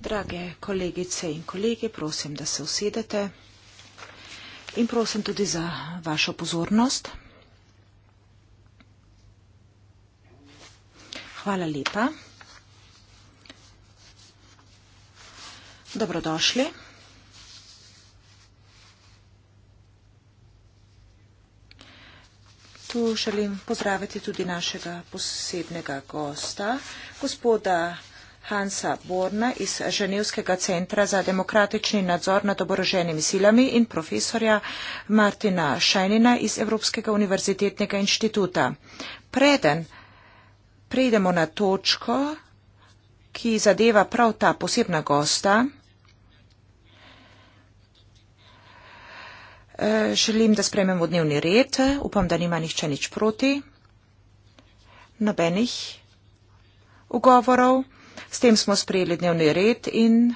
Drage kolegice in kolege, prosim, da se usedete in prosim tudi za vašo pozornost. Hvala lepa. Dobrodošli. Tu želim pozdraviti tudi našega posebnega gosta, gospoda Hansa Borna iz Ženevskega centra za demokratični nadzor nad oboroženimi silami in profesorja Martina Šajnina iz Evropskega univerzitetnega inštituta. Preden prejdemo na točko, ki zadeva prav ta posebna gosta, Eh, želim, da sprememo dnevni red. Upam, da nima nihče nič proti. Nobenih ugovorov. S tem smo sprejeli dnevni red in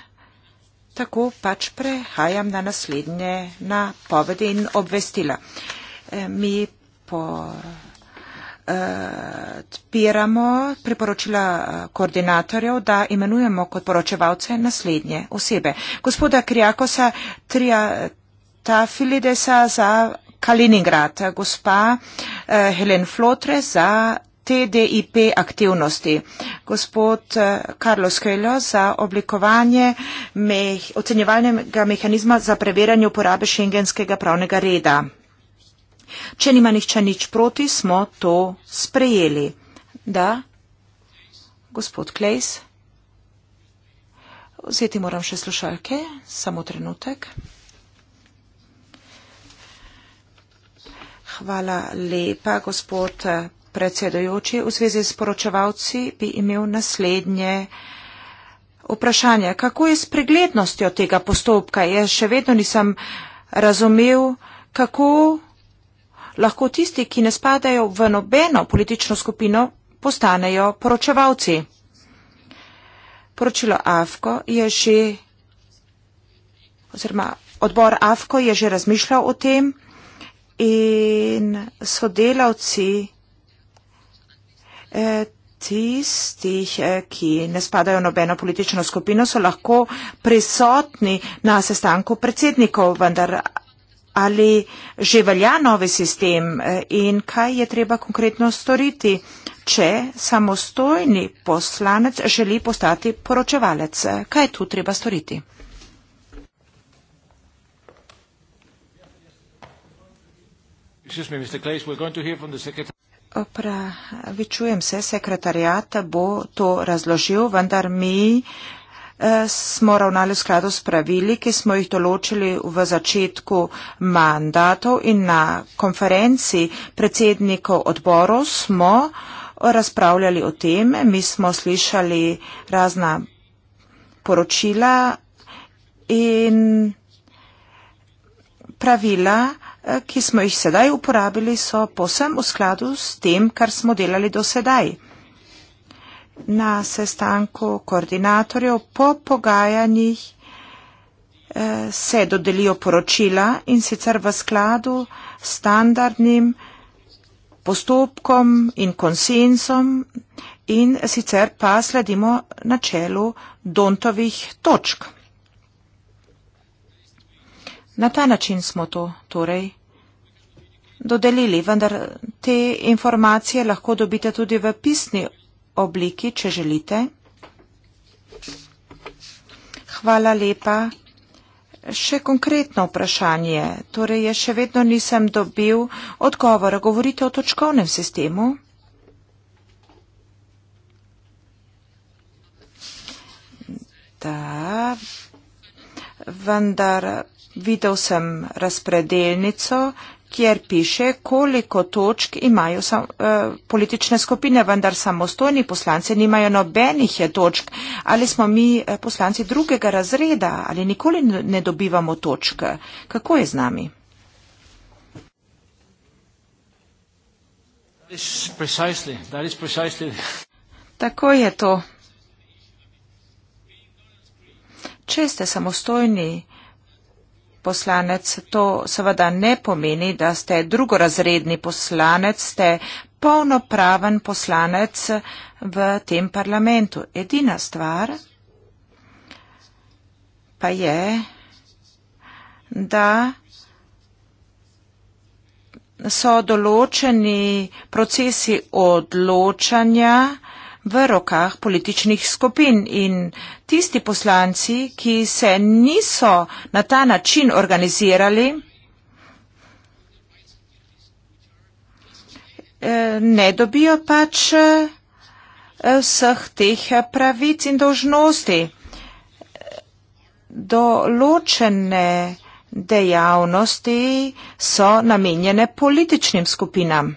tako pač prehajam na naslednje napovedi in obvestila. Eh, mi po eh, odpiramo priporočila koordinatorjev, da imenujemo kot poročevalce naslednje osebe. Gospoda Krijakosa, trija, Ta Filidesa za Kaliningrad, gospa eh, Helen Flotre za TDIP aktivnosti, gospod eh, Carlos Kelo za oblikovanje me ocenjevalnega mehanizma za preverjanje uporabe šengenskega pravnega reda. Če nima nihče nič proti, smo to sprejeli. Da, gospod Klejs. Vzeti moram še slušalke, samo trenutek. Hvala lepa, gospod eh, predsedojoči. V zvezi s poročevalci bi imel naslednje vprašanje. Kako je s preglednostjo tega postopka? Jaz še vedno nisem razumel, kako lahko tisti, ki ne spadajo v nobeno politično skupino, postanejo poročevalci. Poročilo AFKO je že, oziroma odbor AFKO je že razmišljal o tem, in sodelavci eh, tistih, eh, ki ne spadajo nobeno politično skupino, so lahko prisotni na sestanku predsednikov, vendar ali že velja novi sistem eh, in kaj je treba konkretno storiti, če samostojni poslanec želi postati poročevalec. Kaj je tu treba storiti? Excuse me, Mr. Clays, we're going to hear from the secretary. Opravičujem se, sekretarjat bo to razložil, vendar mi eh, smo ravnali v skladu s pravili, ki smo jih določili v začetku mandatov in na konferenci predsednikov odborov smo razpravljali o tem. Mi smo slišali razna poročila in pravila. Eh, ki smo jih sedaj uporabili, so posem v skladu s tem, kar smo delali do sedaj. Na sestanku koordinatorjev po pogajanjih eh, se dodelijo poročila in sicer v skladu s standardnim postopkom in konsensom in sicer pa sledimo načelu dontovih točk. Na ta način smo to torej dodelili, vendar te informacije lahko dobite tudi v pisni obliki, če želite. Hvala lepa. Še konkretno vprašanje. Torej, jaz še vedno nisem dobil odgovora. Govorite o točkovnem sistemu? Da, vendar videl sem razpredelnico, kjer piše, koliko točk imajo sam, uh, politične skupine, vendar samostojni poslanci nimajo nobenih je točk. Ali smo mi eh, poslanci drugega razreda ali nikoli ne dobivamo točk? Kako je z nami? That is precisely, that is Tako je to. Če ste samostojni, poslanec. To seveda ne pomeni, da ste drugorazredni poslanec, ste polnopraven poslanec v tem parlamentu. Edina stvar pa je, da so določeni procesi odločanja, v rokah političnih skupin in tisti poslanci, ki se niso na ta način organizirali, eh, ne dobijo pač eh, vseh teh pravic in dožnosti. Določene dejavnosti so namenjene političnim skupinam.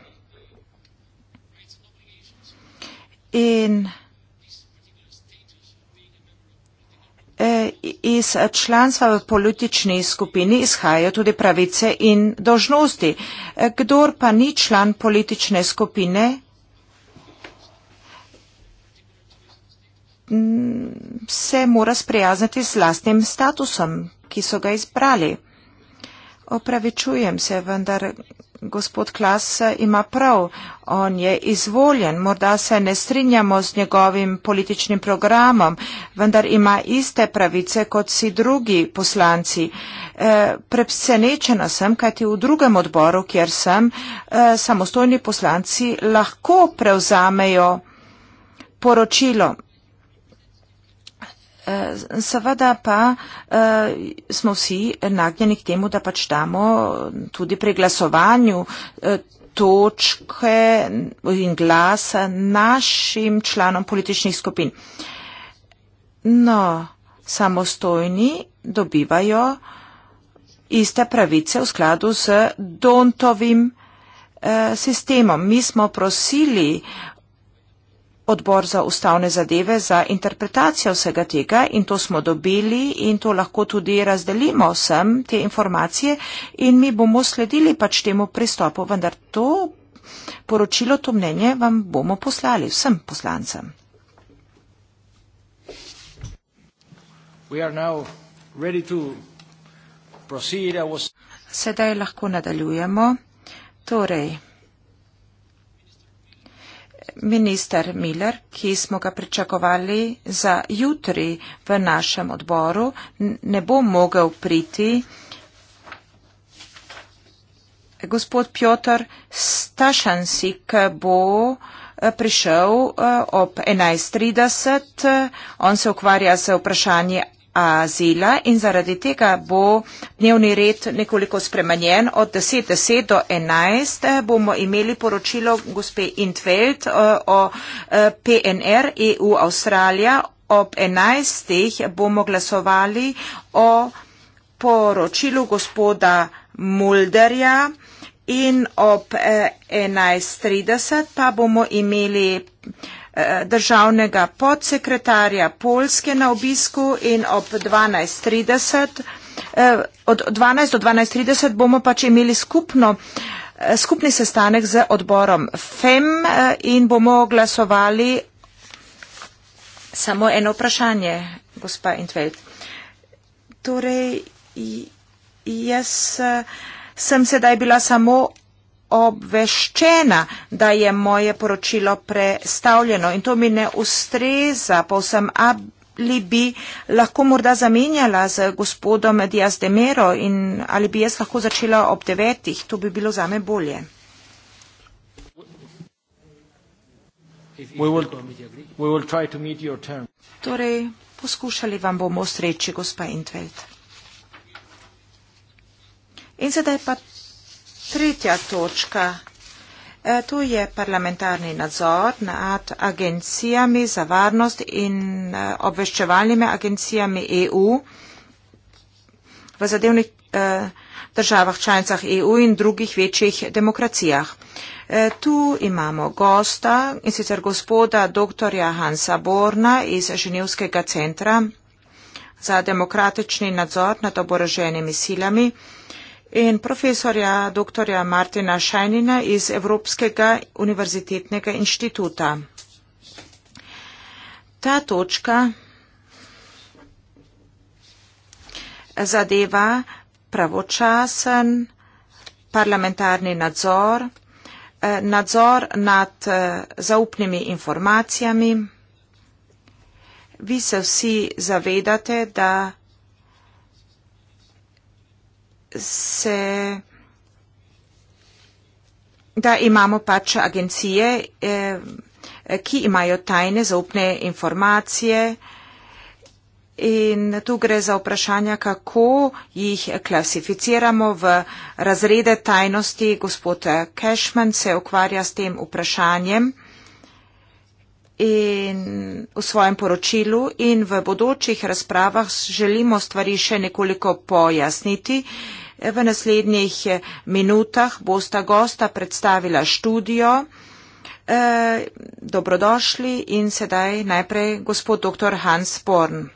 in e, iz članstva v politični skupini izhajajo tudi pravice in dožnosti. E, kdor pa ni član politične skupine, se mora sprijazniti z lastnim statusom, ki so ga izbrali. Opravičujem se, vendar gospod Klas eh, ima prav. On je izvoljen, morda se ne strinjamo z njegovim političnim programom, vendar ima iste pravice kot vsi drugi poslanci. E, eh, Prepsenečena sem, kajti v drugem odboru, kjer sem, e, samostojni poslanci lahko prevzamejo poročilo Eh, seveda pa eh, smo vsi nagnjeni k temu, da pač damo tudi pri glasovanju eh, točke in glasa našim članom političnih skupin. No, samostojni dobivajo iste pravice v skladu z Dontovim sistemom. Mi smo prosili odbor za ustavne zadeve za interpretacijo vsega tega in to smo dobili in to lahko tudi razdelimo vsem te informacije in mi bomo sledili pač temu pristopu, vendar to poročilo, to mnenje vam bomo poslali vsem poslancem. Sedaj lahko nadaljujemo. Torej, minister Miller, ki smo ga pričakovali za jutri v našem odboru, ne bo mogel priti. Gospod Piotr Stašansik bo eh, prišel eh, ob 11.30. On se ukvarja z vprašanjem azila in zaradi tega bo dnevni red nekoliko spremenjen. Od 10.10 do 11 eh, bomo imeli poročilo gospe Intveld eh, o eh, PNR EU Avstralija. Ob 11. bomo glasovali o poročilu gospoda Mulderja in ob 11.30 pa bomo imeli Eh, državnega podsekretarja Polske na obisku in ob 12.30. Eh, od 12 do 12.30 bomo pač imeli skupno, eh, skupni sestanek z odborom FEM in bomo glasovali samo eno vprašanje, gospa Intveld. Torej, jaz sem sedaj bila samo obveščena, da je moje poročilo prestavljeno in to mi ne ustreza povsem ali bi lahko morda zamenjala z gospodom Diaz de Mero in ali bi jaz lahko začela ob devetih, to bi bilo zame bolje. We will, we will torej, poskušali vam bomo ustreči, gospa Intveld. In sedaj pa Tretja točka. E, tu je parlamentarni nadzor nad agencijami za varnost in e, obveščevalnimi agencijami EU v zadevnih e, državah, članicah EU in drugih večjih demokracijah. Tu imamo gosta in sicer gospoda dr. Hansa Borna iz Ženevskega centra za demokratični nadzor nad oboroženimi silami in profesorja dr. Martina Šajnina iz Evropskega univerzitetnega inštituta. Ta točka zadeva pravočasen parlamentarni nadzor, eh, nadzor nad eh, zaupnimi informacijami. Vi se vsi zavedate, da se, da imamo pač agencije, eh, ki imajo tajne zaupne informacije. In tu gre za vprašanja, kako jih klasificiramo v razrede tajnosti. Gospod Cashman se ukvarja s tem vprašanjem in v svojem poročilu in v bodočih razpravah želimo stvari še nekoliko pojasniti. V naslednjih minutah bosta gosta predstavila študijo. E, dobrodošli in sedaj najprej gospod dr. Hans Born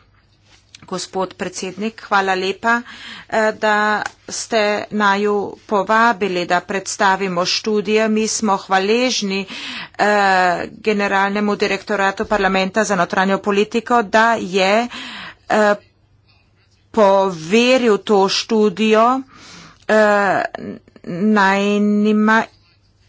gospod predsednik. Hvala lepa, eh, da ste naju povabili, da predstavimo študije. Mi smo hvaležni eh, generalnemu direktoratu parlamenta za notranjo politiko, da je eh, poveril to študijo najnima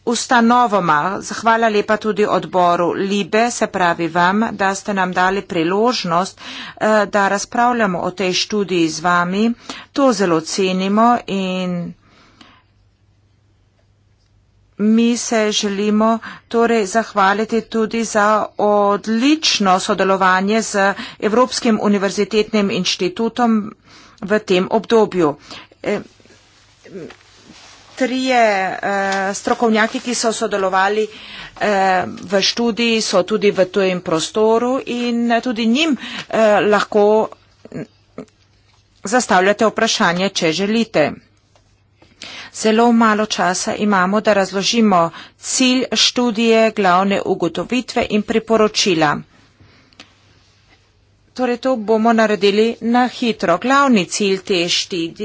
Ustanovoma, zahvala lepa tudi odboru Libe, se pravi vam, da ste nam dali priložnost, eh, da razpravljamo o tej študiji z vami. To zelo cenimo in mi se želimo torej zahvaliti tudi za odlično sodelovanje z Evropskim univerzitetnim inštitutom v tem obdobju. Eh, trije eh, strokovnjaki, ki so sodelovali eh, v študiji, so tudi v tujem prostoru in tudi njim eh, lahko zastavljate vprašanje, če želite. Zelo malo časa imamo, da razložimo cilj študije, glavne ugotovitve in priporočila. Torej, to bomo naredili na hitro. Glavni cilj te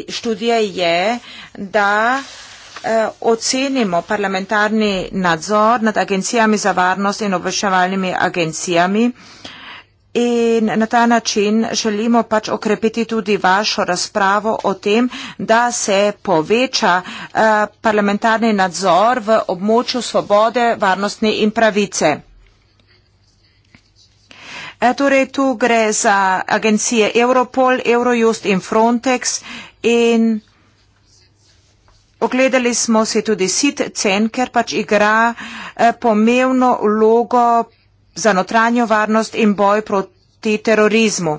študije je, da eh, ocenimo parlamentarni nadzor nad agencijami za varnost in obveščevalnimi agencijami in na ta način želimo pač okrepiti tudi vašo razpravo o tem, da se poveča eh, parlamentarni nadzor v območju svobode, varnosti in pravice. E, torej, tu gre za agencije Europol, Eurojust in Frontex in Ogledali smo si tudi sit cen, ker pač igra eh, pomembno vlogo za notranjo varnost in boj proti terorizmu.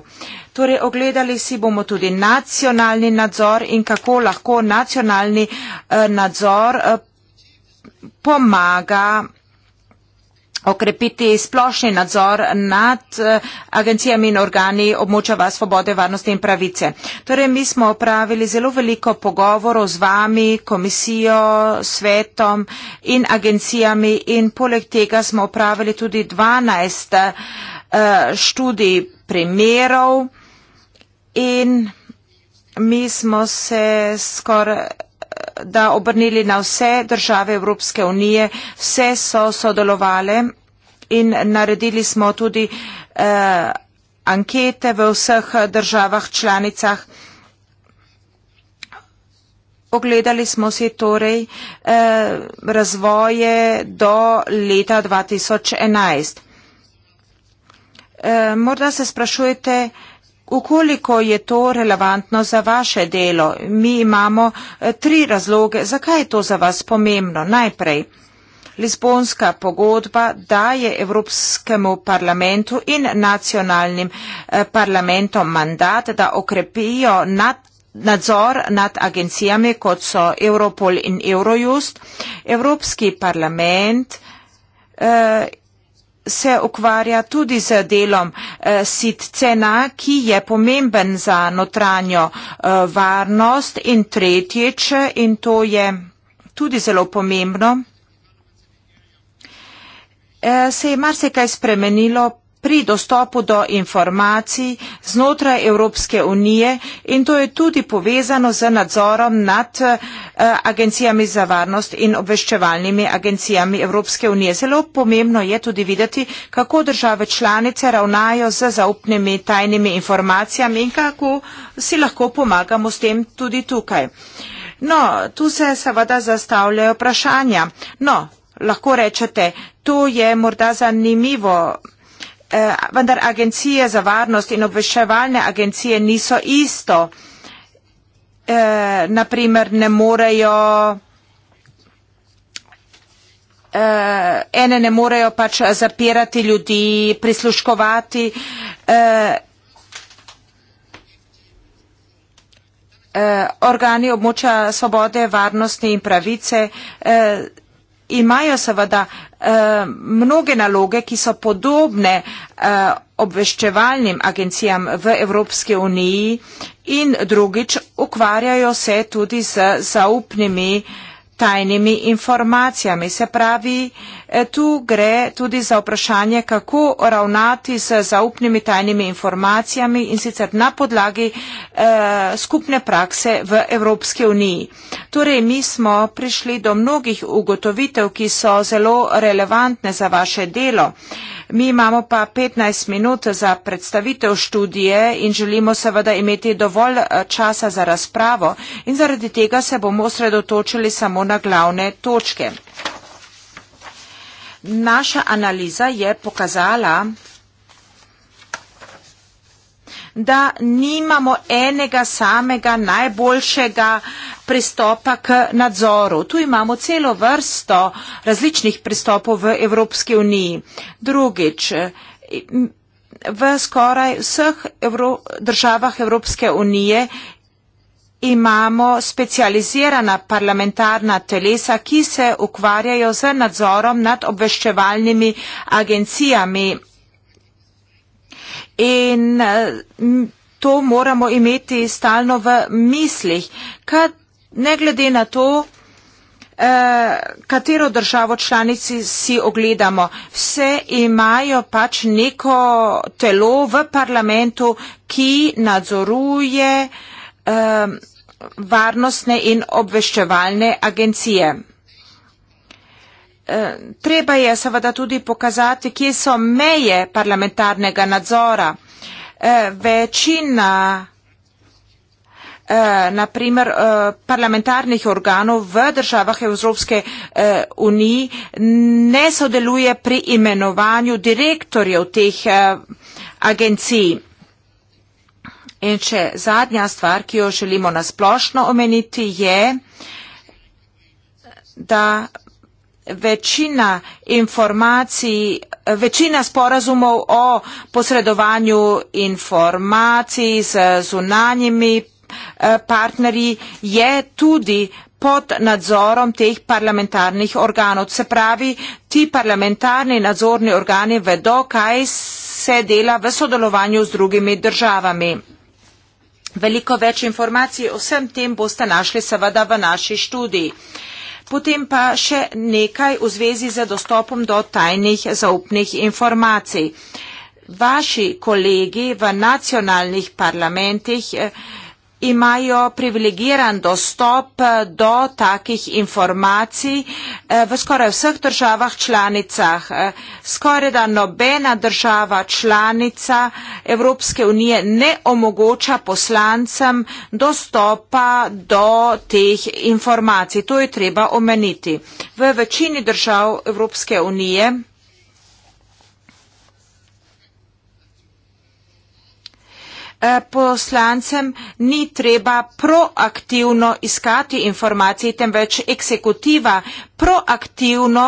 Torej, ogledali si bomo tudi nacionalni nadzor in kako lahko nacionalni eh, nadzor eh, pomaga okrepiti splošni nadzor nad eh, agencijami in organi območja svobode, varnosti in pravice. Torej, mi smo opravili zelo veliko pogovorov z vami, komisijo, svetom in agencijami in poleg tega smo opravili tudi 12 eh, študij primerov in mi smo se skoraj da obrnili na vse države Evropske unije, vse so sodelovale in naredili smo tudi eh, ankete v vseh državah članicah. Pogledali smo si torej eh, razvoje do leta 2011. Eh, morda se sprašujete, eh, Ukoliko je to relevantno za vaše delo, mi imamo eh, tri razloge, zakaj je to za vas pomembno. Najprej, Lizbonska pogodba daje Evropskemu parlamentu in nacionalnim eh, parlamentom mandat, da okrepijo nad nadzor nad agencijami, kot so Europol in Eurojust. Evropski parlament eh, se ukvarja tudi z delom eh, sitcena, ki je pomemben za notranjo eh, varnost in tretjič, in to je tudi zelo pomembno, eh, se je marsikaj spremenilo pri dostopu do informacij znotraj Evropske unije in to je tudi povezano z nadzorom nad eh, agencijami za varnost in obveščevalnimi agencijami Evropske unije. Zelo pomembno je tudi videti, kako države članice ravnajo z zaupnimi tajnimi informacijami in kako si lahko pomagamo s tem tudi tukaj. No, tu se seveda zastavljajo vprašanja. No, lahko rečete, to je morda zanimivo Eh, vendar agencije za varnost in obveščevalne agencije niso isto. Eh, Naprimer, ne morejo, eh, ene ne morejo pač zapirati ljudi, prisluškovati. Organi območja svobode, varnosti in pravice imajo seveda eh, mnoge naloge, ki so podobne eh, obveščevalnim agencijam v Evropske uniji in drugič ukvarjajo se tudi z zaupnimi tajnimi informacijami. Se pravi, E, tu gre tudi za vprašanje, kako ravnati z zaupnimi tajnimi informacijami in sicer na podlagi eh, skupne prakse v Evropski uniji. Torej, mi smo prišli do mnogih ugotovitev, ki so zelo relevantne za vaše delo. Mi imamo pa 15 minut za predstavitev študije in želimo seveda imeti dovolj e, časa za razpravo in zaradi tega se bomo osredotočili samo na glavne točke. Naša analiza je pokazala, da nimamo enega samega najboljšega pristopa k nadzoru. Tu imamo celo vrsto različnih pristopov v Evropski uniji. Drugič, v skoraj vseh evro, državah Evropske unije imamo specializirana parlamentarna telesa, ki se ukvarjajo z nadzorom nad obveščevalnimi agencijami. In to moramo imeti stalno v mislih, kad ne glede na to, eh, katero državo članici si ogledamo. Vse imajo pač neko telo v parlamentu, ki nadzoruje um, varnostne in obveščevalne agencije. E, treba je seveda tudi pokazati, kje so meje parlamentarnega nadzora. E, večina, e, naprimer, parlamentarnih organov v državah Evropske unije ne sodeluje pri imenovanju direktorjev teh agencij. In še zadnja stvar, ki jo želimo nasplošno omeniti, je, da večina informacij, večina sporazumov o posredovanju informacij z zunanjimi eh, partnerji je tudi pod nadzorom teh parlamentarnih organov. Se pravi, ti parlamentarni nadzorni organi vedo, kaj se dela v sodelovanju z drugimi državami. Veliko več informacij o vsem tem boste našli seveda v naši študiji. Potem pa še nekaj v zvezi z dostopom do tajnih zaupnih informacij. Vaši kolegi v nacionalnih parlamentih eh, imajo privilegiran dostop eh, do takih informacij eh, v skoraj vseh državah članicah. Eh, skoraj da nobena država članica Evropske unije ne omogoča poslancem dostopa do teh informacij. To je treba omeniti. V večini držav Evropske unije Eh, poslancem ni treba proaktivno iskati informacije, temveč eksekutiva proaktivno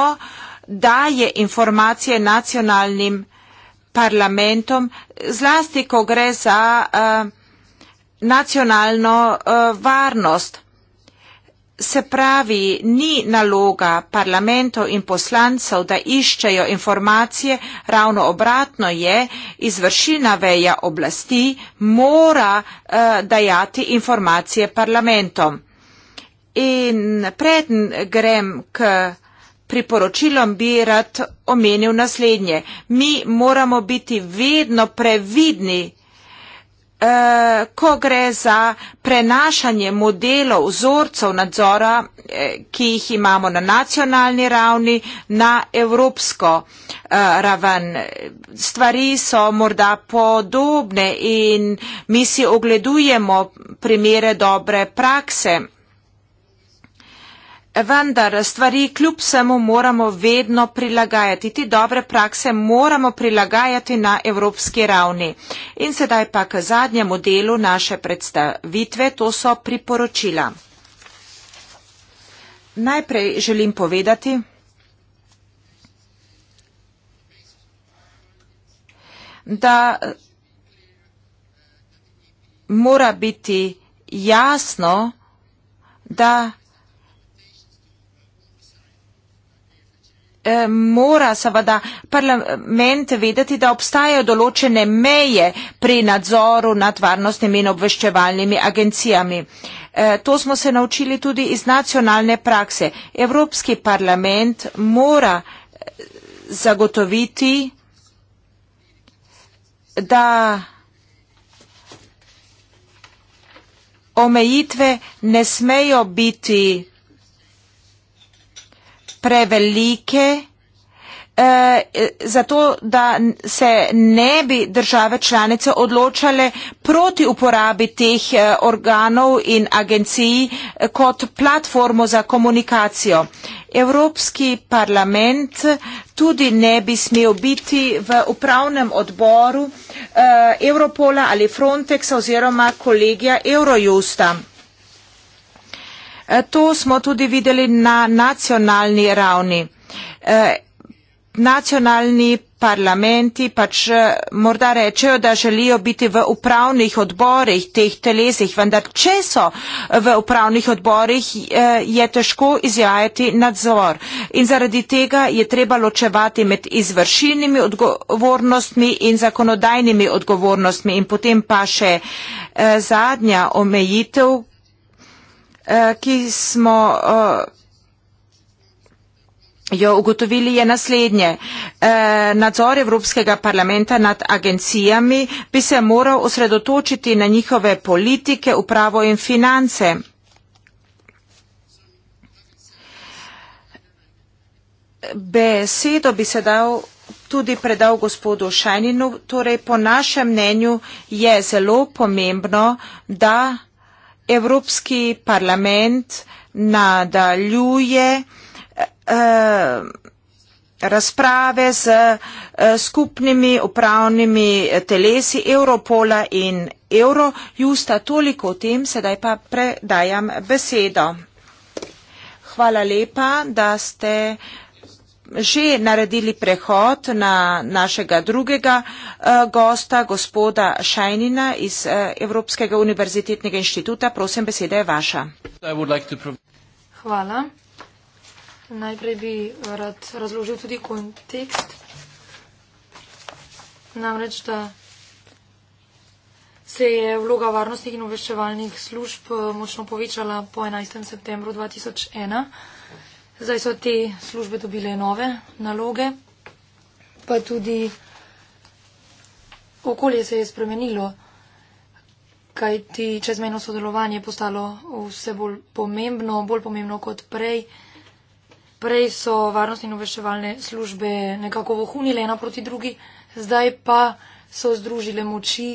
daje informacije nacionalnim parlamentom, zlasti ko gre za uh, nacionalno uh, varnost. Se pravi, ni naloga parlamentov in poslancev, da iščejo informacije, ravno obratno je, izvršilna veja oblasti mora uh, dajati informacije parlamentom. In preden grem k priporočilom, bi rad omenil naslednje. Mi moramo biti vedno previdni Eh, ko gre za prenašanje modelov, vzorcev nadzora, eh, ki jih imamo na nacionalni ravni, na evropsko eh, raven. Stvari so morda podobne in mi si ogledujemo primere dobre prakse. Vendar stvari kljub vsemu moramo vedno prilagajati. Ti dobre prakse moramo prilagajati na evropski ravni. In sedaj pa k zadnjemu delu naše predstavitve, to so priporočila. Najprej želim povedati, da mora biti jasno, da Eh, mora seveda parlament vedeti, da obstajajo določene meje pri nadzoru nad varnostnimi in obveščevalnimi agencijami. Eh, to smo se naučili tudi iz nacionalne prakse. Evropski parlament mora eh, zagotoviti, da omejitve ne smejo biti prevelike, eh, zato da se ne bi države članice odločale proti uporabi teh eh, organov in agencij eh, kot platformo za komunikacijo. Evropski parlament tudi ne bi smel biti v upravnem odboru Europola ali Frontexa oziroma kolegija Eurojusta. E, to smo tudi videli na nacionalni ravni. E, nacionalni parlamenti pač e, morda rečejo, da želijo biti v upravnih odborih teh telesih, vendar če so v upravnih odborih, je težko izjajati nadzor. In zaradi tega je treba ločevati med izvršilnimi odgovornostmi in zakonodajnimi odgovornostmi. In potem pa še zadnja omejitev, Eh, ki smo eh, jo ugotovili, je naslednje. Eh, nadzor Evropskega parlamenta nad agencijami bi se moral osredotočiti na njihove politike, upravo in finance. Besedo bi se dal tudi predal gospodu Šajninu. Torej, po našem mnenju je zelo pomembno, da Evropski parlament nadaljuje eh, razprave z eh, skupnimi upravnimi telesi Europola in Eurojusta. Toliko o tem, sedaj pa predajam besedo. Hvala lepa, da ste uh, že naredili prehod na našega drugega eh, gosta, gospoda Šajnina iz eh, Evropskega univerzitetnega inštituta. Prosim, beseda je vaša. Hvala. Najprej bi rad razložil tudi kontekst. Namreč, da se je vloga varnostnih in obveščevalnih služb eh, močno povečala po 11. septembru 2001. Zdaj so te službe dobile nove naloge, pa tudi okolje se je spremenilo, kaj ti čezmeno sodelovanje je postalo vse bolj pomembno, bolj pomembno kot prej. Prej so varnostne in obveščevalne službe nekako vohunile ena proti drugi, zdaj pa so združile moči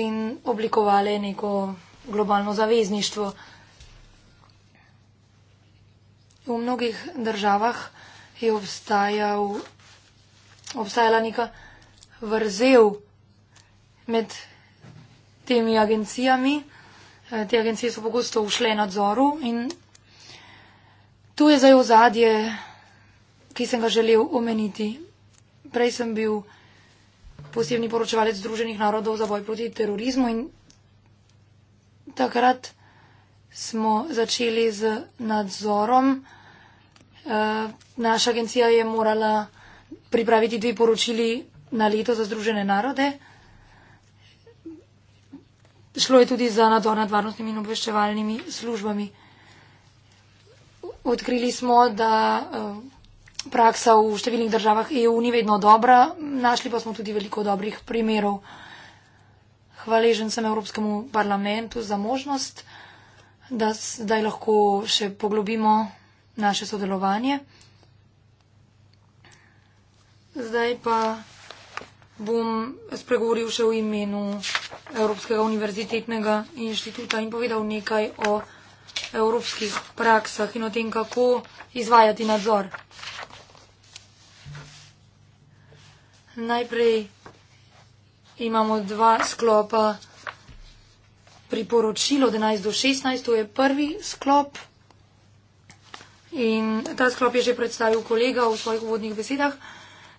in oblikovale neko globalno zavezništvo. V mnogih državah je obstajal, obstajala neka vrzel med temi agencijami. Eh, te agencije so pogosto ušle nadzoru in tu je zdaj ozadje, ki sem ga želel omeniti. Prej sem bil posebni poročevalec Združenih narodov za boj proti terorizmu in takrat smo začeli z nadzorom. Eh, naša agencija je morala pripraviti dve poročili na leto za Združene narode. Šlo je tudi za nadzor nad varnostnimi in obveščevalnimi službami. Odkrili smo, da eh, praksa v številnih državah EU ni vedno dobra, našli pa smo tudi veliko dobrih primerov. Hvaležen sem Evropskemu parlamentu za možnost, da zdaj lahko še poglobimo naše sodelovanje. Zdaj pa bom spregovoril še v imenu Evropskega univerzitetnega inštituta in povedal nekaj o evropskih praksah in o tem, kako izvajati nadzor. Najprej imamo dva sklopa priporočilo 11 do 16, to je prvi sklop. In ta sklop je že predstavil kolega v svojih uvodnih besedah.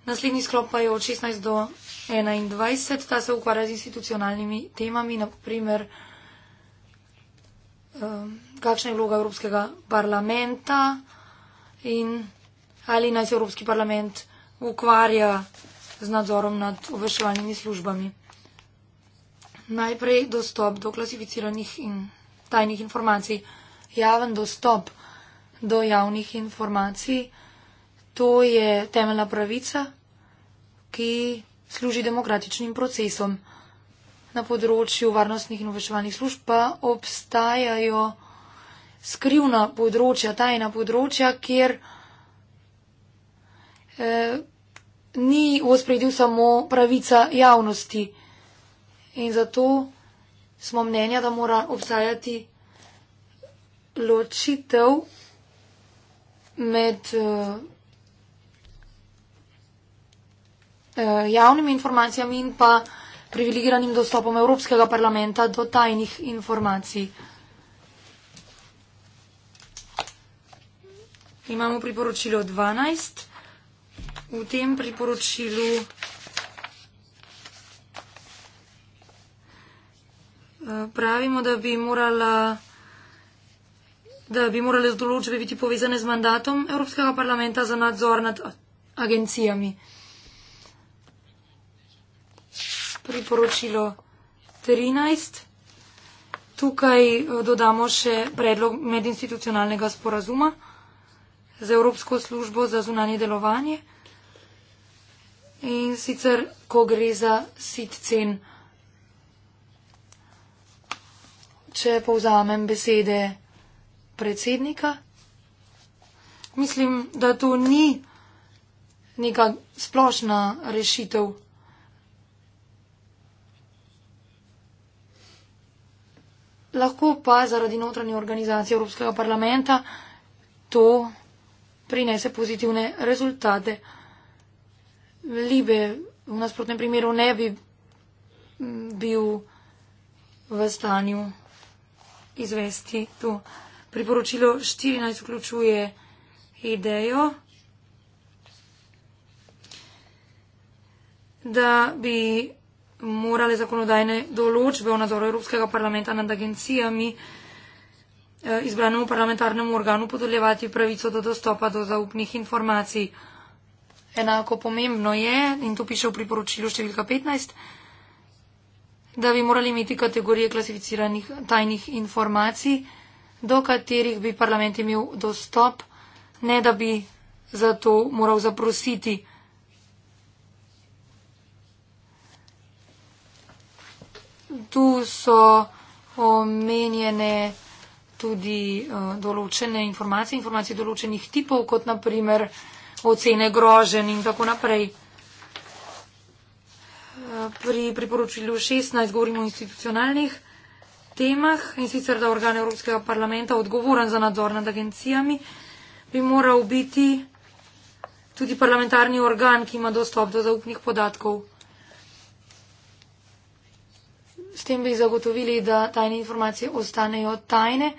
Naslednji sklop pa je od 16 do 21. Ta se ukvarja z institucionalnimi temami, naprimer ehm, kakšna je vloga Evropskega parlamenta in ali naj se Evropski parlament ukvarja z nadzorom nad obveščevalnimi službami. Najprej dostop do klasificiranih in tajnih informacij. Javen dostop do javnih informacij. To je temeljna pravica, ki služi demokratičnim procesom. Na področju varnostnih in obveščevalnih služb pa obstajajo skrivna področja, tajna področja, kjer eh, ni v ospredju samo pravica javnosti. In zato smo mnenja, da mora obstajati ločitev med uh, javnimi informacijami in pa privilegiranim dostopom Evropskega parlamenta do tajnih informacij. Imamo priporočilo 12. V tem priporočilu eh, pravimo, da bi morala da bi morale določbe biti povezane z mandatom Evropskega parlamenta za nadzor nad agencijami. Priporočilo 13. Tukaj eh, dodamo še predlog medinstitucionalnega sporazuma z Evropsko službo za zunanje delovanje in sicer, ko gre za sit cen. Če povzamem besede predsednika. Mislim, da to ni neka splošna rešitev. Lahko pa zaradi notranje organizacije Evropskega parlamenta to prinese pozitivne rezultate. Libe v nasprotnem primeru ne bi bil v stanju izvesti to. Priporočilo 14 vključuje idejo, da bi morale zakonodajne določbe o nadzoru Evropskega parlamenta nad agencijami eh, izbranemu parlamentarnemu organu podeljevati pravico do dostopa do zaupnih informacij. Enako pomembno je, in to piše v priporočilu številka 15, da bi morali imeti kategorije klasificiranih tajnih informacij, do katerih bi parlament imel dostop, ne da bi za to moral zaprositi. Tu so omenjene tudi uh, določene informacije, informacije določenih tipov, kot naprimer ocene grožen in tako naprej. Uh, pri priporočilu 16 govorimo o institucionalnih temah in sicer, da organ Evropskega parlamenta odgovoren za nadzor nad agencijami bi moral biti tudi parlamentarni organ, ki ima dostop do zaupnih podatkov. S tem bi zagotovili, da tajne informacije ostanejo tajne,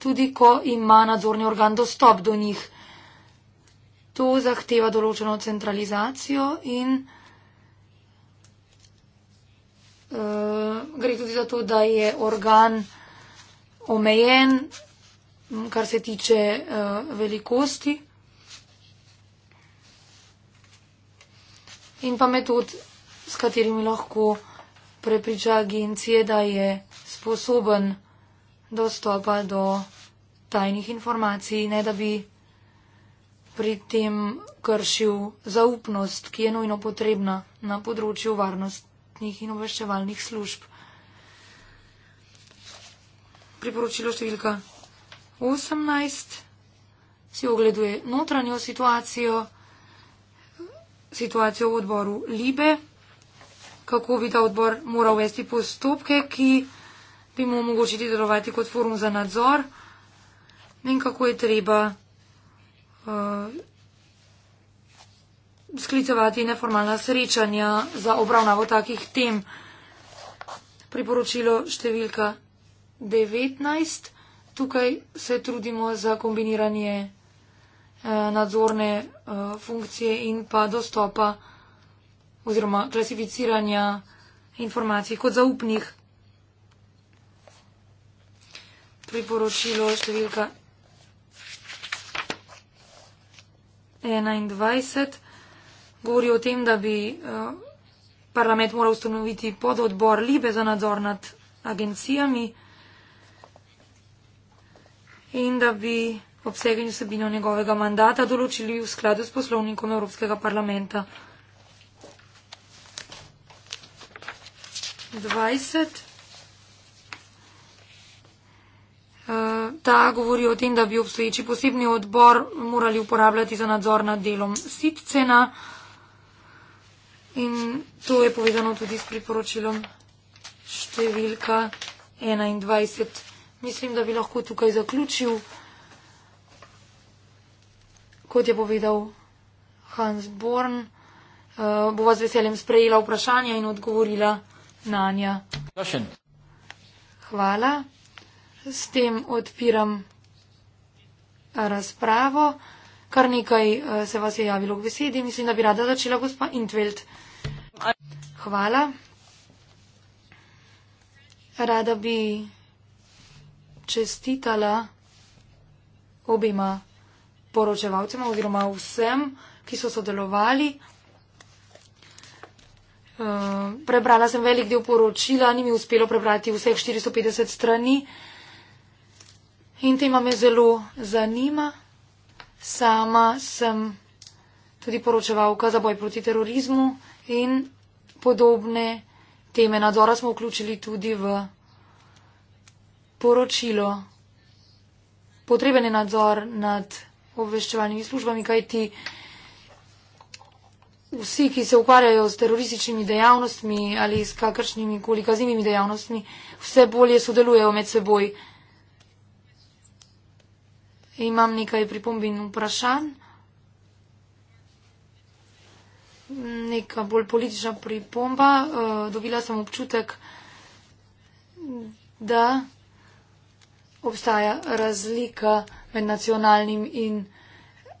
tudi ko ima nadzorni organ dostop do njih. To zahteva določeno centralizacijo in. Eh, gre tudi za to, da je organ omejen, kar se tiče uh, velikosti in pa metod, s katerimi lahko prepriča agencije, da je sposoben dostopa do tajnih informacij, ne da bi pri tem kršil zaupnost, ki je nujno potrebna na področju varnosti varnostnih in obveščevalnih služb. Priporočilo številka 18 si ogleduje notranjo situacijo, situacijo v odboru Libe, kako bi ta odbor moral vesti postopke, ki bi mu omogočili delovati kot forum za nadzor in kako je treba. Uh, sklicevati neformalna srečanja za obravnavo takih tem. Priporočilo številka 19. Tukaj se trudimo za kombiniranje eh, nadzorne eh, funkcije in pa dostopa oziroma klasificiranja informacij kot zaupnih. Priporočilo številka 21 govori o tem, da bi eh, parlament moral ustanoviti pododbor Libe za nadzor nad agencijami in da bi obseg in vsebino njegovega mandata določili v skladu s poslovnikom Evropskega parlamenta. 20. Eh, ta govori o tem, da bi obstoječi posebni odbor morali uporabljati za nadzor nad delom Sitcena. In to je povedano tudi s priporočilom številka 21. Mislim, da bi lahko tukaj zaključil, kot je povedal Hans Born. Uh, eh, bo vas veseljem sprejela vprašanja in odgovorila na nja. Hvala. S tem odpiram razpravo. Kar nekaj uh, se vas je javilo k besedi, mislim, da bi rada začela gospa Intveld. Hvala. Rada bi čestitala obima poročevalcema oziroma vsem, ki so sodelovali. Uh, prebrala sem velik del poročila, ni mi uspelo prebrati vseh 450 strani in tema me zelo zanima. Sama sem tudi poročevalka za boj proti terorizmu in podobne teme nadzora smo vključili tudi v poročilo. Potreben je nadzor nad obveščevalnimi službami, kajti vsi, ki se ukvarjajo s terorističnimi dejavnostmi ali s kakršnimi koli kaznimi dejavnostmi, vse bolje sodelujejo med seboj. Imam nekaj pripomb in vprašanj. Neka bolj politična pripomba. Eh, dobila sem občutek, da obstaja razlika med nacionalnim in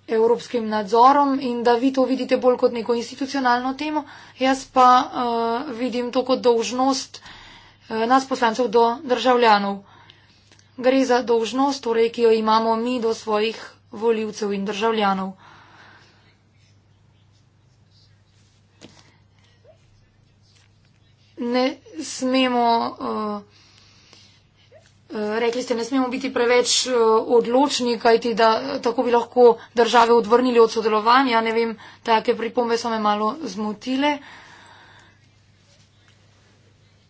evropskim nadzorom in da vi to vidite bolj kot neko institucionalno temo. Jaz pa uh, vidim to kot dolžnost uh, nas poslancev do državljanov. Gre za dožnost, torej, ki jo imamo mi do svojih voljivcev in državljanov. Ne smemo, eh, eh, rekli ste, ne smemo biti preveč eh, odločni, kajti da tako bi lahko države odvrnili od sodelovanja. Ne vem, take pripombe so me malo zmotile.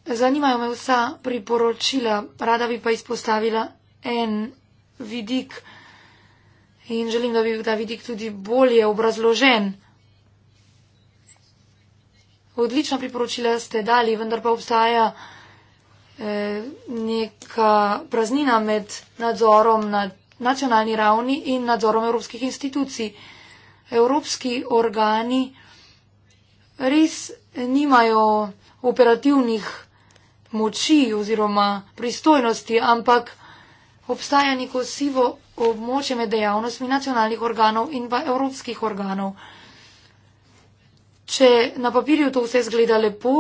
Zanimajo me vsa priporočila, rada bi pa izpostavila en vidik in želim, da bi bil ta vidik tudi bolje obrazložen. Odlična priporočila ste dali, vendar pa obstaja eh, neka praznina med nadzorom na nacionalni ravni in nadzorom evropskih institucij. Evropski organi res nimajo operativnih moči oziroma pristojnosti, ampak obstaja neko sivo območje med dejavnostmi nacionalnih organov in pa evropskih organov. Če na papirju to vse zgleda lepo,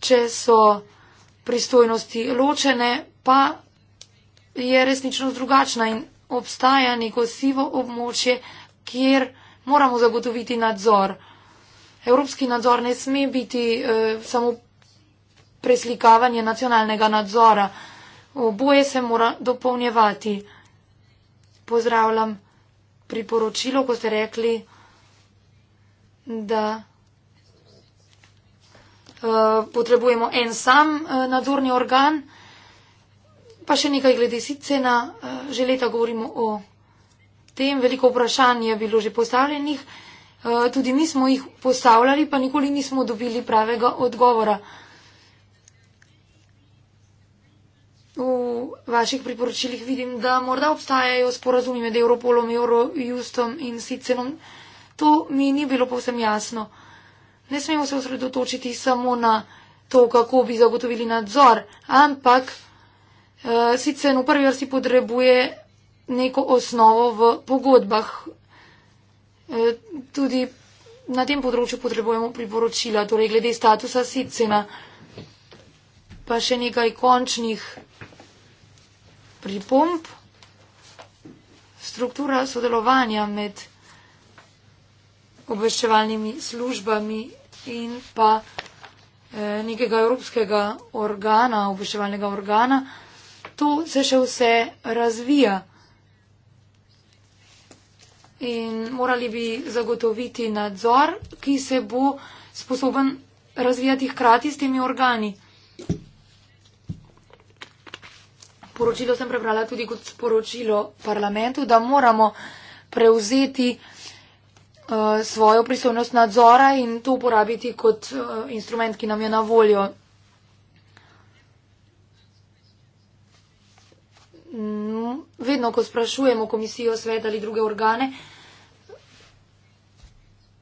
če so pristojnosti ločene, pa je resnično drugačna in obstaja neko sivo območje, kjer moramo zagotoviti nadzor. Evropski nadzor ne sme biti e, samo preslikavanje nacionalnega nadzora. Oboje se mora dopolnjevati. Pozdravljam priporočilo, ko ste rekli, da uh, potrebujemo en sam uh, nadzorni organ. Pa še nekaj glede sicena. Uh, eh, že leta govorimo o tem. Veliko vprašanj je bilo že postavljenih. Uh, tudi mi smo jih postavljali, pa nikoli nismo dobili pravega odgovora. Uh, v vaših priporočilih vidim, da morda obstajajo sporazumi med Europolom, Eurojustom in Sicenom. To mi ni bilo povsem jasno. Ne smemo se osredotočiti samo na to, kako bi zagotovili nadzor, ampak uh, eh, Sicen v prvi vrsti potrebuje neko osnovo v pogodbah. Eh, tudi na tem področju potrebujemo priporočila, torej glede statusa Sicena, pa še nekaj končnih pripomp, struktura sodelovanja med obveščevalnimi službami in pa eh, nekega evropskega organa, obveščevalnega organa, to se še vse razvija. In morali bi zagotoviti nadzor, ki se bo sposoben razvijati hkrati s temi organi sporočilo, sem prebrala tudi kot sporočilo parlamentu, da moramo prevzeti uh, svojo pristojnost nadzora in to uporabiti kot uh, instrument, ki nam je na voljo. Mm, vedno, ko sprašujemo komisijo, svet ali druge organe,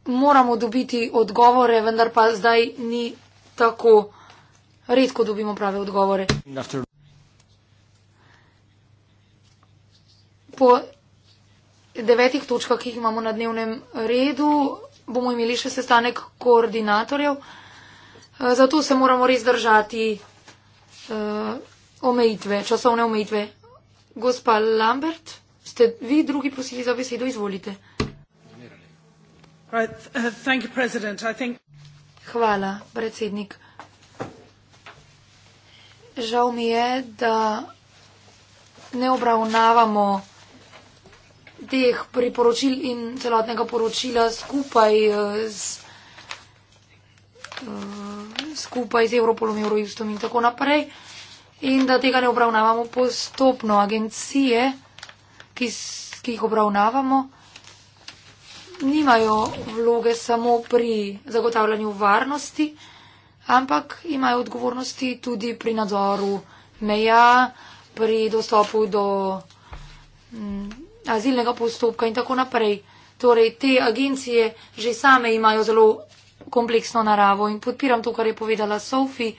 moramo dobiti odgovore, vendar pa zdaj ni tako. Redko dobimo prave odgovore. After po devetih točkah, ki jih imamo na dnevnem redu, bomo imeli še sestanek koordinatorjev. Eh, zato se moramo res držati eh, omejitve, časovne omejitve. Gospa Lambert, ste vi drugi prosili za besedo, izvolite. Uh, Hvala, predsednik. Žal mi je, da ne obravnavamo teh priporočil in celotnega poročila skupaj z, eh, eh, skupaj z Evropolom, Eurojustom in tako naprej. In da tega ne obravnavamo postopno. Agencije, ki, ki jih obravnavamo, nimajo vloge samo pri zagotavljanju varnosti, ampak imajo odgovornosti tudi pri nadzoru meja, pri dostopu do. Mm, azilnega postopka in tako naprej. Torej, te agencije že same imajo zelo kompleksno naravo in podpiram to, kar je povedala Sofi.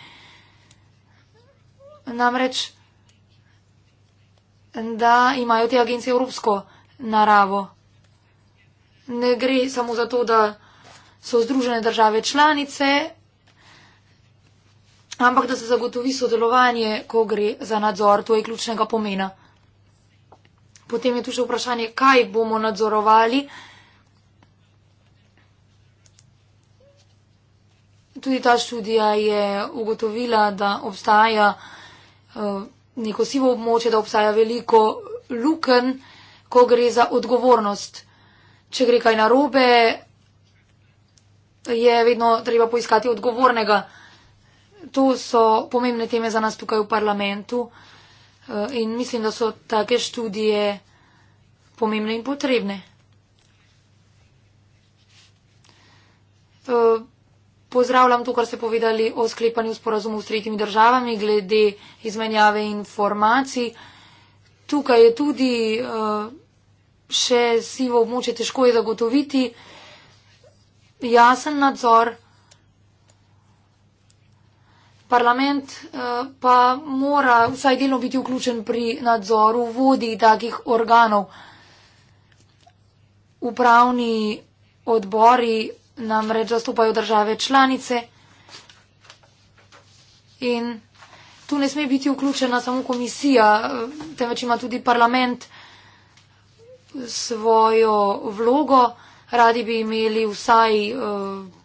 Namreč, da imajo te agencije evropsko naravo. Ne gre samo za to, da so združene države članice, ampak da se zagotovi sodelovanje, ko gre za nadzor. To je ključnega pomena potem je tu še vprašanje, kaj bomo nadzorovali. Tudi ta študija je ugotovila, da obstaja eh, neko sivo območje, da obstaja veliko luken, ko gre za odgovornost. Če gre kaj narobe, je vedno treba poiskati odgovornega. To so pomembne teme za nas tukaj v parlamentu. Eh, in mislim, da so take študije pomembne in potrebne. Eh, pozdravljam to, kar ste povedali o sklepanju sporazumov s tretjimi državami glede izmenjave informacij. Tukaj je tudi eh, še sivo območje, težko je zagotoviti jasen nadzor Parlament eh, pa mora vsaj delno biti vključen pri nadzoru vodi takih organov. Upravni odbori namreč zastopajo države članice in tu ne sme biti vključena samo komisija, eh, temveč ima tudi parlament eh, svojo vlogo. Radi bi imeli vsaj. Uh,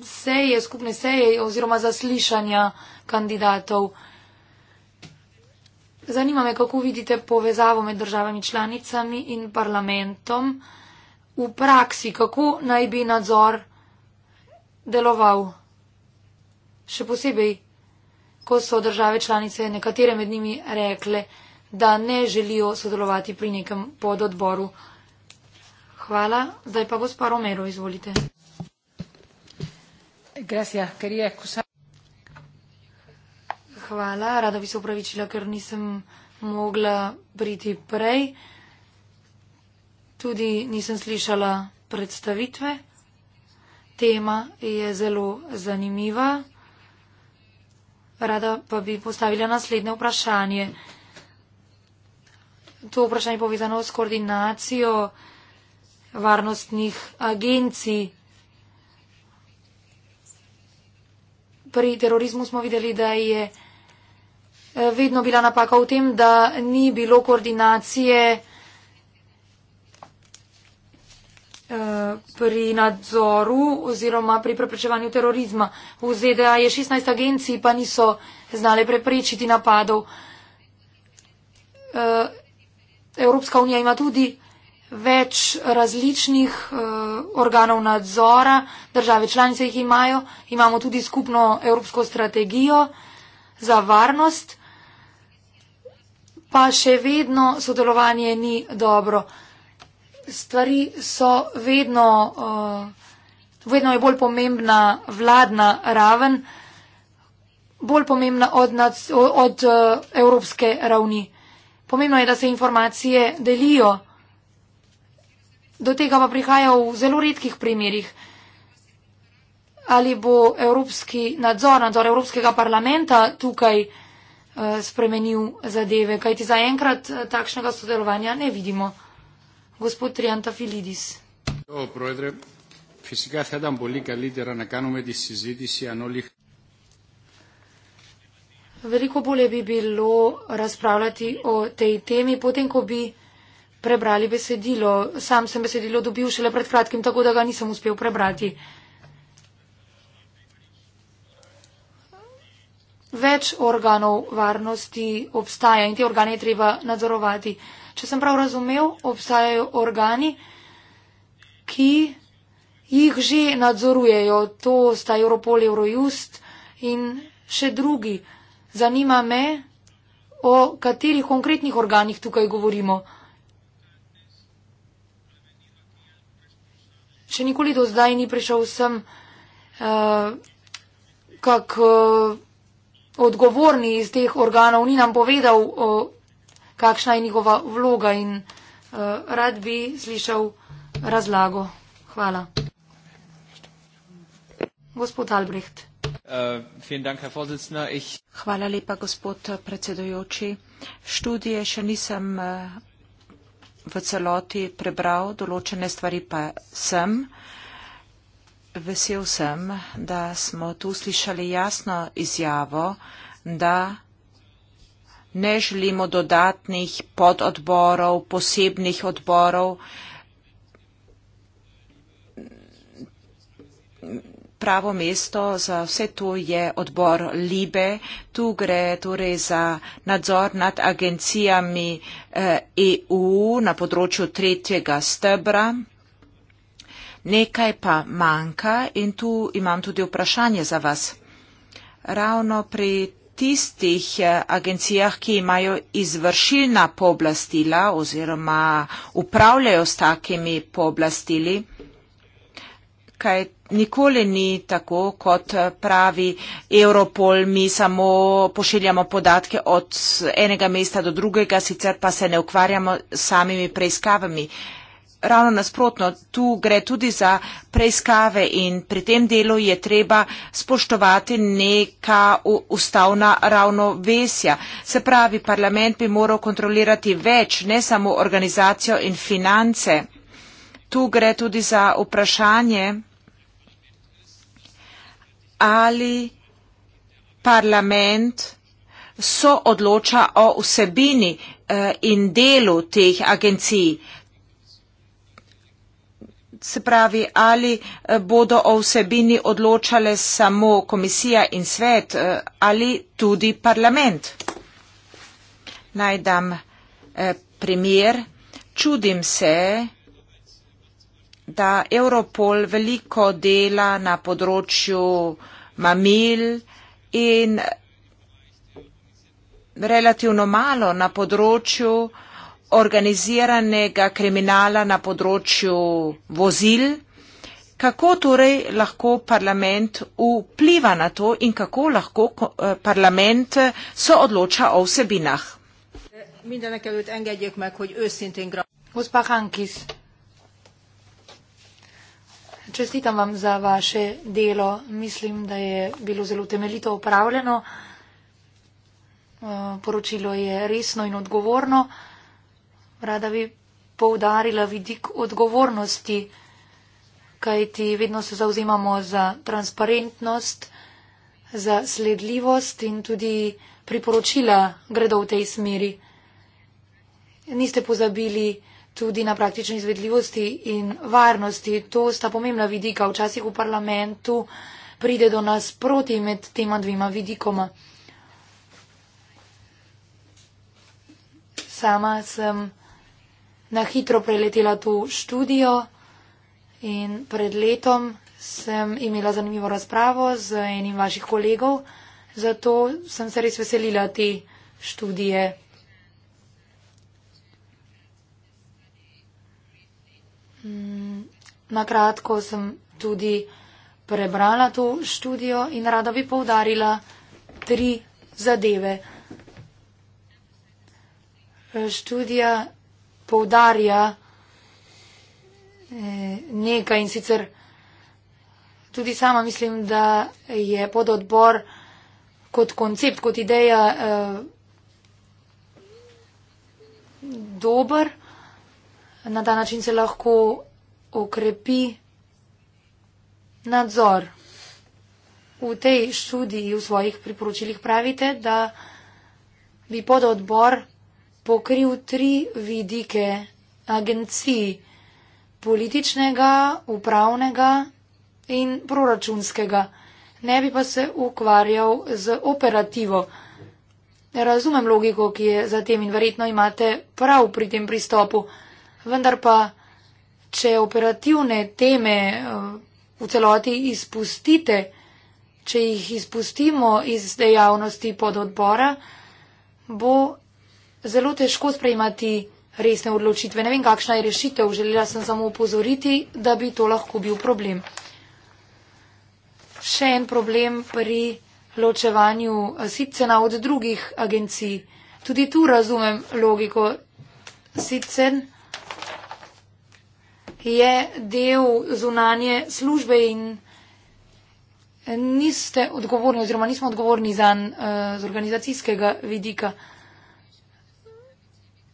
seje, skupne seje oziroma zaslišanja kandidatov. Zanima me, kako vidite povezavo med državami članicami in parlamentom v praksi, kako naj bi nadzor deloval. Še posebej, ko so države članice nekatere med njimi rekle, da ne želijo sodelovati pri nekem pododboru. Hvala, zdaj pa gospod Romero, izvolite. Gracias. Quería excusar. Hvala, rada bi se upravičila, ker nisem mogla priti prej. Tudi nisem slišala predstavitve. Tema je zelo zanimiva. Rada pa bi postavila naslednje vprašanje. To vprašanje je povezano s koordinacijo varnostnih agencij. pri terorizmu smo videli, da je eh, vedno bila napaka v tem, da ni bilo koordinacije eh, pri nadzoru oziroma pri preprečevanju terorizma. V ZDA je 16 agencij, pa niso znale preprečiti napadov. Eh, Evropska unija ima tudi več različnih uh, organov nadzora, države članice jih imajo, imamo tudi skupno evropsko strategijo za varnost, pa še vedno sodelovanje ni dobro. Stvari so vedno, uh, vedno je bolj pomembna vladna raven, bolj pomembna od, nad, od uh, evropske ravni. Pomembno je, da se informacije delijo. Do tega pa prihaja v zelo redkih primerjih. Ali bo evropski nadzor, nadzor Evropskega parlamenta tukaj eh, spremenil zadeve, kajti zaenkrat eh, takšnega sodelovanja ne vidimo. Gospod Trianta Filidis. Ja, no, Veliko bolje bi bilo razpravljati o tej temi, potem ko bi prebrali besedilo. Sam sem besedilo dobil šele pred kratkim, tako da ga nisem uspel prebrati. Več organov varnosti obstaja in te organe je treba nadzorovati. Če sem prav razumel, obstajajo organi, ki jih že nadzorujejo. To sta Europol, Eurojust in še drugi. Zanima me, o katerih konkretnih organih tukaj govorimo. še nikoli do zdaj ni prišel sem uh, kak uh, odgovorni iz teh organov, ni nam povedal, uh, kakšna je njihova vloga in uh, rad bi slišal razlago. Hvala. Gospod Albrecht. Hvala lepa, gospod predsedojoči. Študije še nisem. Uh, v celoti prebral, določene stvari pa sem. Vesel sem, da smo tu slišali jasno izjavo, da ne želimo dodatnih pododborov, posebnih odborov. pravo mesto za vse to je odbor Libe. Tu gre torej za nadzor nad agencijami EU eh, e na področju tretjega stebra. Nekaj pa manjka in tu imam tudi vprašanje za vas. Ravno pri tistih eh, agencijah, ki imajo izvršilna pooblastila oziroma upravljajo s takimi pooblastili, kaj nikoli ni tako, kot pravi Europol, mi samo pošiljamo podatke od enega mesta do drugega, sicer pa se ne ukvarjamo samimi preiskavami. Ravno nasprotno, tu gre tudi za preiskave in pri tem delu je treba spoštovati neka ustavna ravnovesja. Se pravi, parlament bi moral kontrolirati več, ne samo organizacijo in finance. Tu gre tudi za vprašanje, ali parlament so odloča o vsebini eh, in delu teh agencij. Se pravi, ali eh, bodo o vsebini odločale samo komisija in svet eh, ali tudi parlament. Naj dam primer. Čudim se, da Europol veliko dela na področju vsebini mamil in relativno malo na področju organiziranega kriminala na področju vozil. Kako torej lahko parlament vpliva na to in kako lahko eh, parlament so odloča o vsebinah? Gospa Hankis, Čestitam vam za vaše delo. Mislim, da je bilo zelo temeljito upravljeno. Eh, poročilo je resno in odgovorno. Rada bi poudarila vidik odgovornosti, kajti vedno se zauzemamo za transparentnost, za sledljivost in tudi priporočila gredo v tej smeri. Niste pozabili, da tudi na praktični izvedljivosti in varnosti. To sta pomembna vidika. Včasih v parlamentu pride do nas proti med tema dvima vidikoma. Sama sem na hitro preletela to študijo in pred letom sem imela zanimivo razpravo z enim vaših kolegov, zato sem se res veselila te študije. Mm, na kratko sem tudi prebrala to študijo in rada bi povdarila tri zadeve. Študija povdarja eh, nekaj in sicer tudi sama mislim, da je pod odbor kot koncept, kot ideja eh, dober. Na ta način se lahko okrepi nadzor. V tej študiji v svojih priporočilih pravite, da bi pododbor pokril tri vidike agenciji političnega, upravnega in proračunskega. Ne bi pa se ukvarjal z operativo. Razumem logiko, ki je za tem in verjetno imate prav pri tem pristopu vendar pa, če operativne teme eh, v celoti izpustite, če jih izpustimo iz dejavnosti pod odbora, bo zelo težko sprejmati resne odločitve. Ne vem, kakšna je rešitev. Želela sem samo upozoriti, da bi to lahko bil problem. Še en problem pri ločevanju eh, SITCENA od drugih agencij. Tudi tu razumem logiko SITCENA je del zunanje službe in niste odgovorni oziroma nismo odgovorni za eh, z organizacijskega vidika.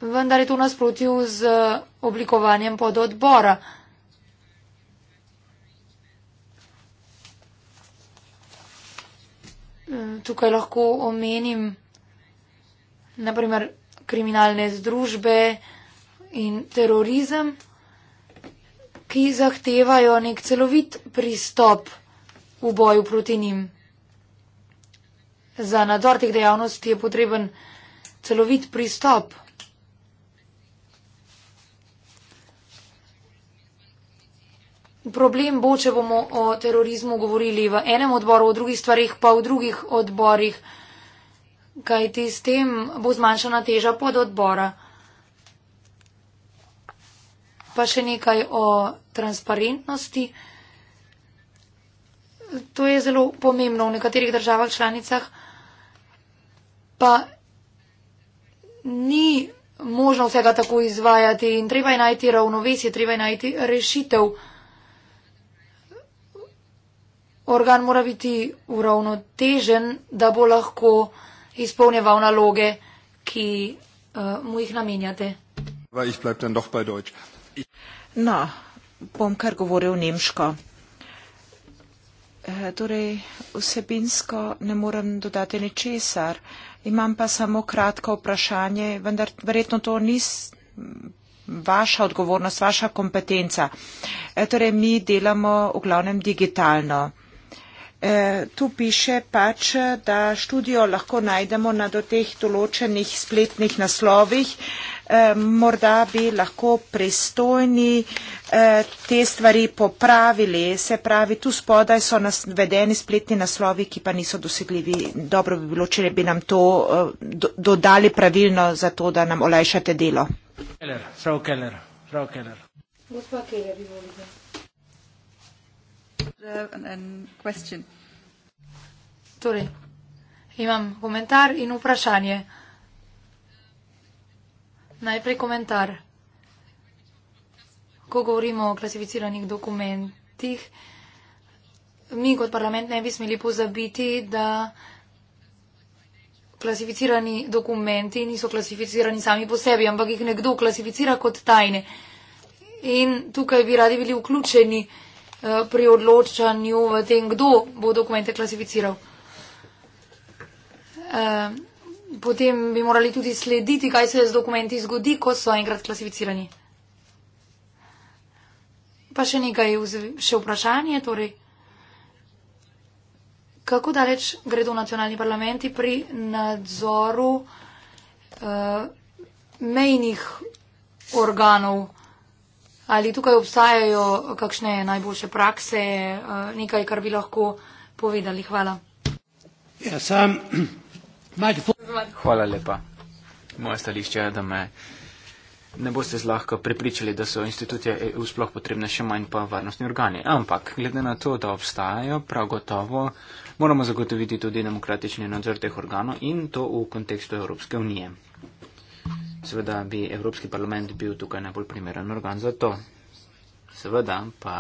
Vendar je to nasprotil z oblikovanjem pod odbora. Eh, tukaj lahko omenim naprimer kriminalne združbe in terorizem ki zahtevajo nek celovit pristop v boju proti njim. Za nadzor teh dejavnosti je potreben celovit pristop. Problem bo, če bomo o terorizmu govorili v enem odboru, o drugih stvarih, pa v drugih odborih, kajti s tem bo zmanjšana teža pod odbora pa še nekaj o transparentnosti. To je zelo pomembno v nekaterih državah članicah, pa ni možno vsega tako izvajati in treba je najti ravnovesje, treba je najti rešitev. Organ mora biti uravnotežen, da bo lahko izpolnjeval naloge, ki uh, mu jih namenjate. Ich bleib dann doch bei Deutsch. No, bom kar govoril nemško. E, torej, vsebinsko ne morem dodati ničesar. Imam pa samo kratko vprašanje, vendar verjetno to ni vaša odgovornost, vaša kompetenca. E, torej, mi delamo v glavnem digitalno. E, tu piše pač, da študijo lahko najdemo na do teh določenih spletnih naslovih. Eh, morda bi lahko pristojni eh, te stvari popravili. Se pravi, tu spodaj so navedeni spletni naslovi, ki pa niso dosegljivi. Dobro bi bilo, če bi nam to eh, dodali pravilno, zato da nam olajšate delo. Keller, prav Keller, prav Keller. Gospa Keller, bi volite. Torej, imam komentar in vprašanje. Najprej komentar. Ko govorimo o klasificiranih dokumentih, mi kot parlament ne bi smeli pozabiti, da klasificirani dokumenti niso klasificirani sami po sebi, ampak jih nekdo klasificira kot tajne. In tukaj bi radi bili vključeni eh, pri odločanju v tem, kdo bo dokumente klasificiral. Eh, potem bi morali tudi slediti, kaj se z dokumenti zgodi, ko so enkrat klasificirani. Pa še nekaj še vprašanje, torej, kako daleč gredo nacionalni parlamenti pri nadzoru uh, mejnih organov? Ali tukaj obstajajo kakšne najboljše prakse, uh, nekaj, kar bi lahko povedali? Hvala. Ja, sam, um, Hvala lepa. Moje stališče je, da me ne boste zlahka prepričali, da so institucije EU sploh potrebne, še manj pa varnostni organi. Ampak, glede na to, da obstajajo, prav gotovo moramo zagotoviti tudi demokratični nadzor teh organov in to v kontekstu Evropske unije. Seveda bi Evropski parlament bil tukaj najbolj primeren organ za to. Seveda pa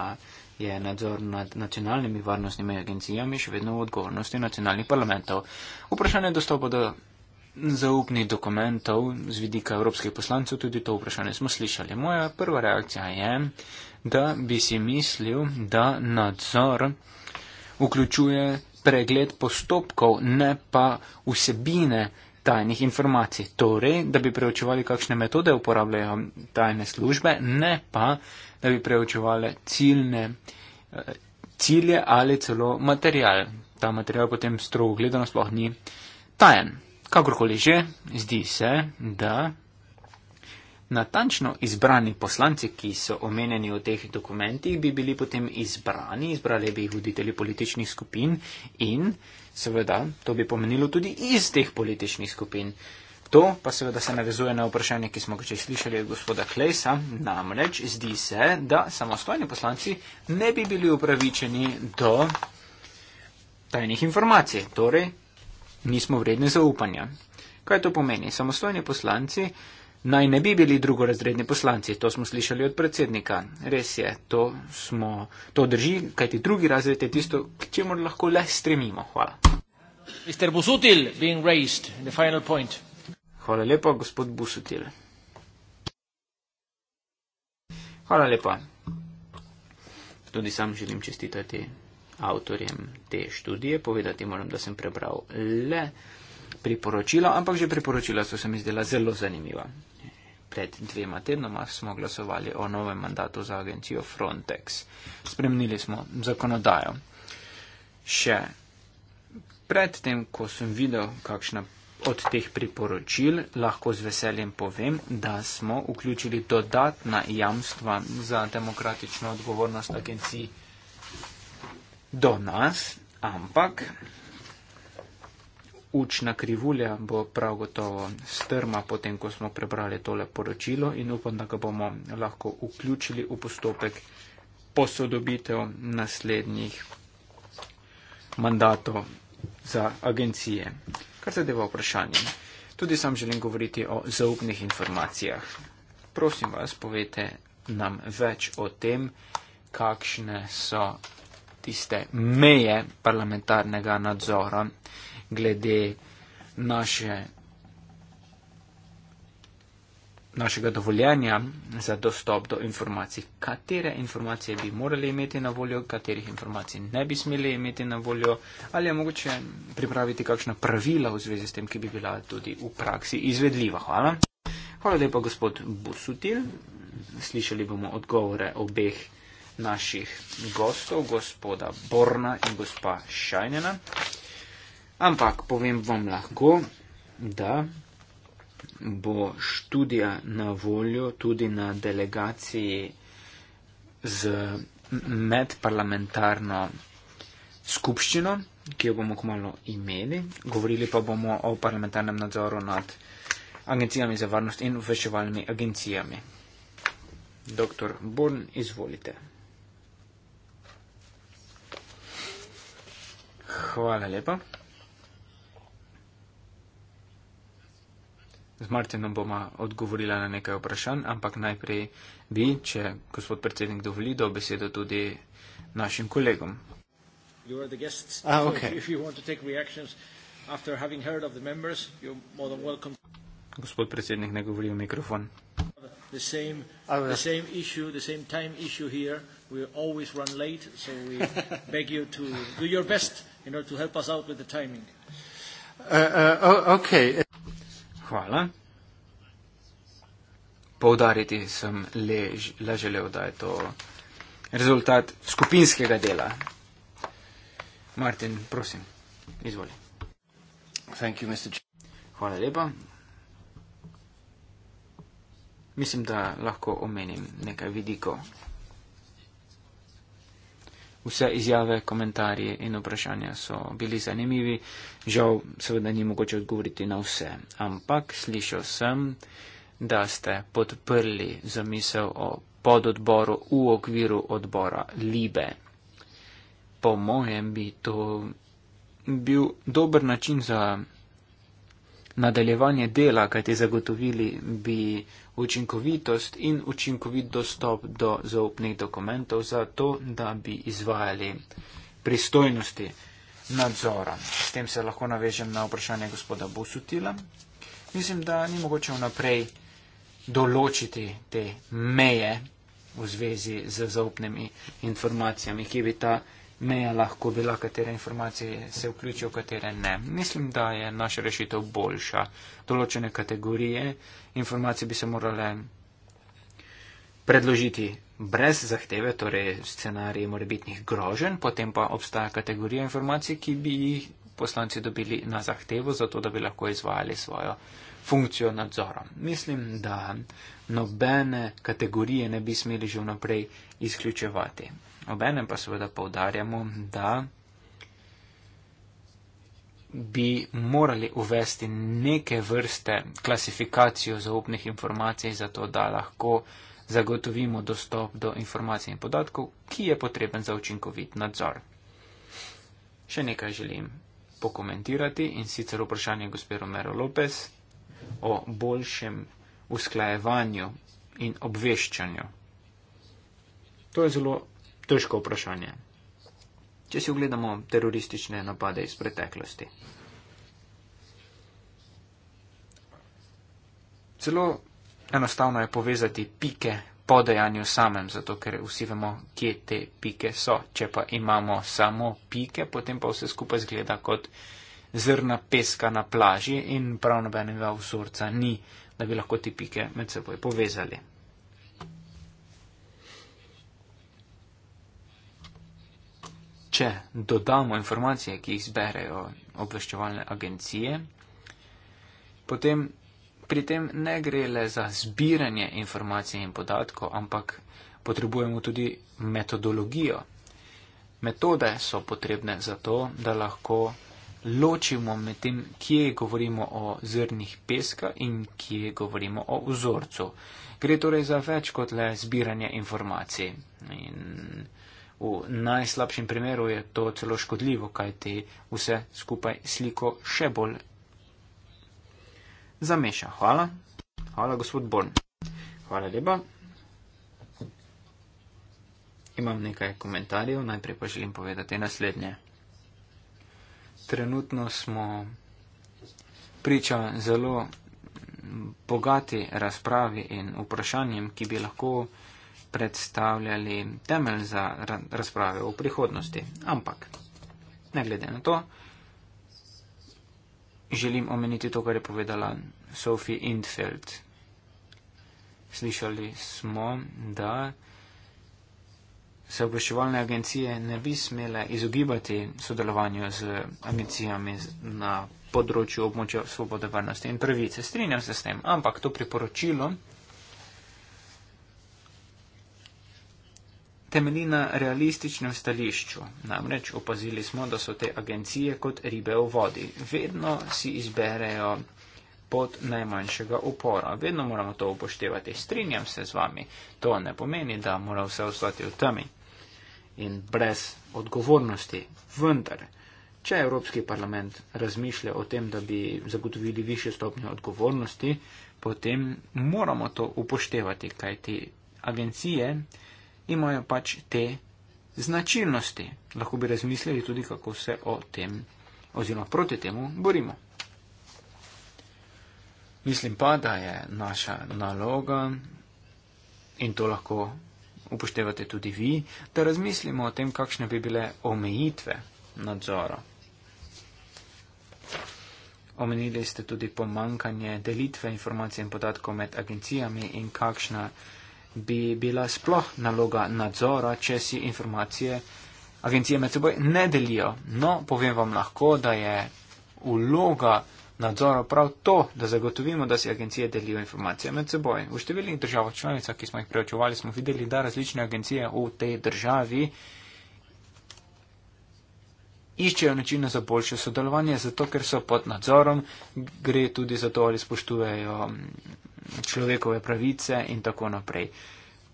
je nadzor nad nacionalnimi varnostnimi agencijami še vedno v odgovornosti nacionalnih parlamentov. Vprašanje dostopa do zaupnih dokumentov z vidika evropskih poslancev tudi to vprašanje smo slišali. Moja prva reakcija je, da bi si mislil, da nadzor vključuje pregled postopkov, ne pa vsebine tajnih informacij. Torej, da bi preučevali, kakšne metode uporabljajo tajne službe, ne pa, da bi preučevali ciljne, eh, cilje ali celo material. Ta material potem strogo gledano sploh ni tajen. Kakorkoli že, zdi se, da natančno izbrani poslanci, ki so omenjeni v teh dokumentih, bi bili potem izbrani, izbrali bi jih voditelji političnih skupin in seveda to bi pomenilo tudi iz teh političnih skupin. To pa seveda se navezuje na vprašanje, ki smo ga že slišali od gospoda Klejsa, namreč zdi se, da samostojni poslanci ne bi bili upravičeni do tajnih informacij. Torej, nismo vredni zaupanja. Kaj to pomeni? Samostojni poslanci naj ne bi bili drugorazredni poslanci, to smo slišali od predsednika. Res je, to, smo, to drži, kajti drugi razred je tisto, k čemu lahko le stremimo. Hvala. Hvala lepa, gospod Busutil. Hvala lepa. Tudi sam želim čestitati avtorjem te študije. Povedati moram, da sem prebral le priporočila, ampak že priporočila so se mi zdela zelo zanimiva. Pred dvema tednoma smo glasovali o novem mandatu za agencijo Frontex. Spremnili smo zakonodajo. Še predtem, ko sem videl, kakšna od teh priporočil, lahko z veseljem povem, da smo vključili dodatna jamstva za demokratično odgovornost agencij do nas, ampak učna krivulja bo prav gotovo strma potem, ko smo prebrali tole poročilo in upam, da ga bomo lahko vključili v postopek posodobitev naslednjih mandatov za agencije. Kar zadeva vprašanje. Tudi sam želim govoriti o zaupnih informacijah. Prosim vas, povete nam več o tem, kakšne so tiste meje parlamentarnega nadzora glede naše, našega dovoljenja za dostop do informacij, katere informacije bi morali imeti na voljo, katerih informacij ne bi smeli imeti na voljo, ali je mogoče pripraviti kakšna pravila v zvezi s tem, ki bi bila tudi v praksi izvedljiva. Hvala. Hvala lepa, gospod Busutil. Slišali bomo odgovore obeh naših gostov, gospoda Borna in gospa Šajnena. Ampak povem vam lahko, da bo študija na voljo tudi na delegaciji z medparlamentarno skupščino, ki jo bomo kmalo imeli. Govorili pa bomo o parlamentarnem nadzoru nad agencijami za varnost in obveščevalnimi agencijami. Doktor Born, izvolite. Hvala lepa. Z Martinom bomo odgovorila na nekaj vprašanj, ampak najprej bi, če gospod predsednik dovoli, do besedo tudi našim kolegom. Ah, okay. members, gospod predsednik ne govori v mikrofon. The same, ah, the same issue, in order to help us out with the timing. Uh, uh, okay. Hvala. Poudariti sem le, le želel, da je to rezultat skupinskega dela. Martin, prosim, izvoli. You, Hvala lepa. Mislim, da lahko omenim nekaj vidikov vse izjave, komentarje in vprašanja so bili zanimivi. Žal, seveda ni mogoče odgovoriti na vse, ampak slišal sem, da ste podprli zamisel o pododboru v okviru odbora Libe. Po mojem bi to bil dober način za nadaljevanje dela, kajti zagotovili bi učinkovitost in učinkovit dostop do zaupnih dokumentov za to, da bi izvajali pristojnosti nadzora. S tem se lahko navežem na vprašanje gospoda Busutila. Mislim, da ni mogoče vnaprej določiti te meje v zvezi z zaupnimi informacijami, ki bi ta meja lahko bila, katere informacije se vključijo, katere ne. Mislim, da je naša rešitev boljša. Določene kategorije informacij bi se morale predložiti brez zahteve, torej scenarije morebitnih grožen, potem pa obstaja kategorija informacij, ki bi jih poslanci dobili na zahtevo, zato da bi lahko izvajali svojo funkcijo nadzora. Mislim, da nobene kategorije ne bi smeli že vnaprej izključevati. Obenem pa seveda povdarjamo, da bi morali uvesti neke vrste klasifikacijo zaupnih informacij, zato da lahko zagotovimo dostop do informacij in podatkov, ki je potreben za učinkovit nadzor. Še nekaj želim pokomentirati in sicer vprašanje gospe Romero Lopez o boljšem usklajevanju in obveščanju. To je zelo Težko vprašanje. Če si ogledamo teroristične napade iz preteklosti. Celo enostavno je povezati pike po dejanju samem, zato ker vsi vemo, kje te pike so. Če pa imamo samo pike, potem pa vse skupaj zgleda kot zrna peska na plaži in prav nobenega vzorca ni, da bi lahko ti pike med seboj povezali. če dodamo informacije, ki jih zberejo obveščevalne agencije, potem pri tem ne gre le za zbiranje informacij in podatkov, ampak potrebujemo tudi metodologijo. Metode so potrebne za to, da lahko ločimo med tem, kje govorimo o zrnih peska in kje govorimo o vzorcu. Gre torej za več kot le zbiranje informacij. In V najslabšem primeru je to celo škodljivo, kajti vse skupaj sliko še bolj zameša. Hvala. Hvala, gospod Born. Hvala lepa. Imam nekaj komentarjev, najprej pa želim povedati naslednje. Trenutno smo priča zelo bogati razpravi in vprašanjem, ki bi lahko predstavljali temelj za razprave v prihodnosti. Ampak, ne glede na to, želim omeniti to, kar je povedala Sophie Intfeld. Slišali smo, da se obveščevalne agencije ne bi smele izogibati sodelovanju z agencijami na področju območja svobode, varnosti in pravice. Strinjam se s tem, ampak to priporočilo temelji na realističnem stališču. Namreč opazili smo, da so te agencije kot ribe v vodi. Vedno si izberejo pot najmanjšega upora. Vedno moramo to upoštevati. Strinjam se z vami. To ne pomeni, da mora vse ostati v temi in brez odgovornosti. Vendar, če Evropski parlament razmišlja o tem, da bi zagotovili više stopnje odgovornosti, potem moramo to upoštevati, kajti agencije, imajo pač te značilnosti. Lahko bi razmislili tudi, kako se o tem oziroma proti temu borimo. Mislim pa, da je naša naloga in to lahko upoštevate tudi vi, da razmislimo o tem, kakšne bi bile omejitve nadzora. Omenili ste tudi pomankanje delitve informacij in podatkov med agencijami in kakšna bi bila sploh naloga nadzora, če si informacije agencije med seboj ne delijo. No, povem vam lahko, da je vloga nadzora prav to, da zagotovimo, da si agencije delijo informacije med seboj. V številnih državah članicah, ki smo jih preočevali, smo videli, da različne agencije v tej državi iščejo načine za boljše sodelovanje, zato ker so pod nadzorom, gre tudi za to, ali spoštujejo človekove pravice in tako naprej.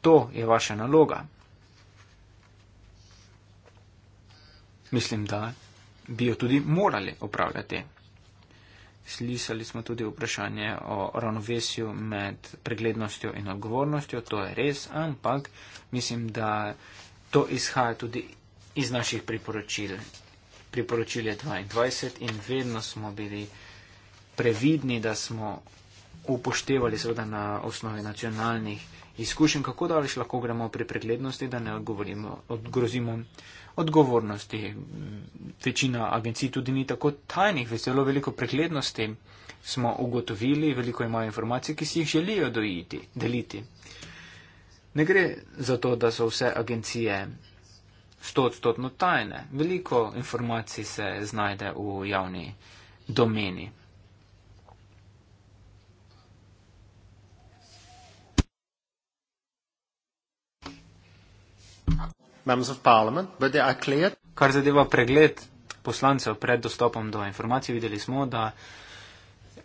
To je vaša naloga. Mislim, da bi jo tudi morali opravljati. Slišali smo tudi vprašanje o ravnovesju med preglednostjo in odgovornostjo, to je res, ampak mislim, da to izhaja tudi iz naših priporočil. Priporočil je 22 in vedno smo bili previdni, da smo upoštevali seveda na osnovi nacionalnih izkušenj, kako daleč lahko gremo pri preglednosti, da ne odgovorimo, odgrozimo odgovornosti. Večina agencij tudi ni tako tajnih, veselo veliko preglednosti smo ugotovili, veliko imajo informacij, ki si jih želijo dojiti, deliti. Ne gre za to, da so vse agencije stotstotno tajne. Veliko informacij se znajde v javni domeni. Members of Parliament, but they are clear. Kar zadeva pregled poslancev pred dostopom do informacij, videli smo, da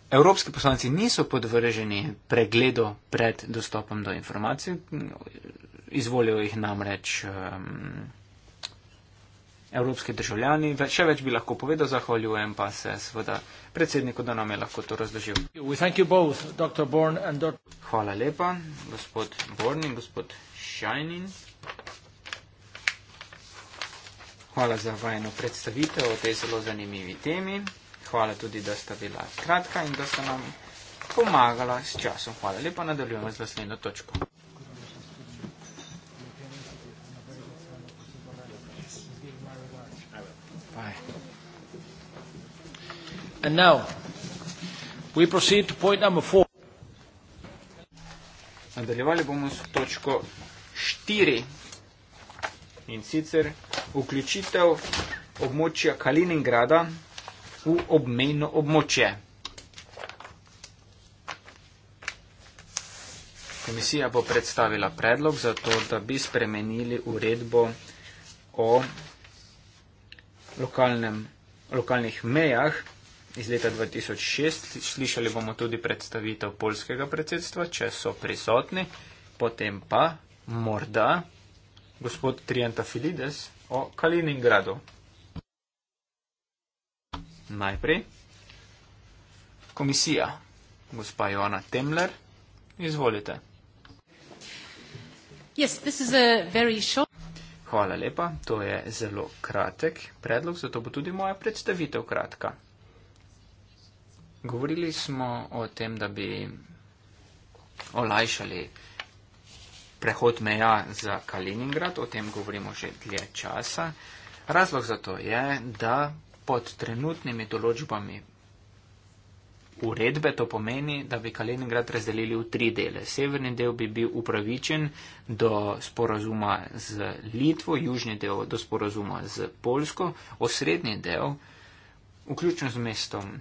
evropski poslanci niso podvrženi pregledu pred dostopom do informacij. Izvolijo jih namreč um, evropski državljani. Še več bi lahko povedal, zahvaljujem pa se seveda predsedniku, da nam je lahko to razložil. Hvala lepa, gospod Born in gospod Šajnin. Hvala za vajno predstavitev o tej zelo zanimivi temi. Hvala tudi, da sta bila kratka in da sta nam pomagala s časom. Hvala lepa, nadaljujemo z naslednjo točko. And now we proceed to point number four. Nadaljevali bomo s točko 4. In sicer vključitev območja Kaliningrada v obmejno območje. Komisija bo predstavila predlog za to, da bi spremenili uredbo o lokalnem, lokalnih mejah iz leta 2006. Slišali bomo tudi predstavitev polskega predsedstva, če so prisotni. Potem pa morda gospod Trienta Filides o Kaliningradu. Najprej komisija, gospa Joana Temler, izvolite. Yes, short... Hvala lepa, to je zelo kratek predlog, zato bo tudi moja predstavitev kratka. Govorili smo o tem, da bi olajšali prehod meja za Kaliningrad, o tem govorimo že dlje časa. Razlog za to je, da pod trenutnimi določbami uredbe to pomeni, da bi Kaliningrad razdelili v tri dele. Severni del bi bil upravičen do sporazuma z Litvo, južni del do sporazuma z Polsko, osrednji del, vključno z mestom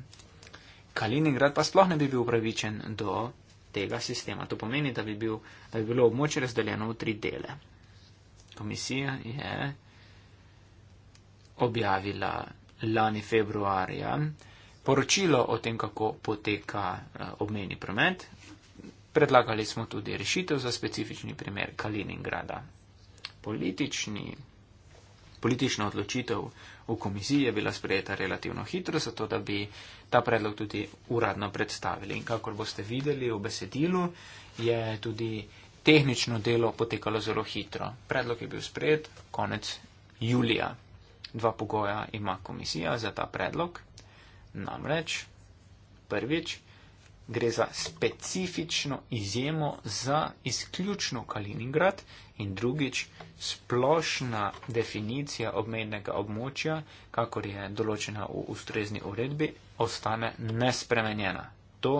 Kaliningrad, pa sploh ne bi bil upravičen do tega sistema. To pomeni, da bi, bil, da bi bilo območje razdeljeno v tri dele. Komisija je objavila lani februarja poročilo o tem, kako poteka eh, obmejni promet. Predlagali smo tudi rešitev za specifični primer Kaliningrada. Politični politična odločitev v komisiji je bila sprejeta relativno hitro, zato da bi ta predlog tudi uradno predstavili. In kakor boste videli v besedilu, je tudi tehnično delo potekalo zelo hitro. Predlog je bil sprejet konec julija. Dva pogoja ima komisija za ta predlog. Namreč, prvič, gre za specifično izjemo za izključno Kaliningrad in drugič splošna definicija obmejnega območja, kakor je določena v ustrezni uredbi, ostane nespremenjena. To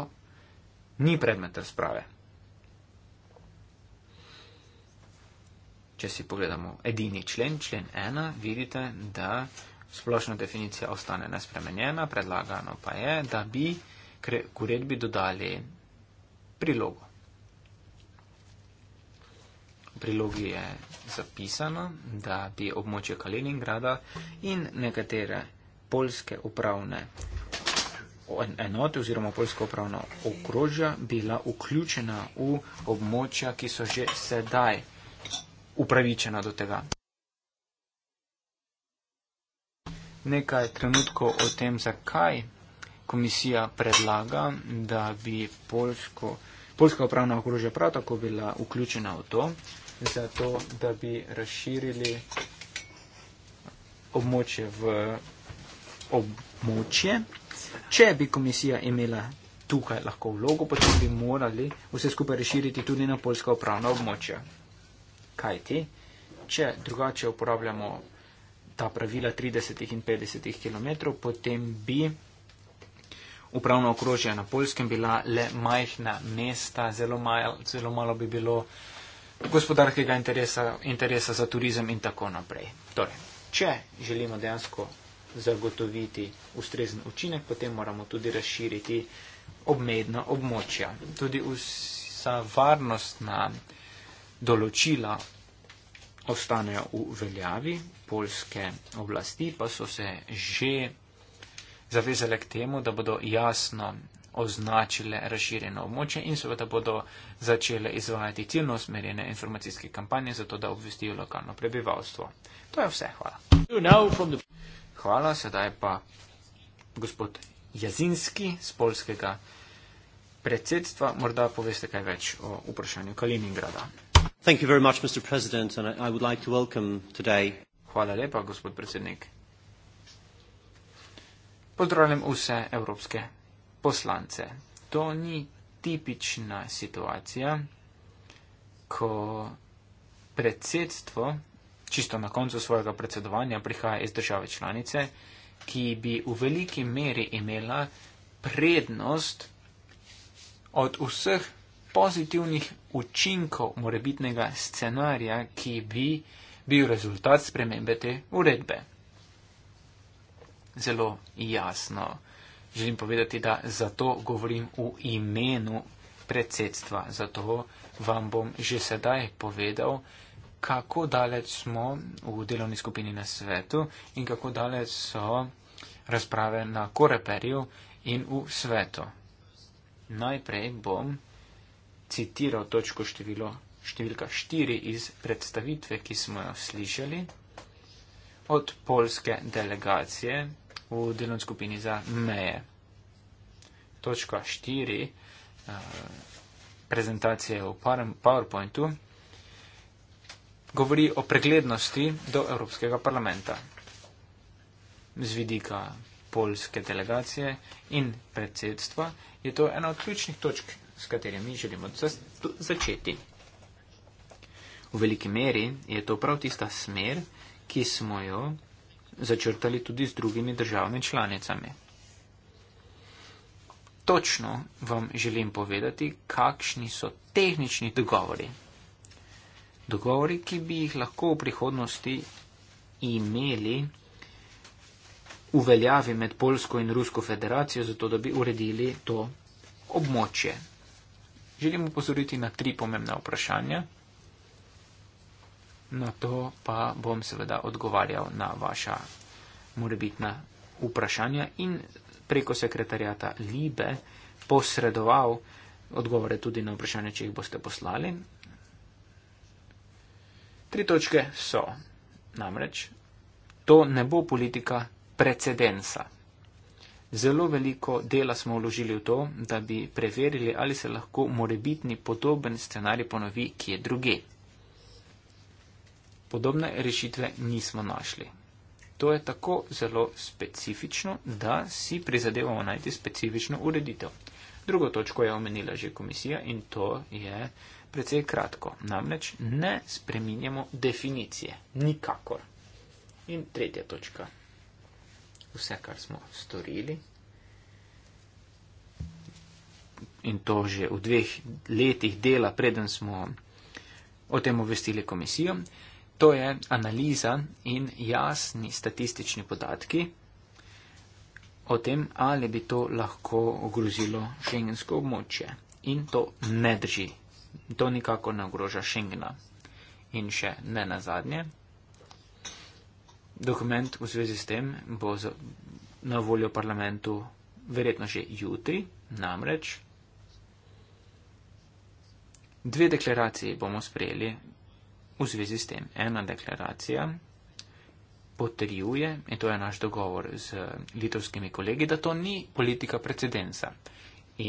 ni predmet razprave. Če si pogledamo edini člen, člen 1, vidite, da splošna definicija ostane nespremenjena, predlagano pa je, da bi k uredbi dodali prilogo. V prilogi je zapisano, da bi območje Kaliningrada in nekatere polske upravne enote oziroma polsko upravno okrožja bila vključena v območja, ki so že sedaj upravičena do tega. Nekaj trenutkov o tem, zakaj komisija predlaga, da bi Poljsko, Poljska upravna okrožja prav tako bila vključena v to, zato da bi razširili območje v območje. Če bi komisija imela tukaj lahko vlogo, potem bi morali vse skupaj razširiti tudi na Poljska upravna območja. Kaj ti? Če drugače uporabljamo ta pravila 30 in 50 km, potem bi upravna okrožja na Poljskem bila le majhna mesta, zelo malo, zelo malo bi bilo gospodarskega interesa, interesa za turizem in tako naprej. Torej, če želimo dejansko zagotoviti ustrezen učinek, potem moramo tudi razširiti obmedna območja. Tudi vsa varnostna določila ostanejo v veljavi, polske oblasti pa so se že zavezale k temu, da bodo jasno označile razširjeno območje in seveda bodo začele izvajati ciljno usmerjene informacijske kampanje, zato da obvestijo lokalno prebivalstvo. To je vse, hvala. Hvala, sedaj pa gospod Jazinski z polskega predsedstva. Morda poveste kaj več o vprašanju Kaliningrada. Hvala lepa, gospod predsednik pozdravljam vse evropske poslance. To ni tipična situacija, ko predsedstvo čisto na koncu svojega predsedovanja prihaja iz države članice, ki bi v veliki meri imela prednost od vseh pozitivnih učinkov morebitnega scenarija, ki bi bil rezultat spremembe te uredbe zelo jasno. Želim povedati, da zato govorim v imenu predsedstva. Zato vam bom že sedaj povedal, kako daleč smo v delovni skupini na svetu in kako daleč so razprave na koreperju in v svetu. Najprej bom citiral točko število, številka 4 iz predstavitve, ki smo jo slišali od polske delegacije v delovni skupini za meje. Točka štiri eh, prezentacije v PowerPointu govori o preglednosti do Evropskega parlamenta z vidika polske delegacije in predsedstva, je to ena od ključnih točk, s katerimi želimo začeti. V veliki meri je to prav tista smer, ki smo jo začrtali tudi z drugimi državami članicami. Točno vam želim povedati, kakšni so tehnični dogovori. Dogovori, ki bi jih lahko v prihodnosti imeli uveljavi med Polsko in Rusko federacijo, zato da bi uredili to območje. Želim upozoriti na tri pomembne vprašanja na to pa bom seveda odgovarjal na vaša morebitna vprašanja in preko sekretarjata Libe posredoval odgovore tudi na vprašanje, če jih boste poslali. Tri točke so namreč, to ne bo politika precedensa. Zelo veliko dela smo vložili v to, da bi preverili, ali se lahko morebitni podoben scenarij ponovi kje druge podobne rešitve nismo našli. To je tako zelo specifično, da si prizadevamo najti specifično ureditev. Drugo točko je omenila že komisija in to je precej kratko. Namreč ne spreminjamo definicije. Nikakor. In tretja točka. Vse, kar smo storili. In to že v dveh letih dela, preden smo o tem obvestili komisijo. To je analiza in jasni statistični podatki o tem, ali bi to lahko ogrozilo šengensko območje. In to ne drži. To nikako ne ogroža šengena. In še ne na zadnje. Dokument v zvezi s tem bo na voljo parlamentu verjetno že jutri, namreč. Dve deklaracije bomo sprejeli v zvezi s tem. Ena deklaracija potrjuje, in to je naš dogovor z litovskimi kolegi, da to ni politika precedensa.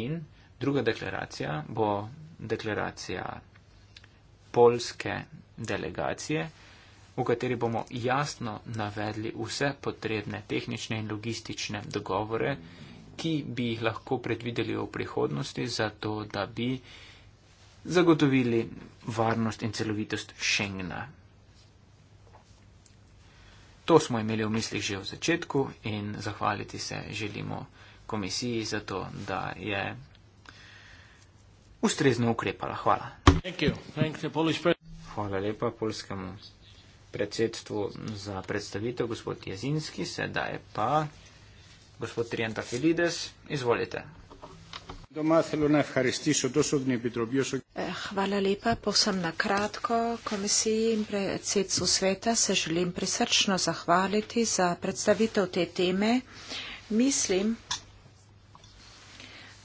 In druga deklaracija bo deklaracija polske delegacije, v kateri bomo jasno navedli vse potrebne tehnične in logistične dogovore, ki bi jih lahko predvideli v prihodnosti, zato da bi zagotovili varnost in celovitost Schengna. To smo imeli v mislih že v začetku in zahvaliti se želimo komisiji za to, da je ustrezno ukrepala. Hvala. Thank you. Thank you, Hvala lepa polskemu predsedstvu za predstavitev, gospod Jazinski, sedaj pa gospod Trienta Filides, izvolite. Hvala lepa. Posem na kratko komisiji in predsedcu sveta se želim prisrčno zahvaliti za predstavitev te teme. Mislim,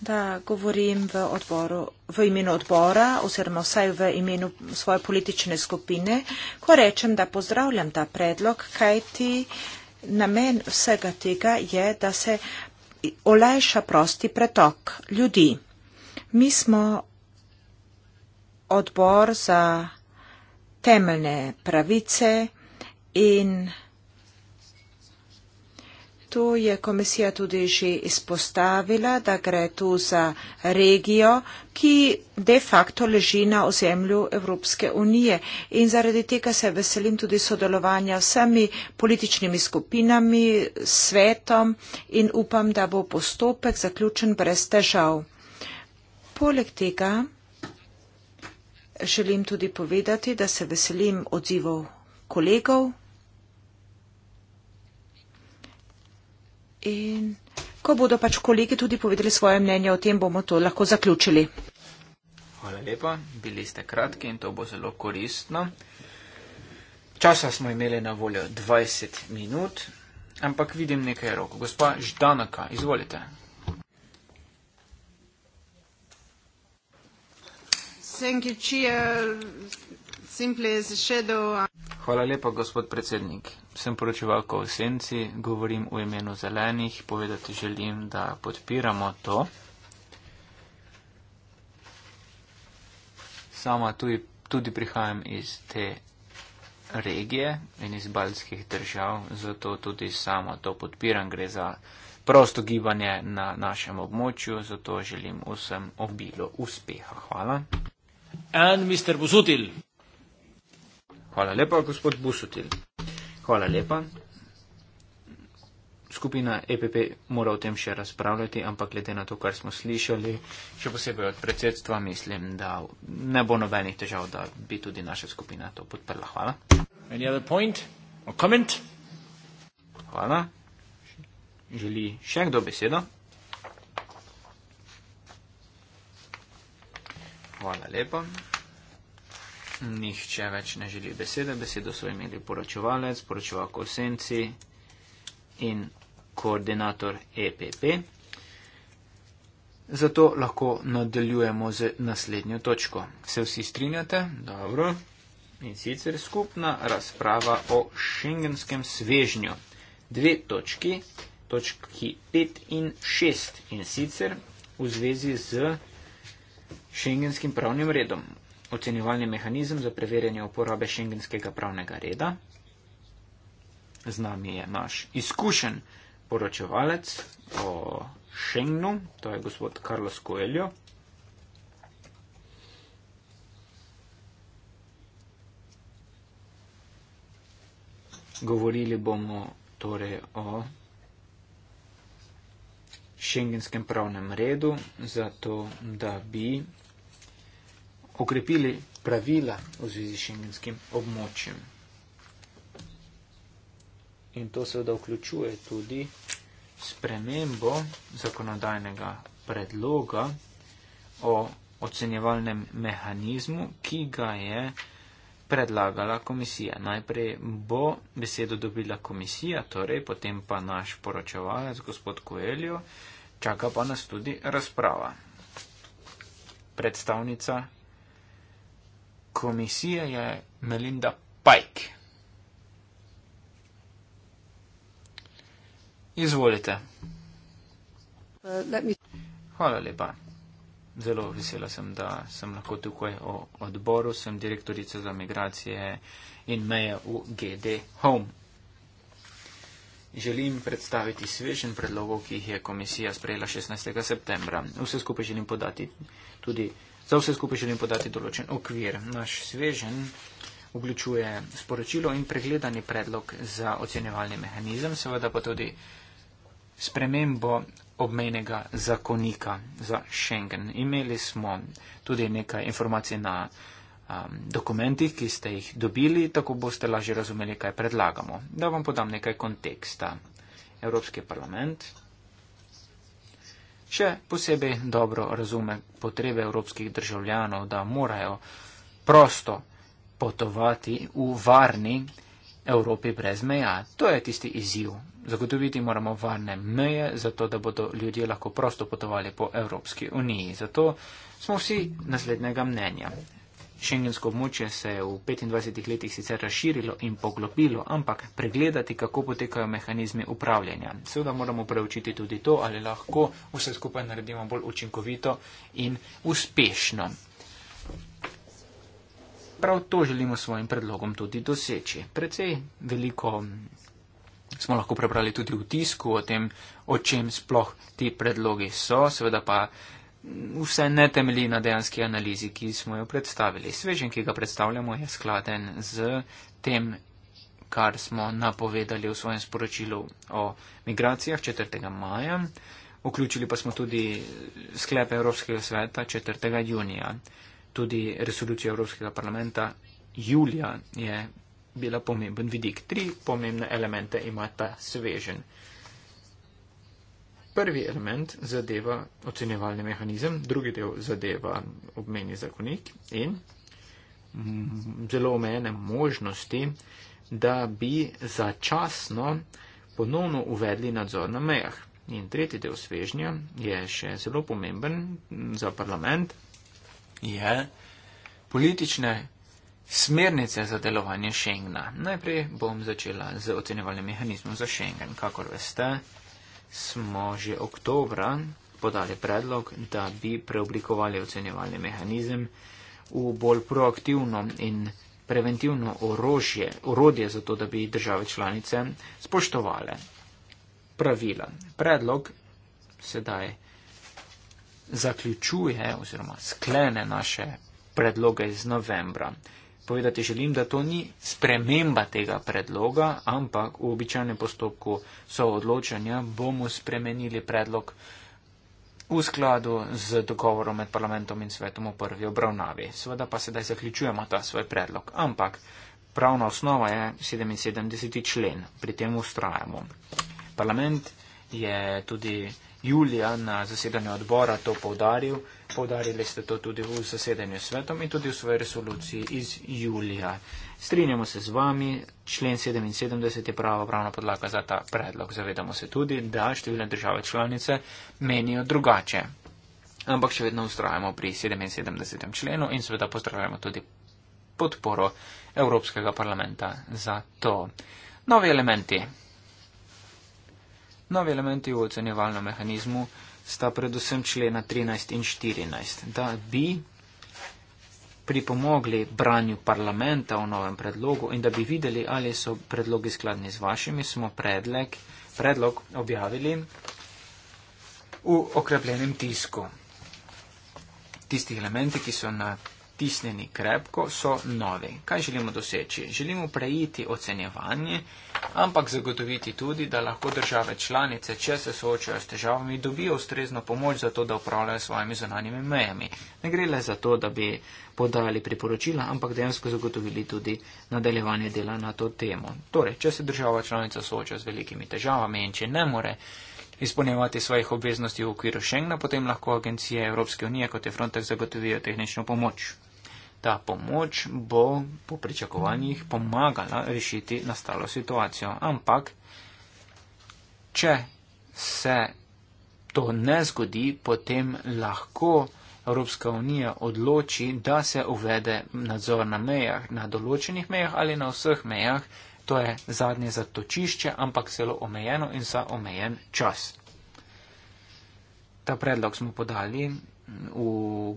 da govorim v, odboru, v imenu odbora oziroma vsaj v imenu svoje politične skupine, ko rečem, da pozdravljam ta predlog, kajti namen vsega tega je, da se olajša prosti pretok ljudi. Mi smo odbor za temeljne pravice in tu je komisija tudi že izpostavila, da gre tu za regijo, ki de facto leži na ozemlju Evropske unije. In zaradi tega se veselim tudi sodelovanja vsemi političnimi skupinami, svetom in upam, da bo postopek zaključen brez težav. Poleg tega želim tudi povedati, da se veselim odzivov kolegov In ko bodo pač kolegi tudi povedali svoje mnenje o tem, bomo to lahko zaključili. Hvala lepa, bili ste kratki in to bo zelo koristno. Časa smo imeli na voljo 20 minut, ampak vidim nekaj rok. Gospa Ždanaka, izvolite. Thank you, Chair. Hvala lepa, gospod predsednik. Sem poročevalka v Senci, govorim v imenu zelenih, povedati želim, da podpiramo to. Sama tudi, tudi prihajam iz te regije in iz baljskih držav, zato tudi sama to podpiram. Gre za prosto gibanje na našem območju, zato želim vsem obilo uspeha. Hvala. And Mr. Busutil. Hvala lepa, gospod Busutil. Hvala lepa. Skupina EPP mora o tem še razpravljati, ampak glede na to, kar smo slišali, še posebej od predsedstva, mislim, da ne bo nobenih težav, da bi tudi naša skupina to podprla. Hvala. Hvala. Želi še kdo besedo? Hvala lepa. Nihče več ne želi besede. Besedo so imeli poročevalec, poročevalko Senci in koordinator EPP. Zato lahko nadaljujemo z naslednjo točko. Se vsi strinjate? Dobro. In sicer skupna razprava o šengenskem svežnju. Dve točki, točki 5 in 6 in sicer v zvezi z šengenskim pravnim redom ocenjevalni mehanizem za preverjanje uporabe šengenskega pravnega reda. Z nami je naš izkušen poročevalec o Schengenu, to je gospod Carlos Coelho. Govorili bomo torej o šengenskem pravnem redu, zato da bi okrepili pravila v zvezi s šengenskim območjem. In to seveda vključuje tudi spremembo zakonodajnega predloga o ocenjevalnem mehanizmu, ki ga je predlagala komisija. Najprej bo besedo dobila komisija, torej potem pa naš poročevalec, gospod Koeljo, čaka pa nas tudi razprava. Predstavnica komisije je Melinda Pajk. Izvolite. Hvala lepa. Zelo vesela sem, da sem lahko tukaj o odboru. Sem direktorica za migracije in meje v GD Home. Želim predstaviti svežen predlogov, ki jih je komisija sprejela 16. septembra. Vse skupaj želim podati tudi Za vse skupaj želim podati določen okvir. Naš svežen vključuje sporočilo in pregledani predlog za ocenjevalni mehanizem, seveda pa tudi spremembo obmejnega zakonika za Schengen. Imeli smo tudi nekaj informacij na um, dokumentih, ki ste jih dobili, tako boste lažje razumeli, kaj predlagamo. Da vam podam nekaj konteksta. Evropski parlament še posebej dobro razume potrebe evropskih državljanov, da morajo prosto potovati v varni Evropi brez meja. To je tisti izziv. Zagotoviti moramo varne meje, zato da bodo ljudje lahko prosto potovali po Evropski uniji. Zato smo vsi naslednjega mnenja. Šengensko območje se je v 25 letih sicer razširilo in poglobilo, ampak pregledati, kako potekajo mehanizmi upravljanja. Seveda moramo preučiti tudi to, ali lahko vse skupaj naredimo bolj učinkovito in uspešno. Prav to želimo s svojim predlogom tudi doseči. Predvsej veliko smo lahko prebrali tudi v tisku o tem, o čem sploh ti predlogi so, seveda pa vse ne temelji na dejanski analizi, ki smo jo predstavili. Svežen, ki ga predstavljamo, je skladen z tem, kar smo napovedali v svojem sporočilu o migracijah 4. maja. Vključili pa smo tudi sklepe Evropskega sveta 4. junija. Tudi resolucija Evropskega parlamenta julija je bila pomemben vidik. Tri pomembne elemente ima ta svežen prvi element zadeva ocenjevalni mehanizem, drugi del zadeva obmeni zakonik in mm, zelo omejene možnosti, da bi začasno ponovno uvedli nadzor na mejah. In tretji del svežnja je še zelo pomemben mm, za parlament, je politične smernice za delovanje Schengna. Najprej bom začela z ocenjevalnim mehanizmom za Schengen. Kakor veste, smo že oktobra podali predlog, da bi preoblikovali ocenjevalni mehanizem v bolj proaktivno in preventivno orožje, orodje za to, da bi države članice spoštovale pravila. Predlog sedaj zaključuje oziroma sklene naše predloge iz novembra povedati želim, da to ni sprememba tega predloga, ampak v običajnem postopku so odločanja, bomo spremenili predlog v skladu z dogovorom med parlamentom in svetom v prvi obravnavi. Sveda pa sedaj zaključujemo ta svoj predlog, ampak pravna osnova je 77. člen, pri tem ustrajamo. Parlament je tudi julija na zasedanju odbora to poudaril, Poudarili ste to tudi v zasedanju svetom in tudi v svoji resoluciji iz julija. Strinjamo se z vami, člen 77 je prava pravna podlaga za ta predlog. Zavedamo se tudi, da številne države članice menijo drugače. Ampak še vedno ustrajamo pri 77. členu in seveda pozdravljamo tudi podporo Evropskega parlamenta za to. Novi elementi. Novi elementi v ocenjevalnem mehanizmu sta predvsem člena 13 in 14, da bi pripomogli branju parlamenta o novem predlogu in da bi videli, ali so predlogi skladni z vašimi, smo predlog, predlog objavili v okrepljenem tisku. Tisti elementi, ki so na tisnjeni krepko, so novi. Kaj želimo doseči? Želimo preiti ocenjevanje, ampak zagotoviti tudi, da lahko države članice, če se soočajo s težavami, dobijo ustrezno pomoč za to, da upravljajo svojimi zonanjimi mejami. Ne gre le za to, da bi podali priporočila, ampak dejansko zagotovili tudi nadaljevanje dela na to temo. Torej, če se država članica sooča z velikimi težavami in če ne more, izpolnjevati svojih obveznosti v okviru Schengna, potem lahko agencije Evropske unije kot je Frontex zagotovijo tehnično pomoč. Ta pomoč bo po pričakovanjih pomagala rešiti nastalo situacijo. Ampak, če se to ne zgodi, potem lahko Evropska unija odloči, da se uvede nadzor na mejah, na določenih mejah ali na vseh mejah to je zadnje zatočišče, ampak zelo omejeno in za omejen čas. Ta predlog smo podali v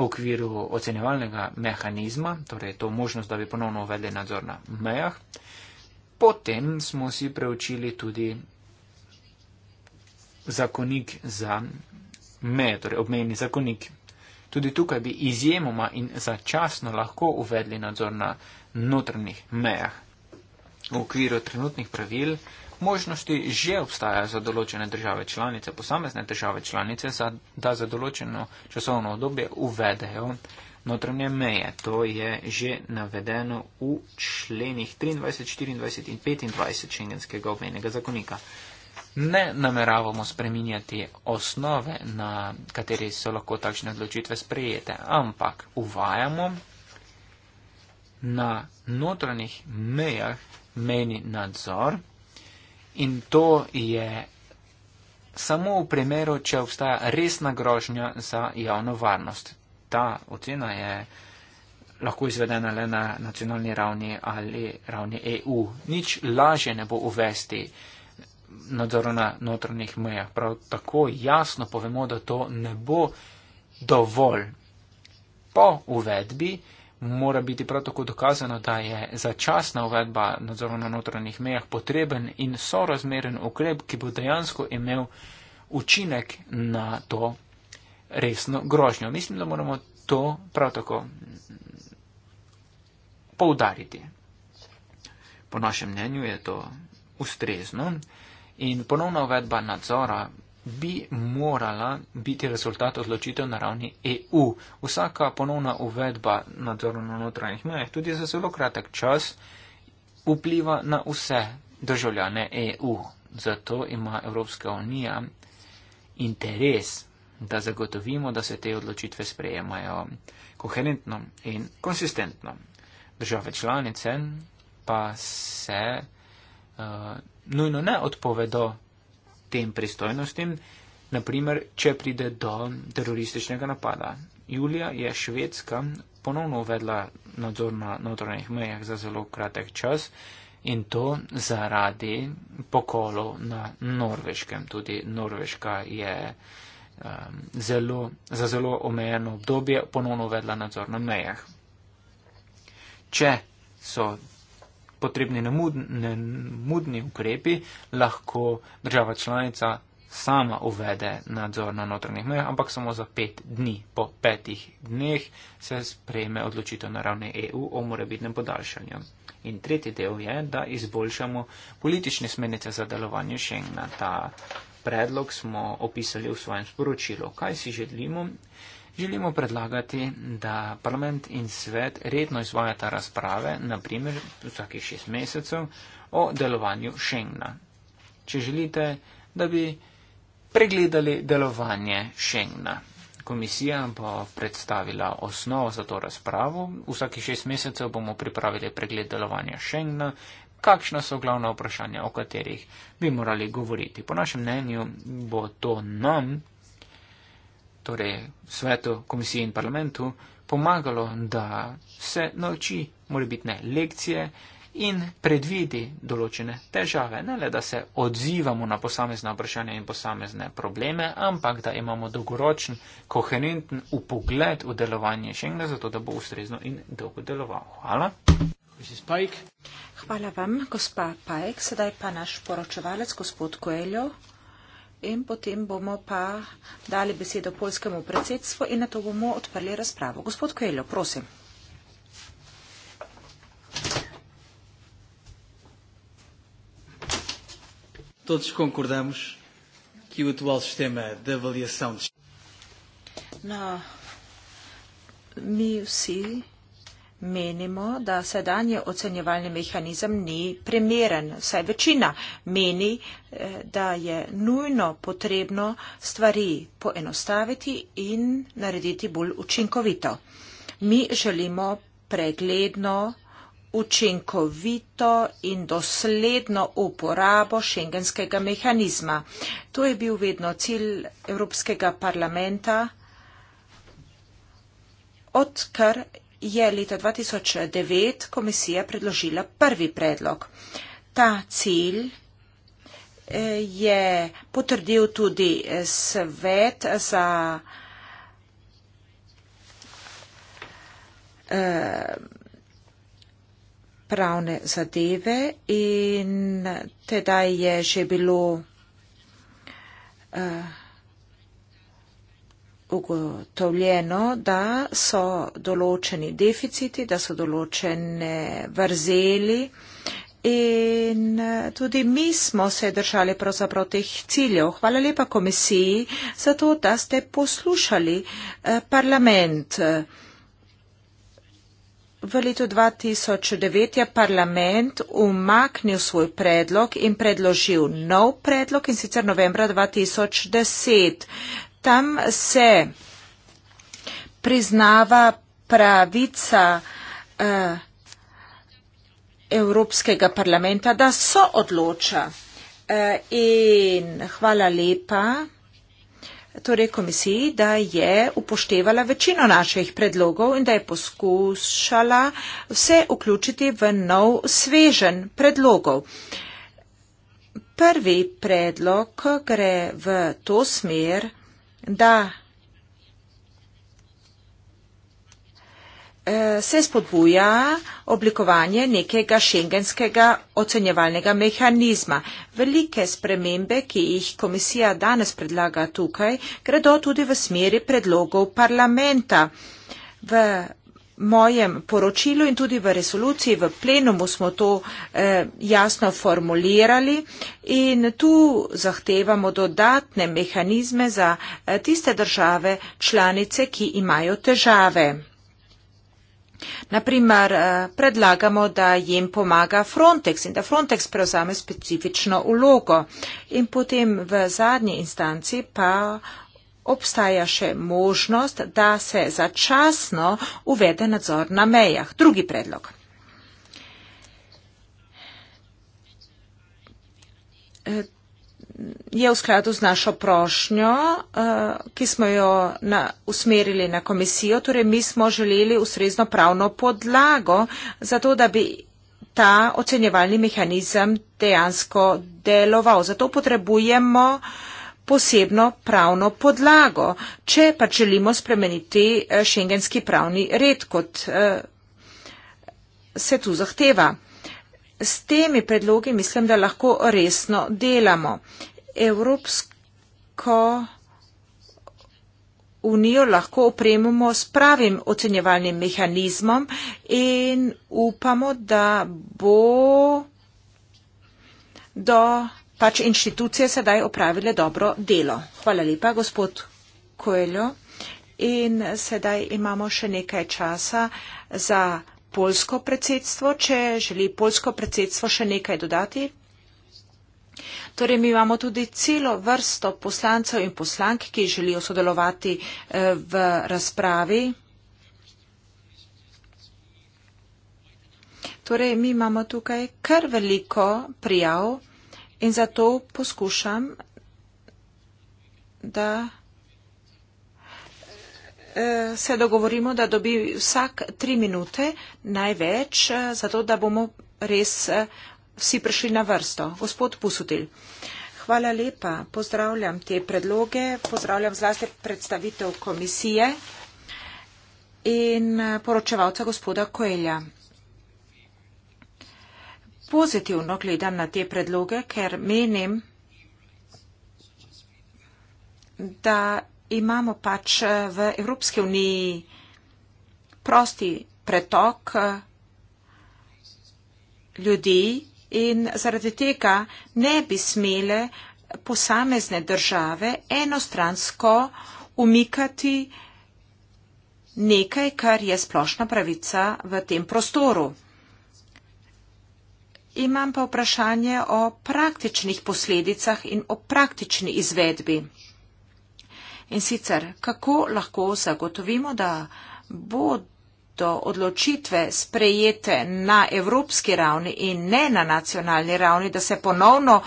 okviru ocenjevalnega mehanizma, torej to možnost, da bi ponovno uvedli nadzor na mejah. Potem smo si preučili tudi zakonik za meje, torej obmejni zakonik. Tudi tukaj bi izjemoma in začasno lahko uvedli nadzor na notrnih mejah. V okviru trenutnih pravil možnosti že obstaja za določene države članice, posamezne države članice, da za določeno časovno obdobje uvedejo notranje meje. To je že navedeno v členih 23, 24 in 25 šengenskega obmejnega zakonika. Ne nameravamo spreminjati osnove, na kateri so lahko takšne odločitve sprejete, ampak uvajamo na notranjih mejah meni nadzor in to je samo v primeru, če obstaja resna grožnja za javno varnost. Ta ocena je lahko izvedena le na nacionalni ravni ali ravni EU. Nič lažje ne bo uvesti nadzora na notranjih mejah. Prav tako jasno povemo, da to ne bo dovolj. Po uvedbi mora biti prav tako dokazano, da je začasna uvedba nadzora na notranjih mejah potreben in sorazmeren ukrep, ki bo dejansko imel učinek na to resno grožnjo. Mislim, da moramo to prav tako poudariti. Po našem mnenju je to ustrezno in ponovna uvedba nadzora bi morala biti rezultat odločitev na ravni EU. Vsaka ponovna uvedba nadzora na notranjih mejah, tudi za zelo kratek čas, vpliva na vse državljane EU. Zato ima Evropska unija interes, da zagotovimo, da se te odločitve sprejemajo koherentno in konsistentno. Države članice pa se uh, nujno ne odpovedo tem pristojnostim, naprimer, če pride do terorističnega napada. Julija je Švedska ponovno uvedla nadzor na notranjih mejah za zelo kratek čas in to zaradi pokolov na norveškem. Tudi Norveška je um, zelo, za zelo omejeno obdobje ponovno uvedla nadzor na mejah. Če so potrebni nemudni ukrepi, lahko država članica sama uvede nadzor na notranjih mejah, ampak samo za pet dni. Po petih dneh se sprejme odločitev na ravni EU o morebitnem podaljšanju. In tretji del je, da izboljšamo politične smernice za delovanje Schengna. Ta predlog smo opisali v svojem sporočilu. Kaj si želimo? Želimo predlagati, da parlament in svet redno izvajata razprave, naprimer vsakih šest mesecev, o delovanju Schengna. Če želite, da bi pregledali delovanje Schengna. Komisija bo predstavila osnovo za to razpravo. Vsaki šest mesecev bomo pripravili pregled delovanja Schengna, kakšna so glavna vprašanja, o katerih bi morali govoriti. Po našem mnenju bo to nam torej svetu, komisiji in parlamentu, pomagalo, da se nauči morebitne lekcije in predvidi določene težave. Ne le, da se odzivamo na posamezne vprašanja in posamezne probleme, ampak da imamo dolgoročen, koherenten upogled v delovanje Schengna, zato da bo ustrezno in dolgo deloval. Hvala. Hvala vam, gospa Pajk. Sedaj pa naš poročevalec, gospod Koeljo in potem bomo pa dali besedo polskemu predsedstvu in na to bomo odprli razpravo. Gospod Kojeljo, prosim. No, mi vsi Menimo, da sedanje ocenjevalni mehanizem ni primeren. Vsaj večina meni, eh, da je nujno potrebno stvari poenostaviti in narediti bolj učinkovito. Mi želimo pregledno, učinkovito in dosledno uporabo šengenskega mehanizma. To je bil vedno cilj Evropskega parlamenta odkar je leta 2009 komisija predložila prvi predlog. Ta cilj eh, je potrdil tudi eh, svet za eh, pravne zadeve in teda je že bilo uh, ugotovljeno, da so določeni deficiti, da so določene vrzeli in eh, tudi mi smo se držali pravzaprav teh ciljev. Hvala lepa komisiji za to, da ste poslušali eh, parlament. V letu 2009 je parlament umaknil svoj predlog in predložil nov predlog in sicer novembra 2010 tam se priznava pravica eh, Evropskega parlamenta, da so odloča. Eh, in hvala lepa torej komisiji, da je upoštevala večino naših predlogov in da je poskušala vse vključiti v nov svežen predlogov. Prvi predlog gre v to smer, da eh, se spodbuja oblikovanje nekega šengenskega ocenjevalnega mehanizma. Velike spremembe, ki jih komisija danes predlaga tukaj, gredo tudi v smeri predlogov parlamenta. V mojem poročilu in tudi v resoluciji v plenumu smo to eh, jasno formulirali in tu zahtevamo dodatne mehanizme za eh, tiste države članice, ki imajo težave. Naprimer, eh, predlagamo, da jim pomaga Frontex in da Frontex prevzame specifično ulogo in potem v zadnji instanci pa obstaja še možnost, da se začasno uvede nadzor na mejah. Drugi predlog. Je v skladu z našo prošnjo, eh, ki smo jo na, usmerili na komisijo, torej mi smo želeli ustrezno pravno podlago za to, da bi ta ocenjevalni mehanizem dejansko deloval. Zato potrebujemo uh, posebno pravno podlago, če pa želimo spremeniti eh, šengenski pravni red, kot eh, se tu zahteva. S temi predlogi mislim, da lahko resno delamo. Evropsko unijo lahko opremimo s pravim ocenjevalnim mehanizmom in upamo, da bo do pač inštitucije sedaj opravile dobro delo. Hvala lepa, gospod Koeljo. In sedaj imamo še nekaj časa za polsko predsedstvo, če želi polsko predsedstvo še nekaj dodati. Torej, mi imamo tudi celo vrsto poslancev in poslank, ki želijo sodelovati eh, v razpravi. Torej, mi imamo tukaj kar veliko prijav. In zato poskušam, da eh, se dogovorimo, da dobi vsak tri minute največ, eh, zato da bomo res eh, vsi prišli na vrsto. Gospod Pusutil. Hvala lepa. Pozdravljam te predloge, pozdravljam zlasti predstavitev komisije in poročevalca gospoda Koelja pozitivno gledam na te predloge, ker menim, da imamo pač eh, v Evropski uniji prosti pretok eh, ljudi in zaradi tega ne bi smele posamezne države enostransko umikati nekaj, kar je splošna pravica v tem prostoru. Imam pa vprašanje o praktičnih posledicah in o praktični izvedbi. In sicer, kako lahko zagotovimo, da bodo odločitve sprejete na evropski ravni in ne na nacionalni ravni, da se ponovno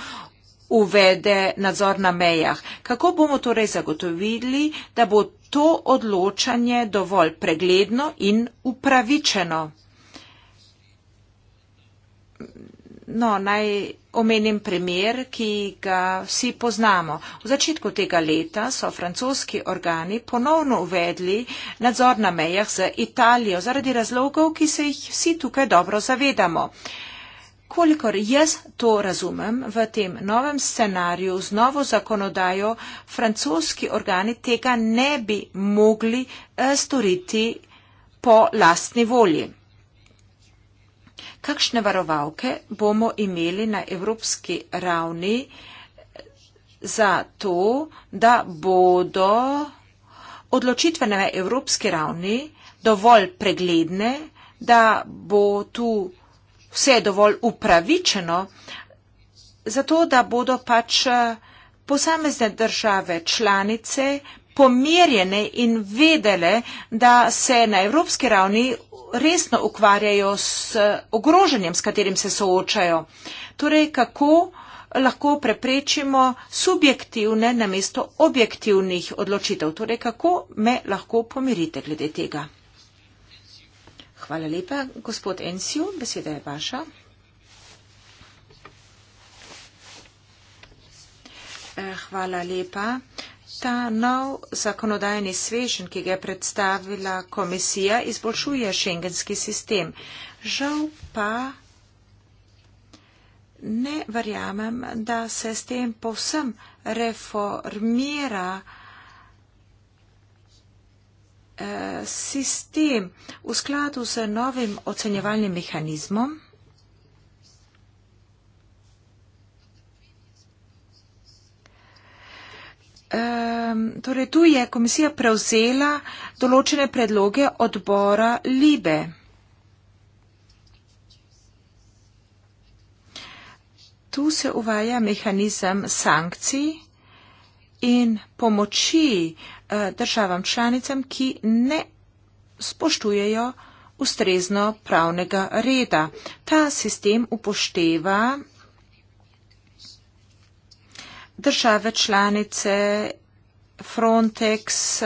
uvede nadzor na mejah. Kako bomo torej zagotovili, da bo to odločanje dovolj pregledno in upravičeno? No, naj omenim primer, ki ga vsi poznamo. V začetku tega leta so francoski organi ponovno uvedli nadzor na mejah z Italijo zaradi razlogov, ki se jih vsi tukaj dobro zavedamo. Kolikor jaz to razumem, v tem novem scenariju z novo zakonodajo francoski organi tega ne bi mogli eh, storiti po lastni volji kakšne varovalke bomo imeli na evropski ravni za to, da bodo odločitve na evropski ravni dovolj pregledne, da bo tu vse dovolj upravičeno, zato da bodo pač eh, posamezne države članice pomirjene in vedele, da se na evropski ravni resno ukvarjajo s eh, ogrožanjem, s katerim se soočajo. Torej, kako lahko preprečimo subjektivne namesto objektivnih odločitev. Torej, kako me lahko pomirite glede tega. Hvala lepa, gospod Ensiu, beseda je vaša. Eh, hvala lepa ta nov zakonodajni svežen, ki ga je predstavila komisija, izboljšuje šengenski sistem. Žal pa ne verjamem, da se s tem povsem reformira eh, sistem v skladu z novim ocenjevalnim mehanizmom. Ehm, torej tu je komisija prevzela določene predloge odbora Libe. Tu se uvaja mehanizem sankcij in pomoči eh, državam članicam, ki ne spoštujejo ustrezno pravnega reda. Ta sistem upošteva države članice, Frontex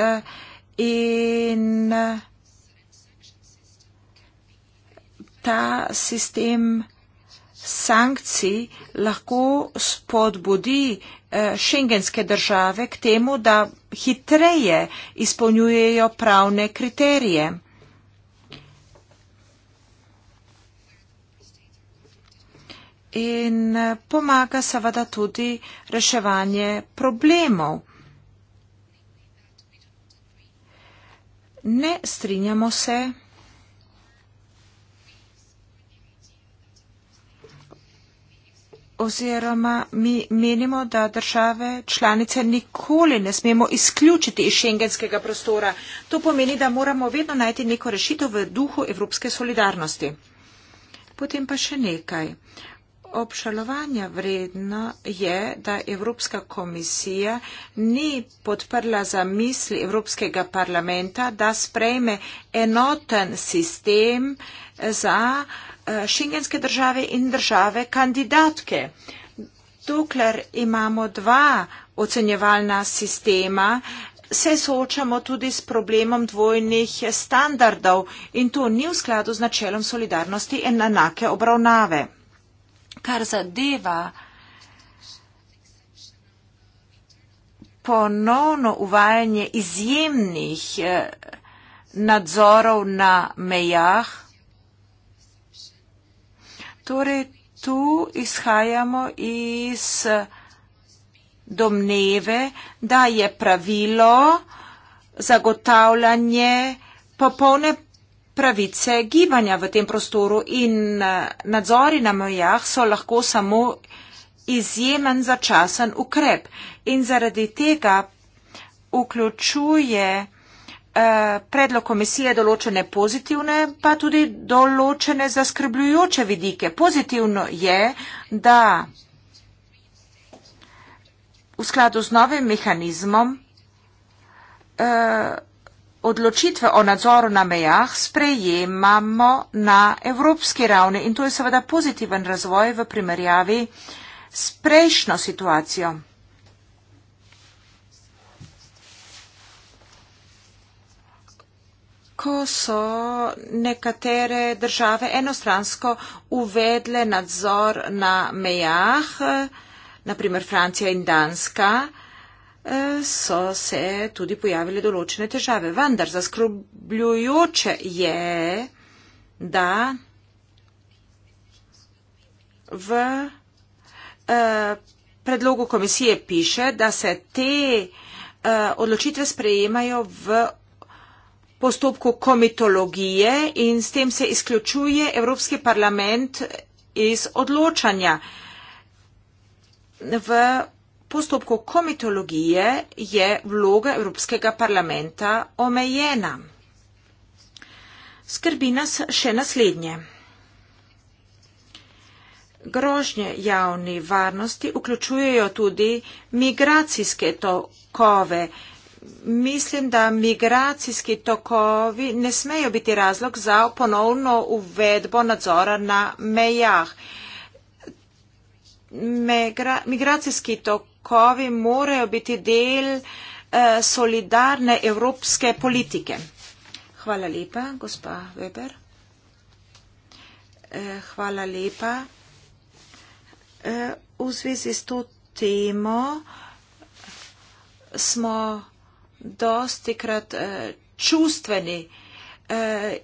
in ta sistem sankcij lahko spodbudi eh, šengenske države k temu, da hitreje izpolnjujejo pravne kriterije. in eh, pomaga seveda tudi reševanje problemov. Ne strinjamo se oziroma mi menimo, da države članice nikoli ne smemo izključiti iz šengenskega prostora. To pomeni, da moramo vedno najti neko rešitev v duhu evropske solidarnosti. Potem pa še nekaj obšalovanja vredno je, da Evropska komisija ni podprla zamisli Evropskega parlamenta, da sprejme enoten sistem za eh, šengenske države in države kandidatke. Dokler imamo dva ocenjevalna sistema, se soočamo tudi s problemom dvojnih standardov in to ni v skladu z načelom solidarnosti in enake obravnave kar zadeva ponovno uvajanje izjemnih eh, nadzorov na mejah. Torej, tu izhajamo iz eh, domneve, da je pravilo zagotavljanje popolne pravice gibanja v tem prostoru in eh, nadzori na mejah so lahko samo izjemen začasen ukrep. In zaradi tega vključuje eh, predlog komisije določene pozitivne, pa tudi določene zaskrbljujoče vidike. Pozitivno je, da v skladu z novim mehanizmom eh, odločitve o nadzoru na mejah sprejemamo na evropski ravni in to je seveda pozitiven razvoj v primerjavi s prejšnjo situacijo. Ko so nekatere države enostransko uvedle nadzor na mejah, naprimer Francija in Danska, so se tudi pojavile določene težave. Vendar zaskrbljujoče je, da v uh, predlogu komisije piše, da se te uh, odločitve sprejemajo v postopku komitologije in s tem se izključuje Evropski parlament iz odločanja. V postopku komitologije je vloga Evropskega parlamenta omejena. Skrbi nas še naslednje. Grožnje javni varnosti vključujejo tudi migracijske tokove. Mislim, da migracijski tokovi ne smejo biti razlog za ponovno uvedbo nadzora na mejah. Migra, migracijski tokovi tokovi morajo biti del eh, solidarne evropske politike. Hvala lepa, gospa Weber. Eh, hvala lepa. Eh, v zvezi s to temo smo dostikrat eh, čustveni. Eh,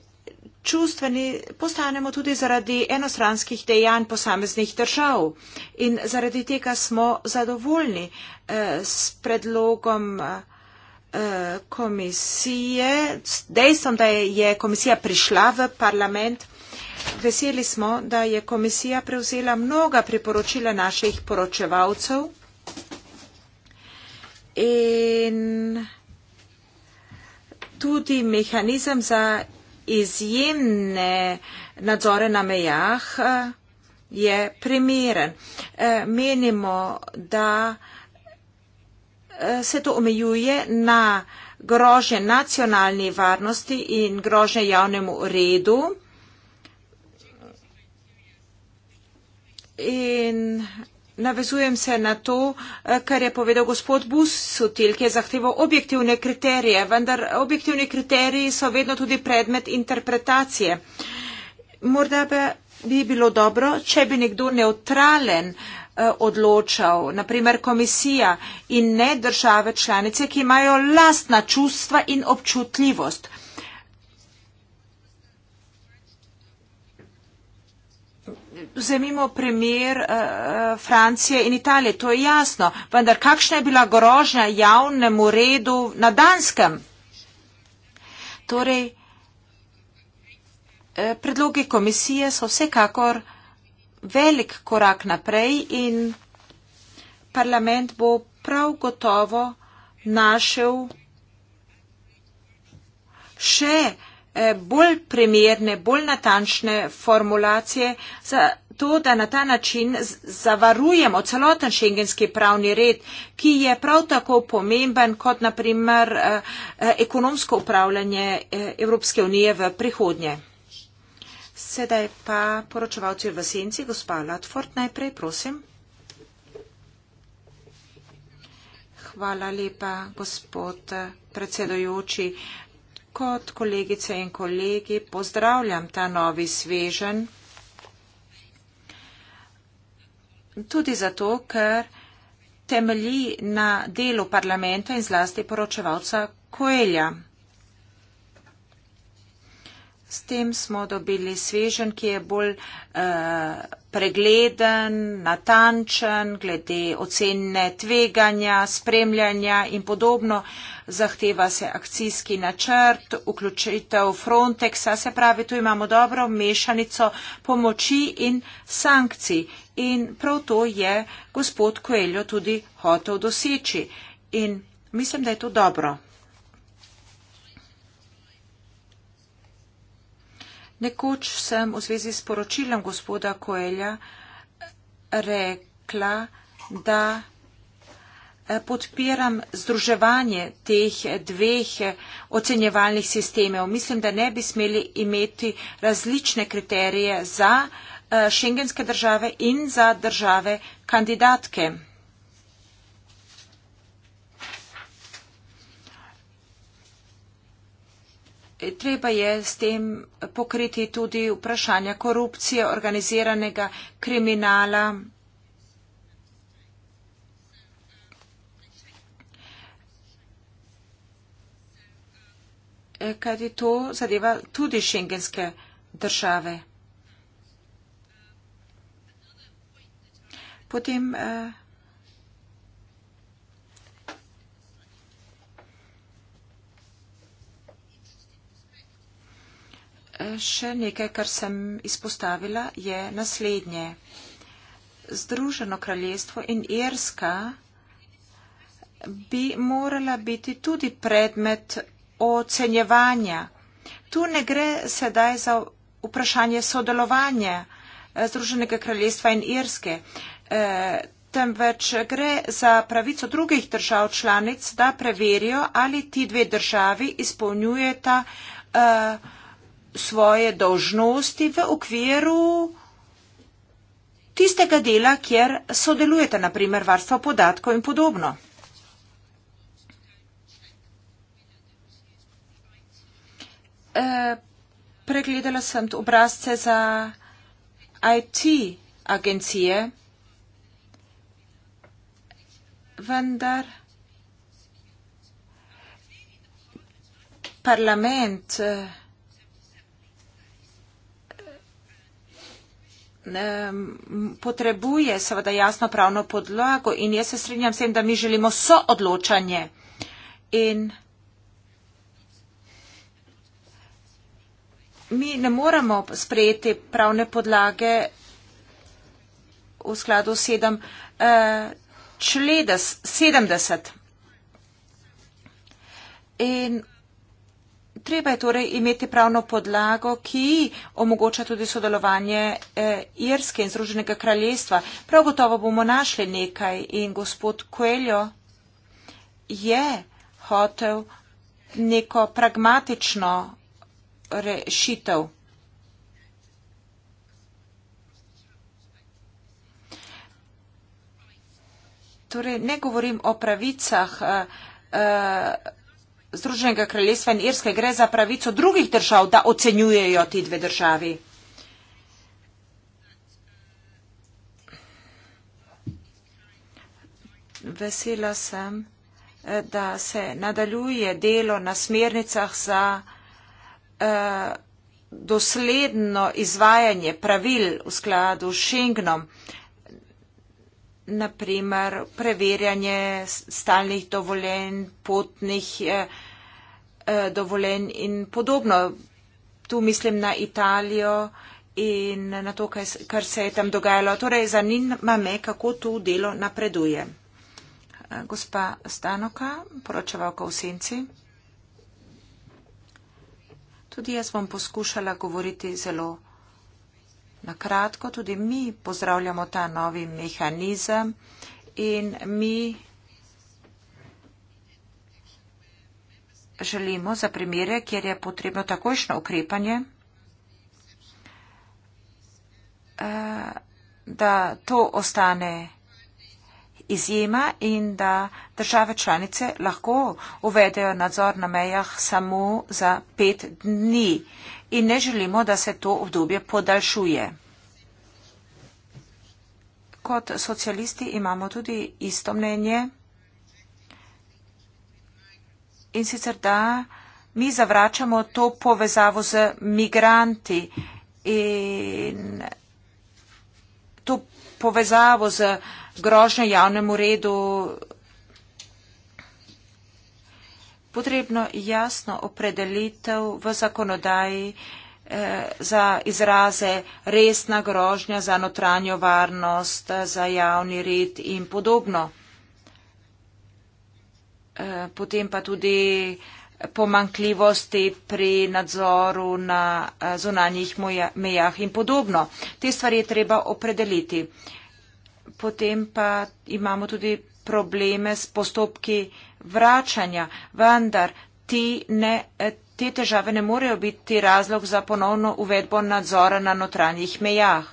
čustveni postanemo tudi zaradi enostranskih dejanj posameznih držav in zaradi tega smo zadovoljni eh, s predlogom eh, komisije, s dejstvom, da je komisija prišla v parlament. Veseli smo, da je komisija prevzela mnoga priporočila naših poročevalcev in tudi mehanizem za izjemne nadzore na mejah eh, je primeren. Eh, menimo, da eh, se to omejuje na grožnje nacionalni varnosti in grožnje javnemu redu. In Navezujem se na to, eh, kar je povedal gospod Busutil, ki je zahteval objektivne kriterije, vendar objektivni kriteriji so vedno tudi predmet interpretacije. Morda bi bilo dobro, če bi nekdo neutralen eh, odločal, naprimer komisija in ne države članice, ki imajo lastna čustva in občutljivost. vzemimo primer uh, Francije in Italije, to je jasno, vendar kakšna je bila grožnja javnemu redu na Danskem? Torej, eh, predlogi komisije so vsekakor velik korak naprej in parlament bo prav gotovo našel še bolj primerne, bolj natančne formulacije za to, da na ta način zavarujemo celoten šengenski pravni red, ki je prav tako pomemben kot naprimer eh, eh, ekonomsko upravljanje eh, Evropske unije v prihodnje. Sedaj pa poročevalci v senci, gospa Latford, najprej prosim. Hvala lepa, gospod predsedojoči. Kot kolegice in kolegi pozdravljam ta novi svežen. Tudi zato, ker temelji na delu parlamenta in zlasti poročevalca Koelja. S tem smo dobili svežen, ki je bolj uh, pregleden, natančen, glede ocenne tveganja, spremljanja in podobno. Zahteva se akcijski načrt, vključitev Frontexa, se pravi, tu imamo dobro mešanico pomoči in sankcij in prav to je gospod Koeljo tudi hotel doseči. In mislim, da je to dobro. Nekoč sem v zvezi s poročilom gospoda Koelja eh, rekla, da eh, podpiram združevanje teh eh, dveh ocenjevalnih sistemov. Mislim, da ne bi smeli imeti različne kriterije za uh, Eh, šengenske države in za države kandidatke. Treba je s tem pokriti tudi vprašanja korupcije, organiziranega kriminala. Eh, kaj je to zadeva tudi šengenske države. potem eh, še nekaj, kar sem izpostavila, je naslednje. Združeno kraljestvo in Irska bi morala biti tudi predmet ocenjevanja. Tu ne gre sedaj za vprašanje sodelovanja eh, Združenega kraljestva in Irske. Eh, temveč gre za pravico drugih držav članic, da preverijo, ali ti dve državi izpolnjujeta eh, svoje dožnosti v okviru tistega dela, kjer sodelujete, naprimer varstvo podatkov in podobno. Eh, pregledala sem obrazce za IT agencije, vendar parlament potrebuje seveda jasno pravno podlago in jaz se strinjam s tem, da mi želimo soodločanje in mi ne moremo sprejeti pravne podlage v skladu sedem eh, čledes 70. In treba je torej imeti pravno podlago, ki omogoča tudi sodelovanje eh, Irske in Združenega kraljestva. Prav gotovo bomo našli nekaj in gospod Coelho je hotel neko pragmatično rešitev. torej ne govorim o pravicah eh, eh, Združenega kraljestva in Irske, gre za pravico drugih držav, da ocenjujejo ti dve državi. Vesela sem, eh, da se nadaljuje delo na smernicah za dosledno izvajanje pravil v skladu s Schengenom naprimer preverjanje stalnih dovoljenj, potnih eh, eh, dovoljenj in podobno. Tu mislim na Italijo in na to, kar se je tam dogajalo. Torej, zanima me, kako tu delo napreduje. Eh, gospa Stanoka, poročevalka v senci. Tudi jaz bom poskušala govoriti zelo. Na kratko, tudi mi pozdravljamo ta novi mehanizem in mi želimo za primere, kjer je potrebno takojšno ukrepanje, eh, da to ostane izjema in da države članice lahko uvedejo nadzor na mejah samo za pet dni in ne želimo, da se to obdobje podaljšuje. Kot socialisti imamo tudi isto mnenje in sicer, da mi zavračamo to povezavo z migranti in to povezavo z migranti grožnja javnemu redu. Potrebno jasno opredelitev v zakonodaji eh, za izraze resna grožnja za notranjo varnost, za javni red in podobno. Eh, potem pa tudi pomankljivosti pri nadzoru na eh, zunanjih mejah in podobno. Te stvari je treba opredeliti potem pa imamo tudi probleme s postopki vračanja, vendar ti ne, te težave ne morejo biti razlog za ponovno uvedbo nadzora na notranjih mejah.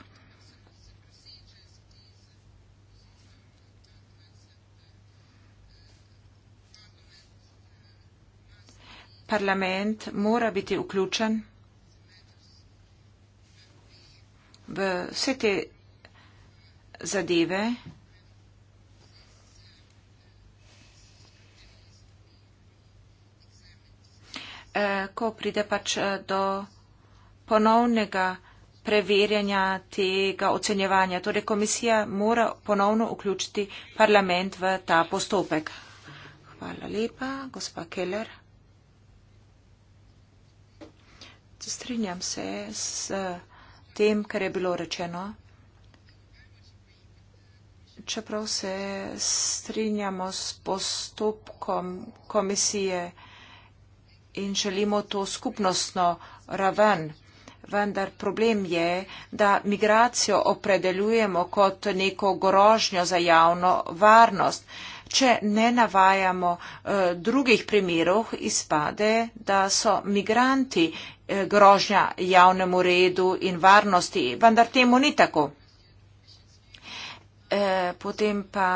Parlament mora biti vključen v vse te zadeve, eh, ko pride pač eh, do ponovnega preverjanja tega ocenjevanja. Torej komisija mora ponovno vključiti parlament v ta postopek. Hvala lepa, gospa Keller. Strinjam se s tem, kar je bilo rečeno čeprav se strinjamo s postopkom komisije in želimo to skupnostno raven. Vendar problem je, da migracijo opredeljujemo kot neko grožnjo za javno varnost. Če ne navajamo eh, drugih primerov, izpade, da so migranti eh, grožnja javnemu redu in varnosti, vendar temu ni tako. Eh, potem pa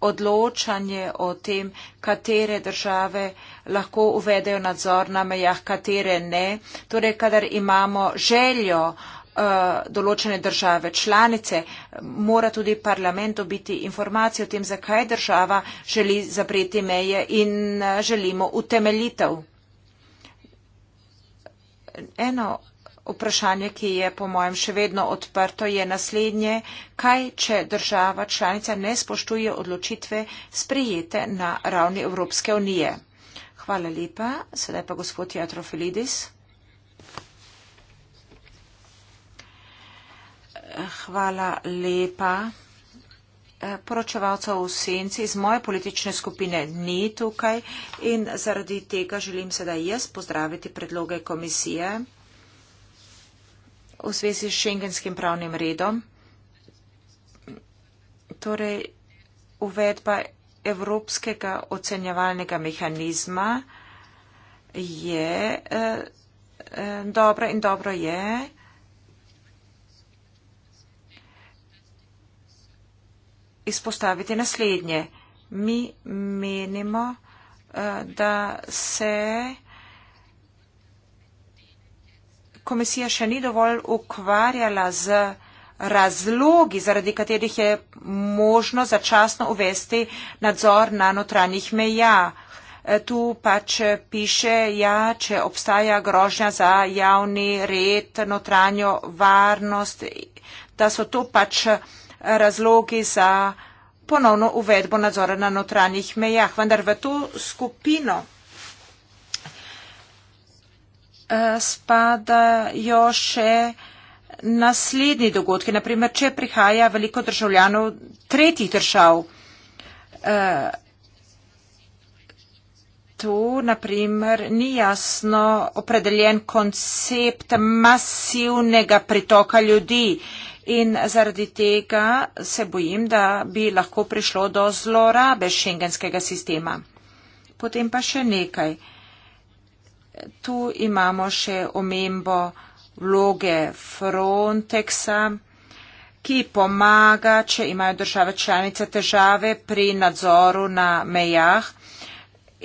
odločanje o tem, katere države lahko uvedejo nadzor na mejah, katere ne. Torej, kadar imamo željo eh, določene države članice, mora tudi parlament dobiti informacijo o tem, zakaj država želi zapreti meje in eh, želimo utemeljitev. Eno vprašanje, ki je po mojem še vedno odprto, je naslednje, kaj če država članica ne spoštuje odločitve sprijete na ravni Evropske unije. Hvala lepa. Sedaj pa gospod Jatrofilidis. Hvala lepa. Poročevalcev v senci iz moje politične skupine ni tukaj in zaradi tega želim sedaj jaz pozdraviti predloge komisije v svesi s šengenskim pravnim redom. Torej, uvedba evropskega ocenjevalnega mehanizma je eh, eh dobra in dobro je, izpostaviti naslednje. Mi menimo, eh, da se komisija še ni dovolj ukvarjala z razlogi, zaradi katerih je možno začasno uvesti nadzor na notranjih meja. E, tu pač piše, ja, če obstaja grožnja za javni red, notranjo varnost, da so to pač razlogi za ponovno uvedbo nadzora na notranjih mejah. Vendar v to skupino spadajo še naslednji dogodki. Naprimer, če prihaja veliko državljanov tretjih držav. E, tu, naprimer, ni jasno opredeljen koncept masivnega pritoka ljudi in zaradi tega se bojim, da bi lahko prišlo do zlorabe šengenskega sistema. Potem pa še nekaj. Uh, tu imamo še omembo vloge Frontexa, ki pomaga, če imajo države članice težave pri nadzoru na mejah.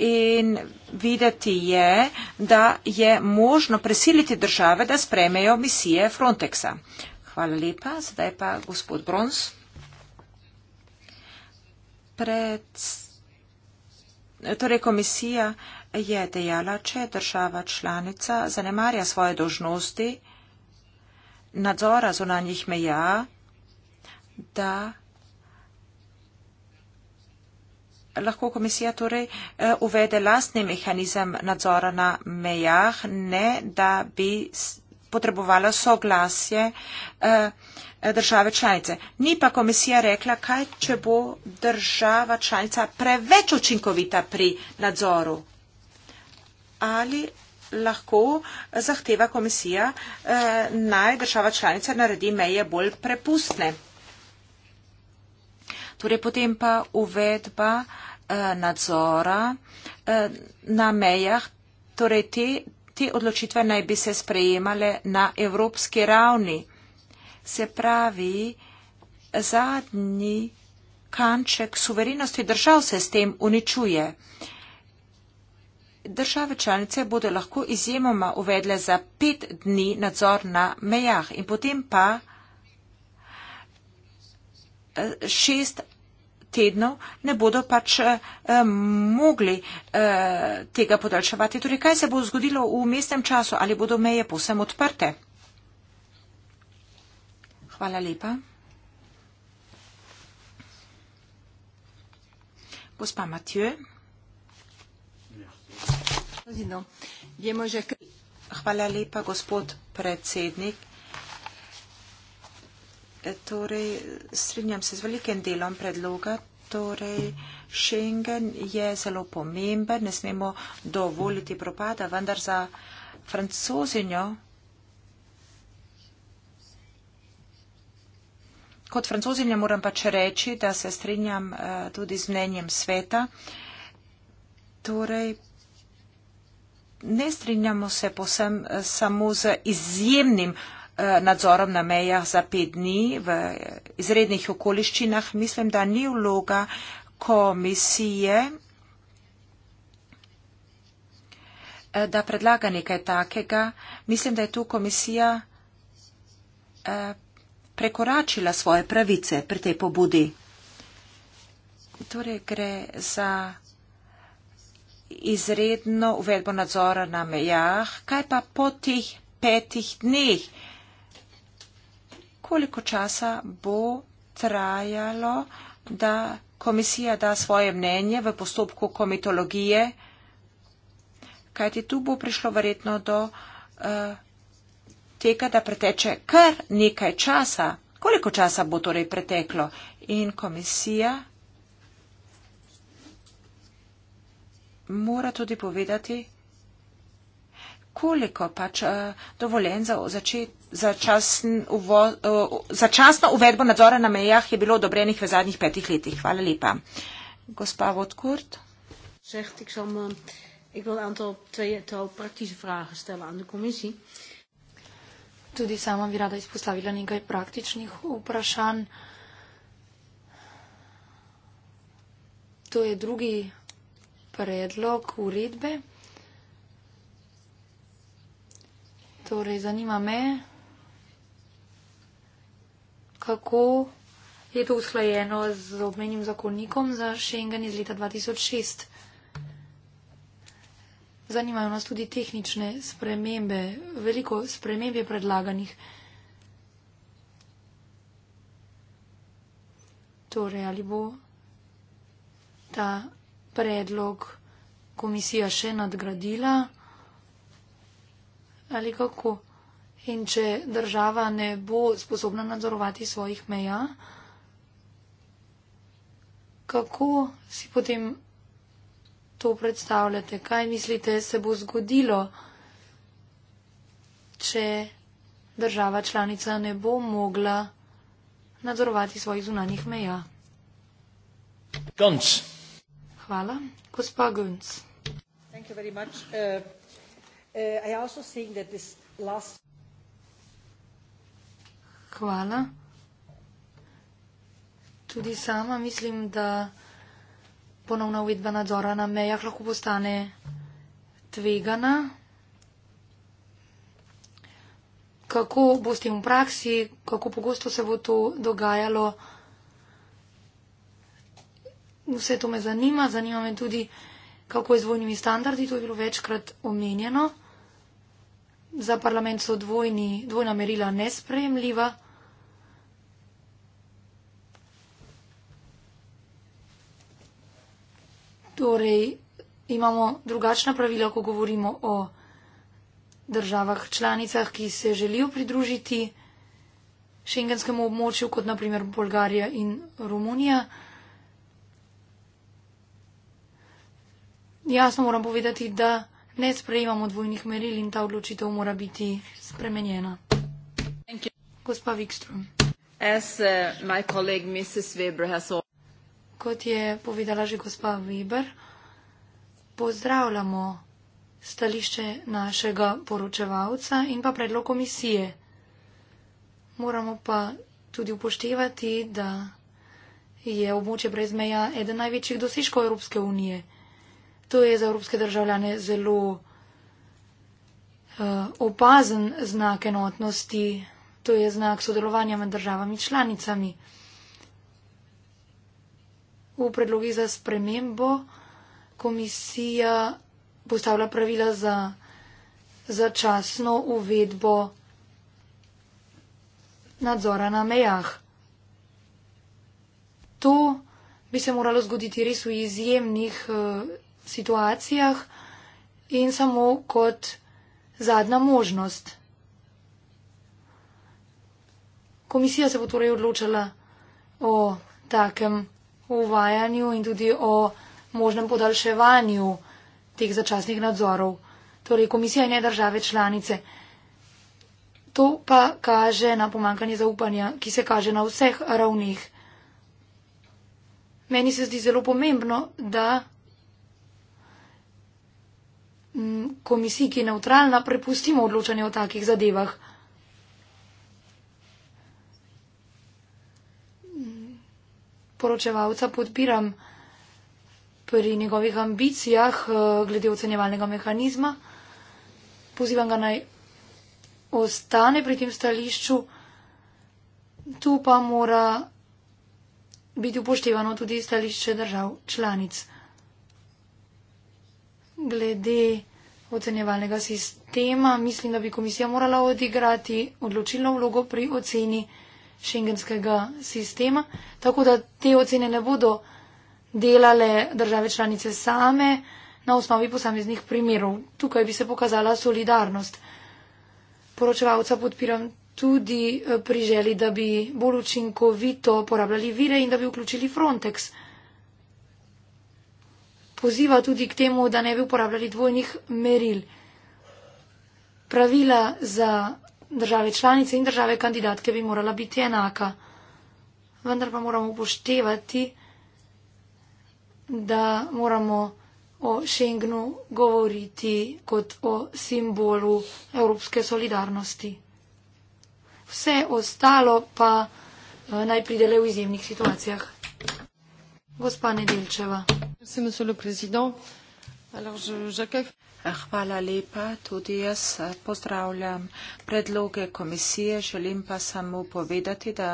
In videti je, da je možno presiliti države, da spremejo misije Frontexa. Hvala lepa. Zdaj pa gospod Brons. Pred, torej komisija je dejala, če država članica zanemarja svoje dožnosti nadzora zunanjih meja, da lahko komisija torej eh, uvede lastni mehanizem nadzora na mejah, ne da bi potrebovala soglasje eh, države članice. Ni pa komisija rekla, kaj če bo država članica preveč učinkovita pri nadzoru ali lahko zahteva komisija eh, naj država članica naredi meje bolj prepustne. Torej potem pa uvedba eh, nadzora eh, na mejah, torej te, te odločitve naj bi se sprejemale na evropski ravni. Se pravi, zadnji kanček suverenosti držav se s tem uničuje. Eh, države članice bodo lahko izjemoma uvedle za pet dni nadzor na mejah in potem pa eh, šest tednov ne bodo pač eh, mogli eh, tega podaljševati. Torej, kaj se bo zgodilo v mestnem času? Ali bodo meje povsem odprte? Hvala lepa. Gospa Matjeu. Hvala lepa, gospod predsednik. E, torej, strinjam se z velikim delom predloga. Torej, Schengen je zelo pomemben, ne smemo dovoliti propada, vendar za francozinjo, kot francozinja moram pač reči, da se strinjam e, tudi z mnenjem sveta. Torej, ne strinjamo se posem eh, samo z izjemnim eh, nadzorom na mejah za pet dni v izrednih okoliščinah. Mislim, da ni vloga komisije, eh, da predlaga nekaj takega. Mislim, da je tu komisija prekoračila svoje pravice pri tej pobudi. Torej gre za izredno uvedbo nadzora na mejah, kaj pa po teh petih dneh? Koliko časa bo trajalo, da komisija da svoje mnenje v postopku komitologije? Kajti tu bo prišlo verjetno do uh, tega, da preteče kar nekaj časa. Koliko časa bo torej preteklo in komisija mora tudi povedati, koliko pač uh, dovoljen za, uh, eh, začasno uvedbo nadzora na mejah je bilo odobrenih v zadnjih petih letih. Hvala lepa. Gospa Vodkurt. Eh, tudi sama bi rada izpostavila nekaj praktičnih vprašanj. To je drugi predlog uredbe. Torej, zanima me, kako je to usklajeno z obmenjim zakonnikom za Schengen iz leta 2006. Zanimajo nas tudi tehnične spremembe, veliko sprememb je predlaganih. Torej, ali bo ta predlog komisija še nadgradila ali kako. In če država ne bo sposobna nadzorovati svojih meja, kako si potem to predstavljate? Kaj mislite, se bo zgodilo, če država članica ne bo mogla nadzorovati svojih zunanjih meja? Guns. Hvala. Gospa Gunc. Thank you very much. Uh, uh, I also think that this last... Hvala. Tudi sama mislim, da ponovna uvedba nadzora na mejah lahko postane tvegana. Kako bo s tem v praksi, kako pogosto se bo to dogajalo? vse to me zanima. Zanima me tudi, kako je z dvojnimi standardi. To je bilo večkrat omenjeno. Za parlament so dvojni, dvojna merila nespremljiva. Torej, imamo drugačna pravila, ko govorimo o državah članicah, ki se želijo pridružiti šengenskemu območju, kot naprimer Bolgarija in Romunija. Jasno moram povedati, da ne sprejemamo dvojnih meril in ta odločitev mora biti spremenjena. Gospa Wikström. As, uh, colleague, Mrs. Weber has... Kot je povedala že gospa Weber, pozdravljamo stališče našega poročevalca in pa predlog komisije. Moramo pa tudi upoštevati, da je območje brez meja eden največjih dosežkov Evropske unije. To je za evropske državljane zelo uh, opazen znak enotnosti, to je znak sodelovanja med državami članicami. V predlogi za spremembo komisija postavlja pravila za začasno uvedbo nadzora na mejah. To bi se moralo zgoditi res v izjemnih uh, situacijah in samo kot zadnja možnost. Komisija se bo torej odločala o takem uvajanju in tudi o možnem podaljševanju teh začasnih nadzorov. Torej komisija in ne države članice. To pa kaže na pomankanje zaupanja, ki se kaže na vseh ravnih. Meni se zdi zelo pomembno, da Mm, komisiji, ki je neutralna, prepustimo odločanje o takih zadevah. Poročevalca podpiram pri njegovih ambicijah eh, glede ocenjevalnega mehanizma. Pozivam ga naj ostane pri tem stališču. Tu pa mora biti upoštevano tudi stališče držav članic glede ocenjevalnega sistema. Mislim, da bi komisija morala odigrati odločilno vlogo pri oceni šengenskega sistema, tako da te ocene ne bodo delale države članice same na osnovi posameznih primerov. Tukaj bi se pokazala solidarnost. Poročevalca podpiram tudi eh, pri želi, da bi bolj učinkovito porabljali vire in da bi vključili Frontex poziva tudi k temu, da ne bi uporabljali dvojnih meril. Pravila za države članice in države kandidatke bi morala biti enaka. Vendar pa moramo upoštevati, da moramo o Schengnu govoriti kot o simbolu evropske solidarnosti. Vse ostalo pa eh, naj pridele v izjemnih situacijah. Gospa Nedelčeva. Hvala lepa, tudi jaz eh, pozdravljam predloge komisije. Želim pa samo povedati, da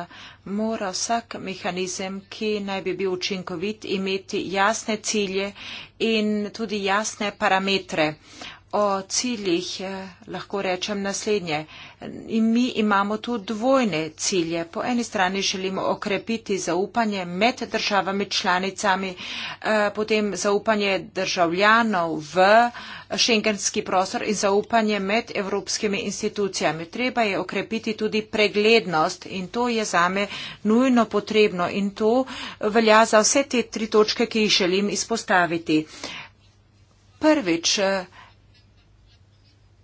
mora vsak mehanizem, ki naj bi bil učinkovit, imeti jasne cilje in tudi jasne parametre o ciljih eh, lahko rečem naslednje. In mi imamo tu dvojne cilje. Po eni strani želimo okrepiti zaupanje med državami članicami, eh, potem zaupanje državljanov v šengenski prostor in zaupanje med evropskimi institucijami. Treba je okrepiti tudi preglednost in to je zame nujno potrebno in to velja za vse te tri točke, ki jih želim izpostaviti. Prvič, eh,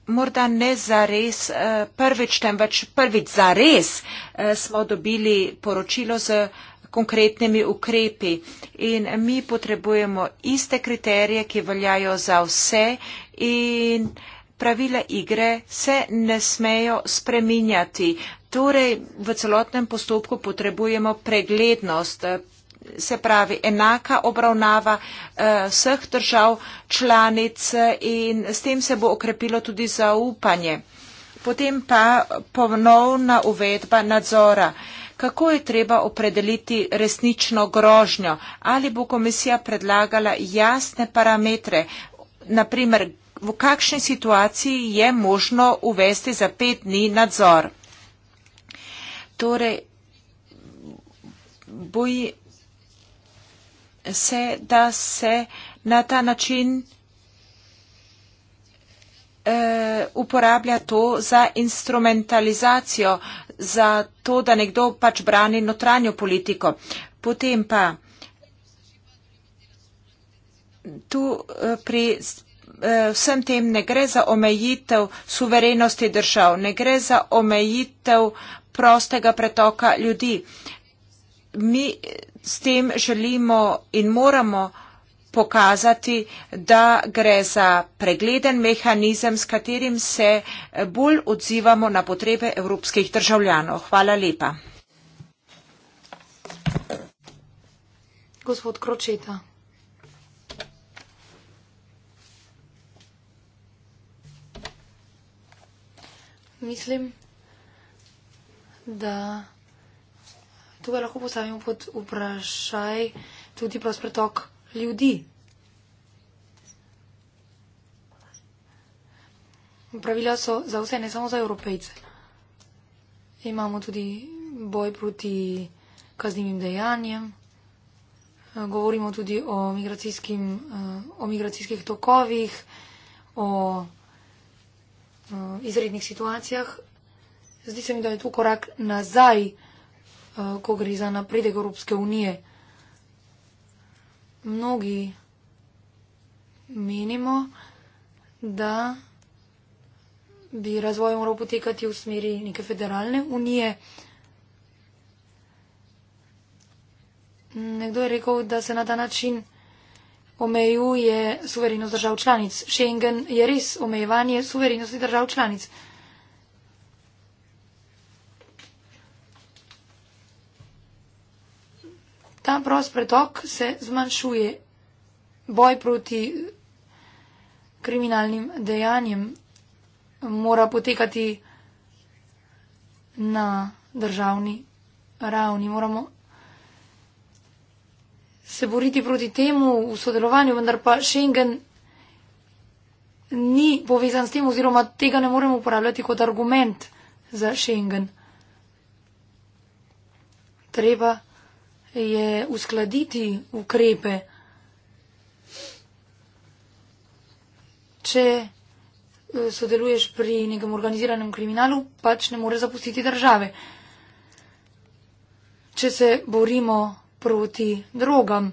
morda ne zares eh, prvič, temveč prvič zares eh, smo dobili poročilo z konkretnimi ukrepi in mi potrebujemo iste kriterije, ki veljajo za vse in pravila igre se ne smejo spreminjati. Torej, v celotnem postopku potrebujemo preglednost, eh, se pravi enaka obravnava eh, vseh držav članic in s tem se bo okrepilo tudi zaupanje. Potem pa ponovna uvedba nadzora. Kako je treba opredeliti resnično grožnjo? Ali bo komisija predlagala jasne parametre? Naprimer, v kakšni situaciji je možno uvesti za pet dni nadzor? Torej, boji, se, da se na ta način eh, uporablja to za instrumentalizacijo, za to, da nekdo pač brani notranjo politiko. Potem pa tu eh, pri eh, vsem tem ne gre za omejitev suverenosti držav, ne gre za omejitev prostega pretoka ljudi. Mi S tem želimo in moramo pokazati, da gre za pregleden mehanizem, s katerim se bolj odzivamo na potrebe evropskih državljanov. Hvala lepa. Gospod Kročeta. Mislim, da tukaj lahko postavimo pod vprašaj tudi prost pretok ljudi. Pravila so za vse, ne samo za evropejce. Imamo tudi boj proti kaznjivim dejanjem. Govorimo tudi o, eh, o migracijskih tokovih, o, o eh, izrednih situacijah. Zdi se mi, da je tu korak nazaj. Eh, ko gre za napredek Evropske unije. Mnogi menimo, da bi razvoj moral potekati v smeri neke federalne unije. Nekdo je rekel, da se na ta način omejuje suverenost držav članic. Schengen je res omejevanje suverenosti držav članic. ta prost pretok se zmanjšuje. Boj proti kriminalnim dejanjem mora potekati na državni ravni. Moramo se boriti proti temu v sodelovanju, vendar pa Schengen ni povezan s tem oziroma tega ne moremo uporabljati kot argument za Schengen. Treba je uskladiti ukrepe. Če eh, sodeluješ pri nekem organiziranem kriminalu, pač ne moreš zapustiti države. Če se borimo proti drogam,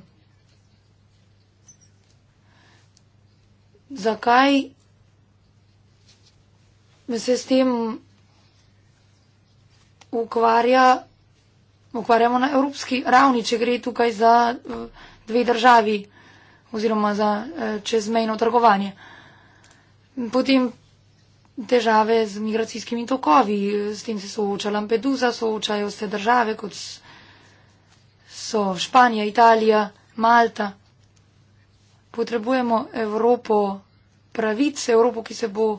zakaj se s tem ukvarja ukvarjamo na evropski ravni, če gre tukaj za eh, dve državi oziroma za eh, čezmejno trgovanje. Potem težave z migracijskimi tokovi, s tem se sooča Lampedusa, soočajo se države kot so Španija, Italija, Malta. Potrebujemo Evropo pravic, Evropo, ki se bo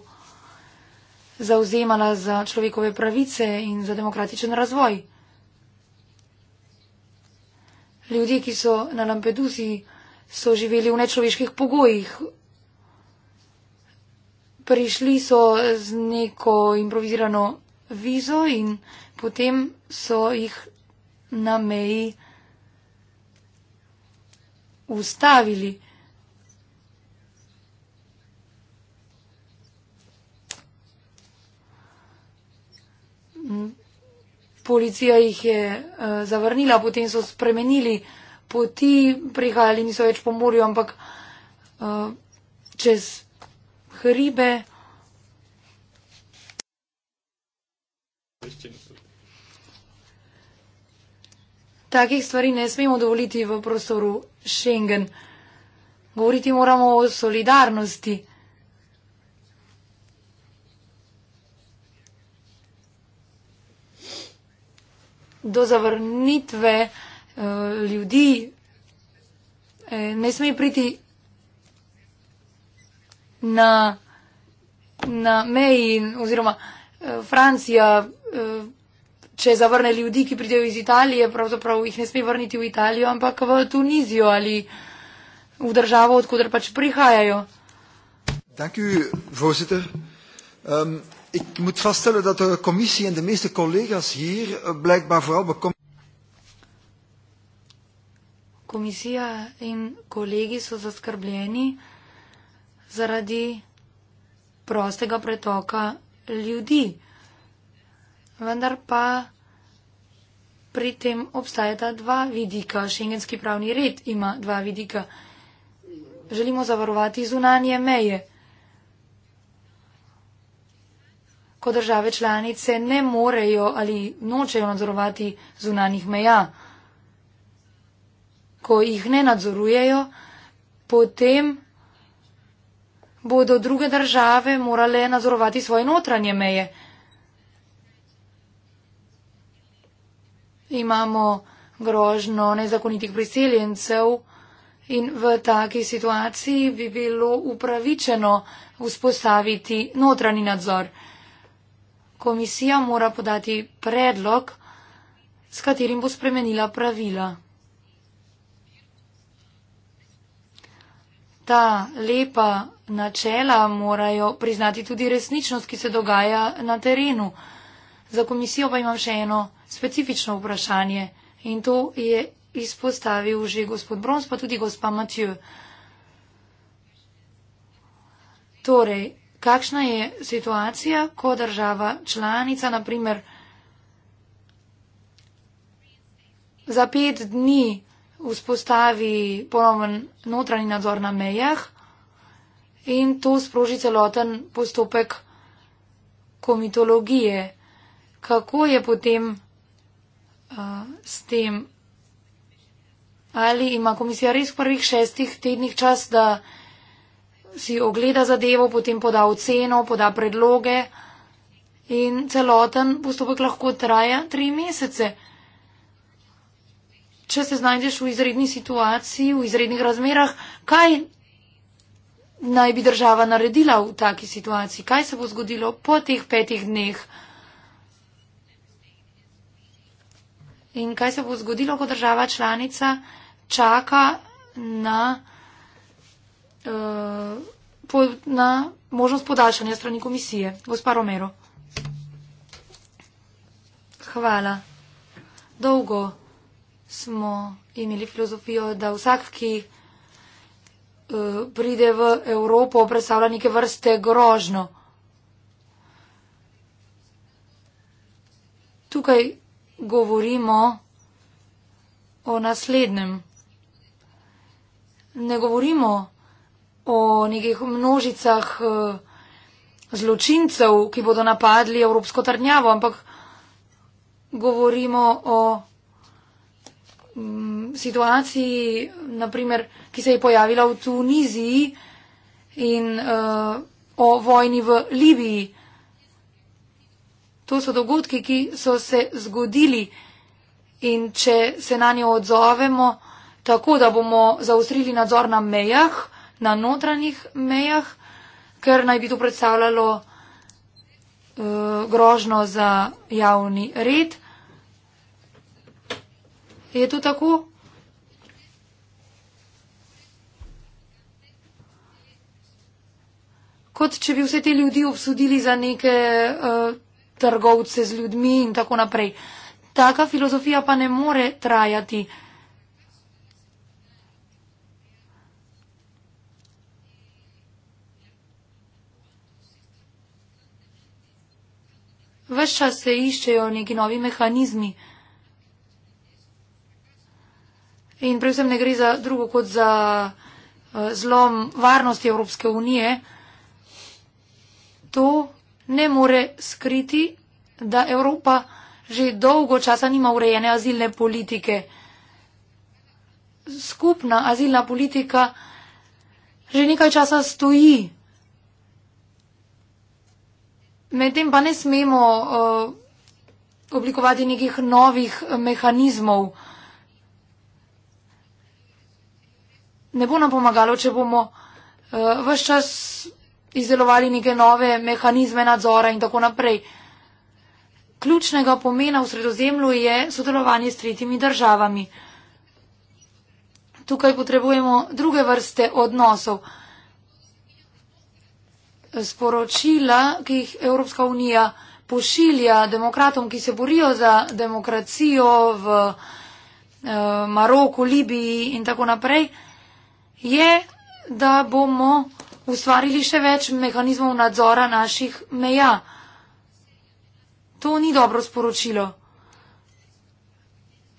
zauzemala za človekove pravice in za demokratičen razvoj. Ljudje, ki so na Lampeduzi, so živeli v nečloveških pogojih. Prišli so z neko improvizirano vizo in potem so jih na meji ustavili. Mm policija jih je uh, zavrnila, potem so spremenili poti, prihajali niso več po morju, ampak uh, čez hribe. Takih stvari ne smemo dovoliti v prostoru Schengen. Govoriti moramo o solidarnosti. do zavrnitve eh, ljudi eh, ne sme priti na, na meji oziroma eh, Francija, če zavrne ljudi, ki pridejo iz Italije, pravzaprav jih ne sme vrniti v Italijo, ampak v Tunizijo ali v državo, odkudar pač prihajajo. Thank you, Vositor. Um, ehm, Ik moet vaststellen dat de commissie en de meeste collega's hier eh, blijkbaar vooral bekomen. Komisija in kolegi so zaskrbljeni zaradi prostega pretoka ljudi. Vendar pa pri tem obstajata dva vidika. Šengenski pravni red ima dva vidika. Želimo zavarovati zunanje meje. ko države članice ne morejo ali nočejo nadzorovati zunanih meja. Ko jih ne nadzorujejo, potem bodo druge države morale nadzorovati svoje notranje meje. Imamo grožno nezakonitih priseljencev in v taki situaciji bi bilo upravičeno vzpostaviti notranji nadzor komisija mora podati predlog, s katerim bo spremenila pravila. Ta lepa načela morajo priznati tudi resničnost, ki se dogaja na terenu. Za komisijo pa imam še eno specifično vprašanje in to je izpostavil že gospod Brons, pa tudi gospa Matjo. Torej, kakšna je situacija, ko država članica, naprimer, za pet dni vzpostavi ponoven notranji nadzor na mejah in to sproži celoten postopek komitologije. Kako je potem uh, s tem? Ali ima komisija res v prvih šestih tednih čas, da si ogleda zadevo, potem poda oceno, poda predloge in celoten postopek lahko traja tri mesece. Če se znajdeš v izredni situaciji, v izrednih razmerah, kaj naj bi država naredila v taki situaciji? Kaj se bo zgodilo po teh petih dneh? In kaj se bo zgodilo, ko država članica čaka na. Eh, po, na možnost podaljšanja strani komisije. Gospa Romero. Hvala. Dolgo smo imeli filozofijo, da vsak, ki uh, pride v Evropo, predstavlja neke vrste grožno. Tukaj govorimo o naslednjem. Ne govorimo o nekih množicah eh, zločincev, ki bodo napadli Evropsko trdnjavo, ampak govorimo o mm, situaciji, naprimer, ki se je pojavila v Tuniziji in uh, o vojni v Libiji. To so dogodki, ki so se zgodili in če se na njo odzovemo tako, da bomo zaustrili nadzor na mejah, na notranjih mejah, ker naj bi to predstavljalo uh, grožno za javni red. Je to tako? Kot če bi vse te ljudi obsodili za neke uh, trgovce z ljudmi in tako naprej. Taka filozofija pa ne more trajati. Vse čas se iščejo neki novi mehanizmi. In predvsem ne gre za drugo kot za eh, zlom varnosti Evropske unije. To ne more skriti, da Evropa že dolgo časa nima urejene azilne politike. Skupna azilna politika že nekaj časa stoji Medtem pa ne smemo uh, oblikovati nekih novih eh, mehanizmov. Ne bo nam pomagalo, če bomo uh, eh, vse čas izdelovali neke nove mehanizme nadzora in tako naprej. Ključnega pomena v sredozemlju je sodelovanje s tretjimi državami. Tukaj potrebujemo druge vrste odnosov. Uh, sporočila, ki jih Evropska unija pošilja demokratom, ki se borijo za demokracijo v eh, Maroku, Libiji in tako naprej, je, da bomo ustvarili še več mehanizmov nadzora naših meja. To ni dobro sporočilo.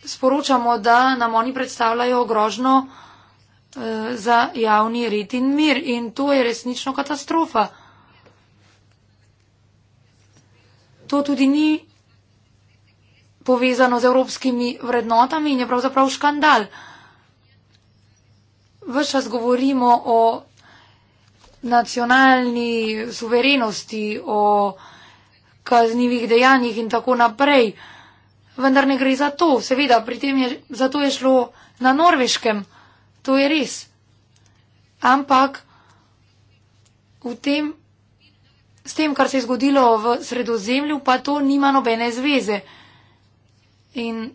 Sporočamo, da nam oni predstavljajo grožno eh, za javni red in mir in to je resnično katastrofa. to tudi ni povezano z evropskimi vrednotami in je pravzaprav škandal. Ves čas govorimo o nacionalni suverenosti, o kaznivih dejanjih in tako naprej. Vendar ne gre za to. Seveda, pri tem je, za to je šlo na norveškem. To je res. Ampak v tem s tem, kar se je zgodilo v sredozemlju, pa to nima nobene zveze. In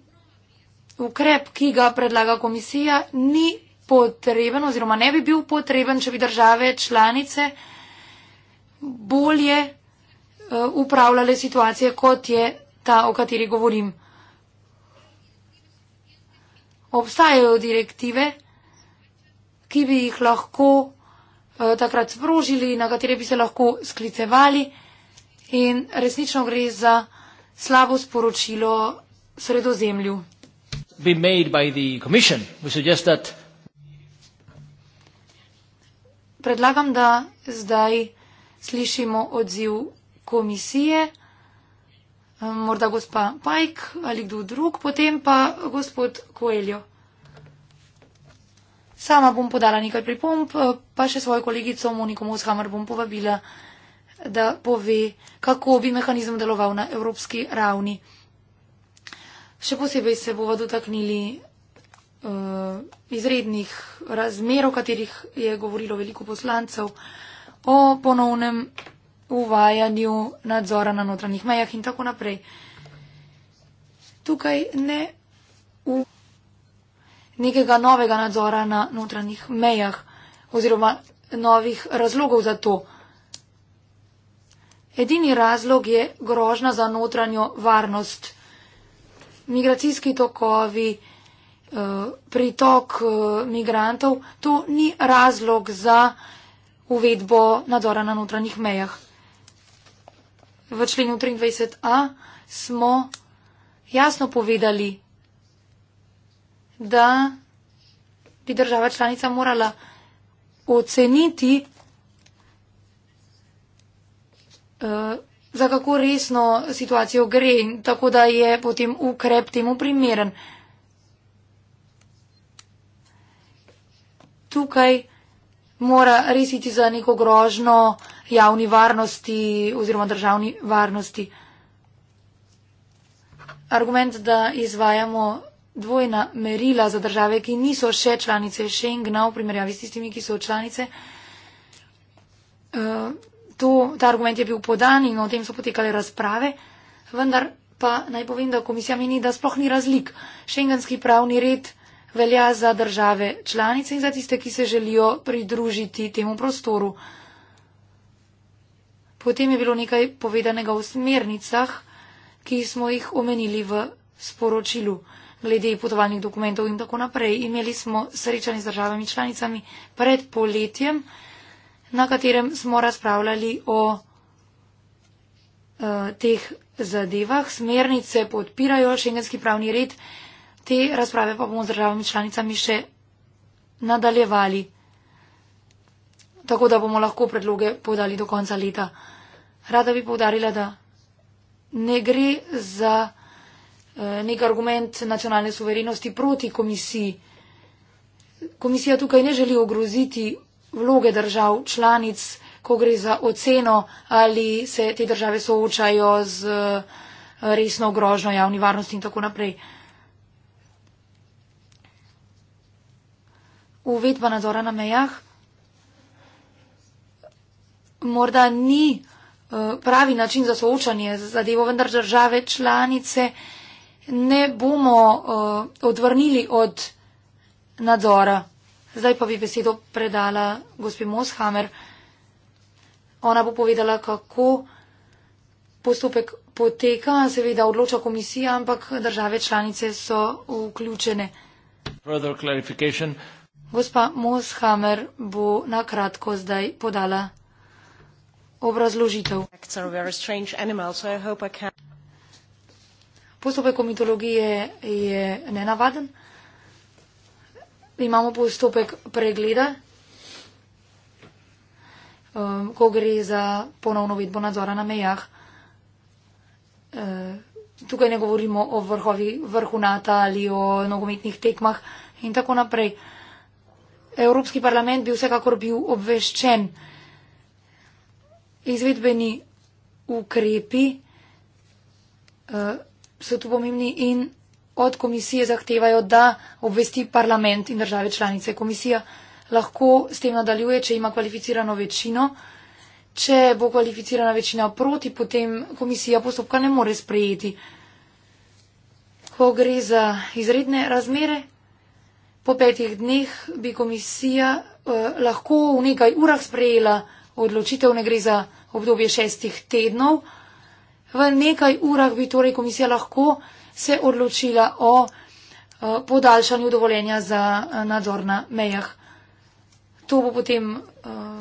ukrep, ki ga predlaga komisija, ni potreben oziroma ne bi bil potreben, če bi države članice bolje eh, upravljale situacije, kot je ta, o kateri govorim. Obstajajo direktive, ki bi jih lahko Eh, takrat sprožili, na katere bi se lahko sklicevali. In resnično gre za slabo sporočilo sredozemlju. Predlagam, da zdaj slišimo odziv komisije, eh, morda gospa Pajk ali kdo drug, potem pa gospod Koeljo. Sama bom podala nekaj pripomp, eh, pa še svojo kolegico Moniko Moshammer bom povabila, da pove, kako bi mehanizem deloval na evropski ravni. Še posebej se bova dotaknili uh, izrednih razmer, o katerih je govorilo veliko poslancev, o ponovnem uvajanju nadzora na notranjih mejah in tako naprej. Tukaj ne. U nekega novega nadzora na notranjih mejah oziroma novih razlogov za to. Edini razlog je grožna za notranjo varnost. Migracijski tokovi, eh, pritok eh, migrantov, to ni razlog za uvedbo nadzora na notranjih mejah. V členu 23a smo jasno povedali, da bi država članica morala oceniti, eh, za kako resno situacijo gre in tako, da je potem ukrep temu primeren. Tukaj mora resiti za neko grožno javni varnosti oziroma državni varnosti. Argument, da izvajamo dvojna merila za države, ki niso še članice Schengena v primerjavi s tistimi, ki so članice. Eh, to, ta argument je bil podan in o tem so potekale razprave, vendar pa naj povem, da komisija meni, da sploh ni razlik. Schengenski pravni red velja za države članice in za tiste, ki se želijo pridružiti temu prostoru. Potem je bilo nekaj povedanega o smernicah, ki smo jih omenili v sporočilu glede potovalnih dokumentov in tako naprej. Imeli smo srečanje z državami članicami pred poletjem, na katerem smo razpravljali o uh, teh zadevah. Smernice podpirajo šengenski pravni red, te razprave pa bomo z državami članicami še nadaljevali, tako da bomo lahko predloge podali do konca leta. Rada bi povdarila, da ne gre za. Eh, nek argument nacionalne suverenosti proti komisiji. Komisija tukaj ne želi ogroziti vloge držav članic, ko gre za oceno, ali se te države soočajo z eh, resno grožno javni varnosti in tako naprej. Uvedba nadzora na mejah morda ni eh, pravi način za soočanje z zadevo, vendar države članice ne bomo uh, odvrnili od nadzora. Zdaj pa bi besedo predala gospe Moshammer. Ona bo povedala, kako postopek poteka. Seveda odloča komisija, ampak države članice so vključene. Gospa Moshammer bo na kratko zdaj podala obrazložitev. Postopek komitologije je nenavaden. Imamo postopek pregleda, um, ko gre za ponovno vedbo nadzora na mejah. Uh, tukaj ne govorimo o vrhovi, vrhu NATO ali o nogometnih tekmah in tako naprej. Evropski parlament bi vsekakor bil obveščen. Izvedbeni ukrepi. Uh, so tu pomembni in od komisije zahtevajo, da obvesti parlament in države članice. Komisija lahko s tem nadaljuje, če ima kvalificirano večino. Če bo kvalificirana večina proti, potem komisija postopka ne more sprejeti. Ko gre za izredne razmere, po petih dneh bi komisija eh, lahko v nekaj urah sprejela odločitev, ne gre za obdobje šestih tednov. V nekaj urah bi torej komisija lahko se odločila o eh, podaljšanju dovoljenja za eh, nadzor na mejah. To bo potem uh,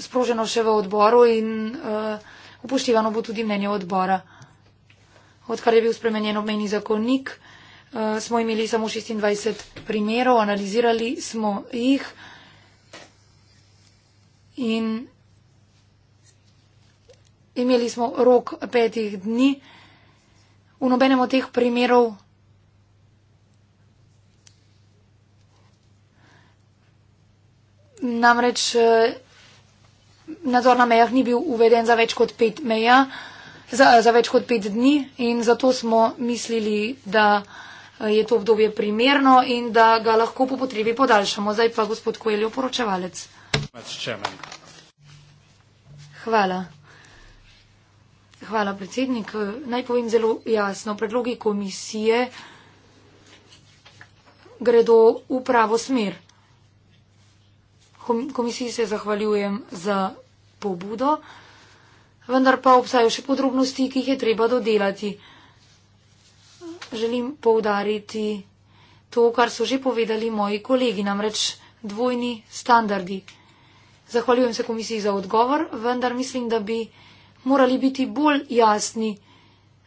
sproženo še v odboru in uh, upoštevano bo tudi mnenje odbora. Odkar je bil spremenjen obmejni zakonnik, uh, smo imeli samo 26 primerov, analizirali smo jih in imeli smo rok petih dni. V nobenem od teh primerov namreč eh, nadzor na mejah ni bil uveden za več kot pet meja, za, eh, za več kot pet dni in zato smo mislili, da eh, je to obdobje primerno in da ga lahko po potrebi podaljšamo. Zdaj pa gospod Koeljo, poročevalec. Hvala. Hvala, predsednik. Naj povem zelo jasno. Predlogi komisije gredo v pravo smer. Komisiji se zahvaljujem za pobudo, vendar pa obstajajo še podrobnosti, ki jih je treba dodelati. Želim poudariti to, kar so že povedali moji kolegi, namreč dvojni standardi. Zahvaljujem se komisiji za odgovor, vendar mislim, da bi morali biti bolj jasni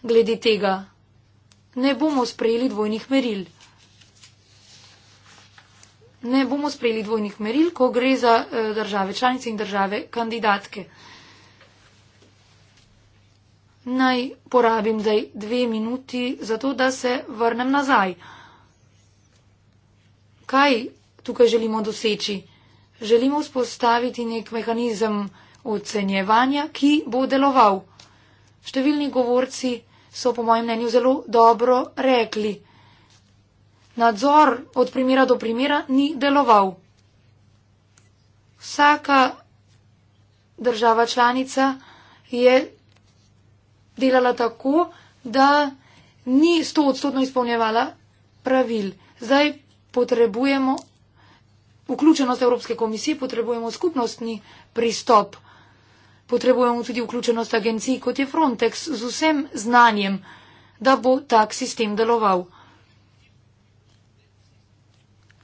glede tega. Ne bomo sprejeli dvojnih meril. Ne bomo sprejeli dvojnih meril, ko gre za eh, države članice in države kandidatke. Naj porabim zdaj dve minuti za to, da se vrnem nazaj. Kaj tukaj želimo doseči? Želimo vzpostaviti nek mehanizem, ocenjevanja, ki bo deloval. Številni govorci so po mojem mnenju zelo dobro rekli. Nadzor od primera do primera ni deloval. Vsaka država članica je delala tako, da ni sto odstotno izpolnjevala pravil. Zdaj potrebujemo vključenost Evropske komisije, potrebujemo skupnostni pristop. Potrebujemo tudi vključenost agencij, kot je Frontex, z vsem znanjem, da bo tak sistem deloval.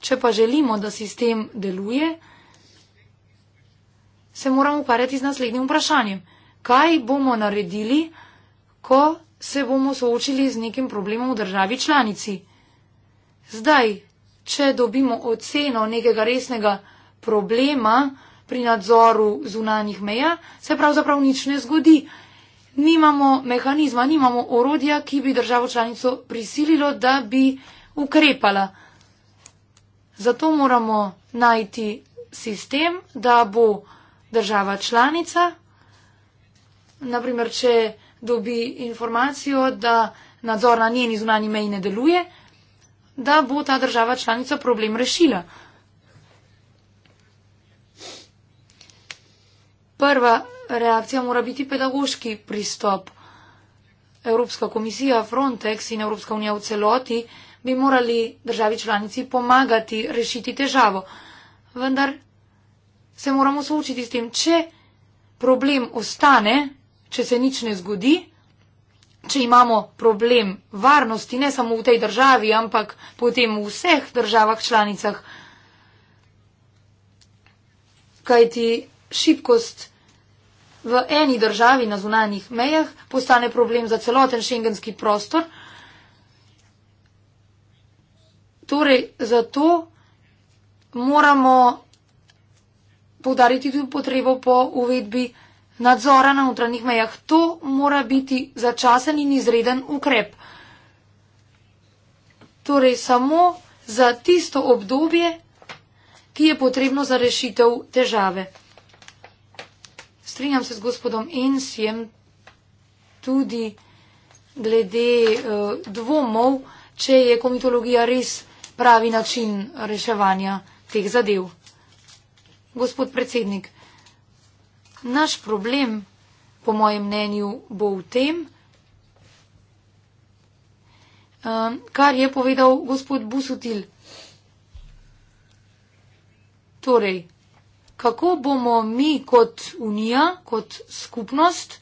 Če pa želimo, da sistem deluje, se moramo ukvarjati z naslednjim vprašanjem. Kaj bomo naredili, ko se bomo soočili z nekim problemom v državi članici? Zdaj, če dobimo oceno nekega resnega problema, pri nadzoru zunanjih meja, se pravzaprav nič ne zgodi. Nimamo mehanizma, nimamo orodja, ki bi državo članico prisililo, da bi ukrepala. Zato moramo najti sistem, da bo država članica, naprimer, če dobi informacijo, da nadzor na njeni zunani meji ne deluje, da bo ta država članica problem rešila. prva reakcija mora biti pedagoški pristop. Evropska komisija, Frontex in Evropska unija v celoti bi morali državi članici pomagati rešiti težavo. Vendar se moramo soočiti s tem, če problem ostane, če se nič ne zgodi, če imamo problem varnosti ne samo v tej državi, ampak potem v vseh državah članicah. Kajti šibkost v eni državi na zunanjih mejah postane problem za celoten šengenski prostor. Torej, zato moramo podariti tudi potrebo po uvedbi nadzora na notranjih mejah. To mora biti začasen in izreden ukrep. Torej, samo za tisto obdobje, ki je potrebno za rešitev težave strinjam se z gospodom Ensijem tudi glede uh, dvomov, če je komitologija res pravi način reševanja teh zadev. Gospod predsednik, naš problem, po mojem mnenju, bo v tem, uh, kar je povedal gospod Busutil. Torej, kako bomo mi kot unija, kot skupnost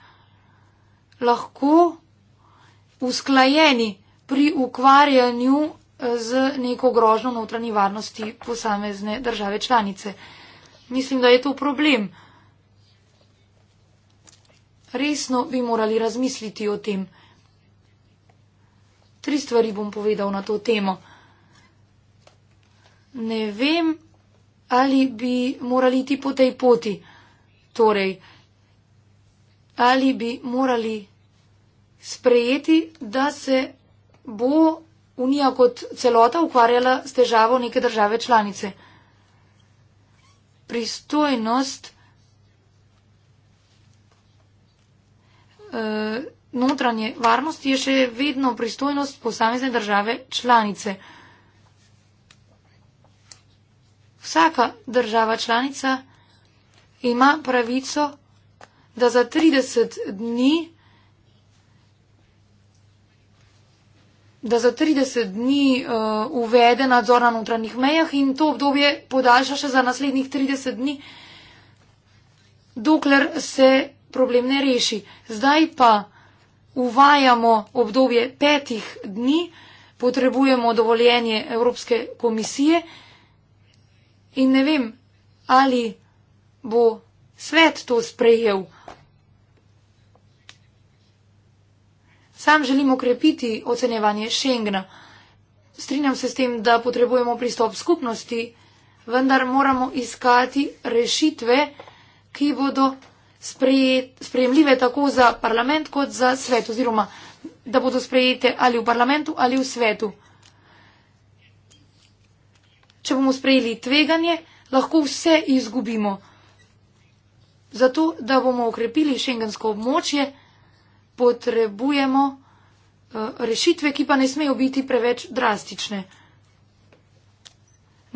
lahko usklajeni pri ukvarjanju eh, z neko grožno notranji varnosti posamezne države članice. Mislim, da je to problem. Resno bi morali razmisliti o tem. Tri stvari bom povedal na to temo. Ne vem, ali bi morali iti po tej poti. Torej, ali bi morali sprejeti, da se bo Unija kot celota ukvarjala s težavo neke države članice. Pristojnost eh, notranje varnosti je še vedno pristojnost posamezne države članice. Vsaka država članica ima pravico, da za 30 dni, da za 30 dni uh, uvede nadzor na notranjih mejah in to obdobje podaljša še za naslednjih 30 dni, dokler se problem ne reši. Zdaj pa uvajamo obdobje petih dni, potrebujemo dovoljenje Evropske komisije in ne vem, ali bo svet to sprejel. Sam želim okrepiti ocenjevanje Schengna. Strinjam se s tem, da potrebujemo pristop skupnosti, vendar moramo iskati rešitve, ki bodo sprejemljive tako za parlament kot za svet oziroma da bodo sprejete ali v parlamentu ali v svetu. Če bomo sprejeli tveganje, lahko vse izgubimo. Zato, da bomo okrepili šengensko območje, potrebujemo eh, rešitve, ki pa ne smejo biti preveč drastične.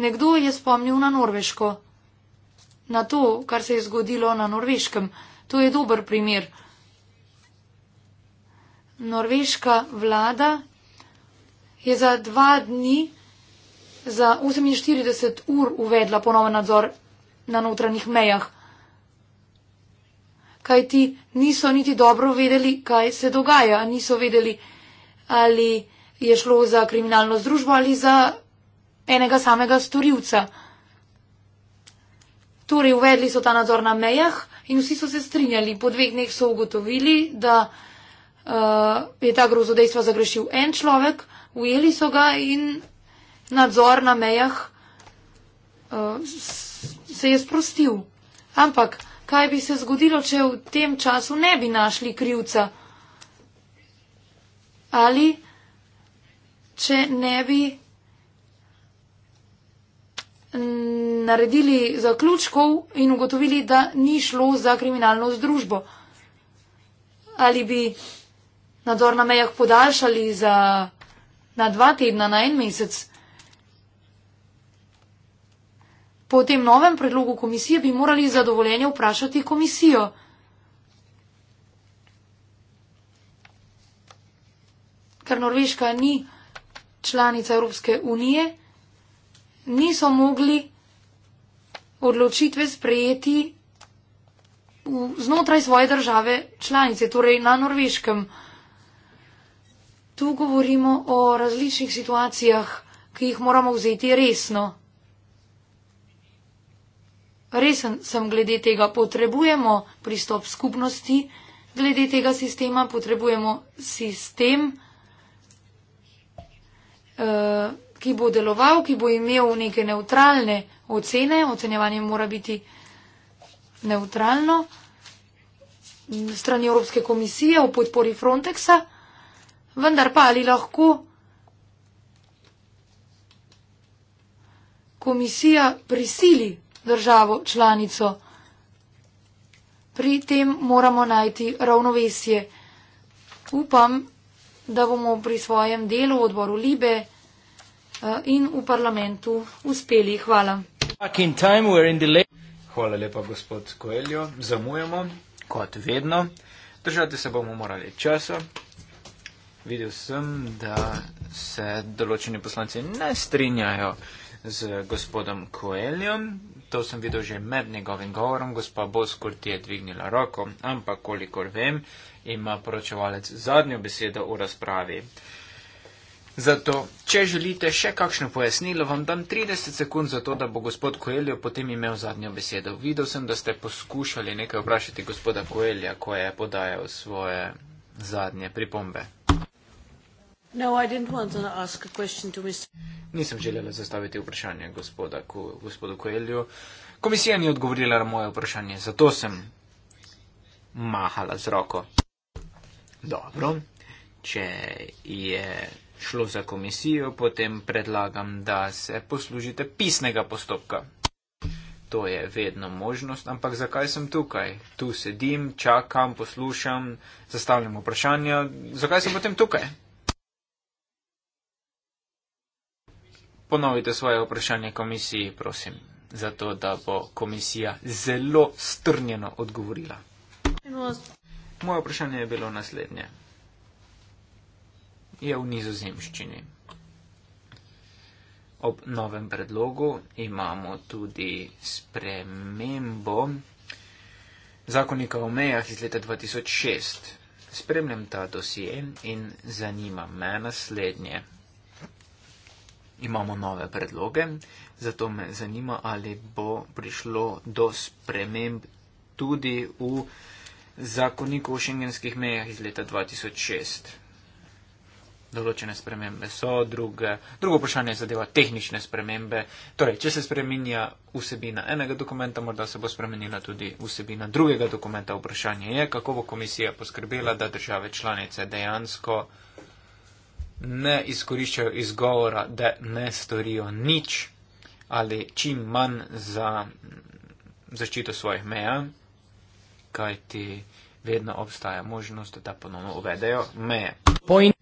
Nekdo je spomnil na Norveško, na to, kar se je zgodilo na Norveškem. To je dober primer. Norveška vlada je za dva dni za 48 ur uvedla ponoven nadzor na notranjih mejah. Kaj ti niso niti dobro vedeli, kaj se dogaja, niso vedeli, ali je šlo za kriminalno združbo ali za enega samega storilca. Torej, uvedli so ta nadzor na mejah in vsi so se strinjali. Po dveh dneh so ugotovili, da uh, je ta grozodejstva zagrešil en človek, ujeli so ga in nadzor na mejah uh, se je sprostil. Ampak kaj bi se zgodilo, če v tem času ne bi našli krivca? Ali če ne bi naredili zaključkov in ugotovili, da ni šlo za kriminalno združbo? Ali bi nadzor na mejah podaljšali za, na dva tedna, na en mesec? Po tem novem predlogu komisije bi morali za dovoljenje vprašati komisijo. Ker Norveška ni članica Evropske unije, niso mogli odločitve sprejeti znotraj svoje države članice, torej na Norveškem. Tu govorimo o različnih situacijah, ki jih moramo vzeti resno. Resen sem glede tega, potrebujemo pristop skupnosti, glede tega sistema, potrebujemo sistem, eh, ki bo deloval, ki bo imel neke neutralne ocene, ocenjevanje mora biti neutralno, strani Evropske komisije v podpori Frontexa, vendar pa ali lahko komisija prisili državo članico. Pri tem moramo najti ravnovesje. Upam, da bomo pri svojem delu v odboru Libe eh, in v parlamentu uspeli. Hvala. Hvala lepa, gospod Koeljo. Zamujamo, kot vedno. Držati se bomo morali časa. Videl sem, da se določeni poslanci ne strinjajo z gospodom Koeljem to sem videl že med njegovim govorom, gospa Boskurt je dvignila roko, ampak kolikor vem, ima poročevalec zadnjo besedo v razpravi. Zato, če želite še kakšno pojasnilo, vam dam 30 sekund za to, da bo gospod Koeljo potem imel zadnjo besedo. Videl sem, da ste poskušali nekaj vprašati gospoda Koelja, ko je podajal svoje zadnje pripombe. No, Nisem želela zastaviti vprašanje gospoda, ko, gospodu Koelju. Komisija ni odgovorila na moje vprašanje, zato sem mahala z roko. Dobro, če je šlo za komisijo, potem predlagam, da se poslužite pisnega postopka. To je vedno možnost, ampak zakaj sem tukaj? Tu sedim, čakam, poslušam, zastavljam vprašanja. Zakaj sem potem tukaj? ponovite svoje vprašanje komisiji, prosim, zato da bo komisija zelo strnjeno odgovorila. Moje vprašanje je bilo naslednje. Je v nizozemščini. Ob novem predlogu imamo tudi spremembo zakonika o mejah iz leta 2006. Spremljam ta dosije in zanima me naslednje imamo nove predloge, zato me zanima, ali bo prišlo do sprememb tudi v zakoniku o šengenskih mejah iz leta 2006. Določene spremembe so, druge, drugo vprašanje zadeva tehnične spremembe. Torej, če se spreminja vsebina enega dokumenta, morda se bo spremenila tudi vsebina drugega dokumenta. Vprašanje je, kako bo komisija poskrbela, da države članice dejansko ne izkoriščajo izgovora, da ne storijo nič ali čim manj za zaščito svojih meja, kajti vedno obstaja možnost, da ponovno uvedejo meje. Point.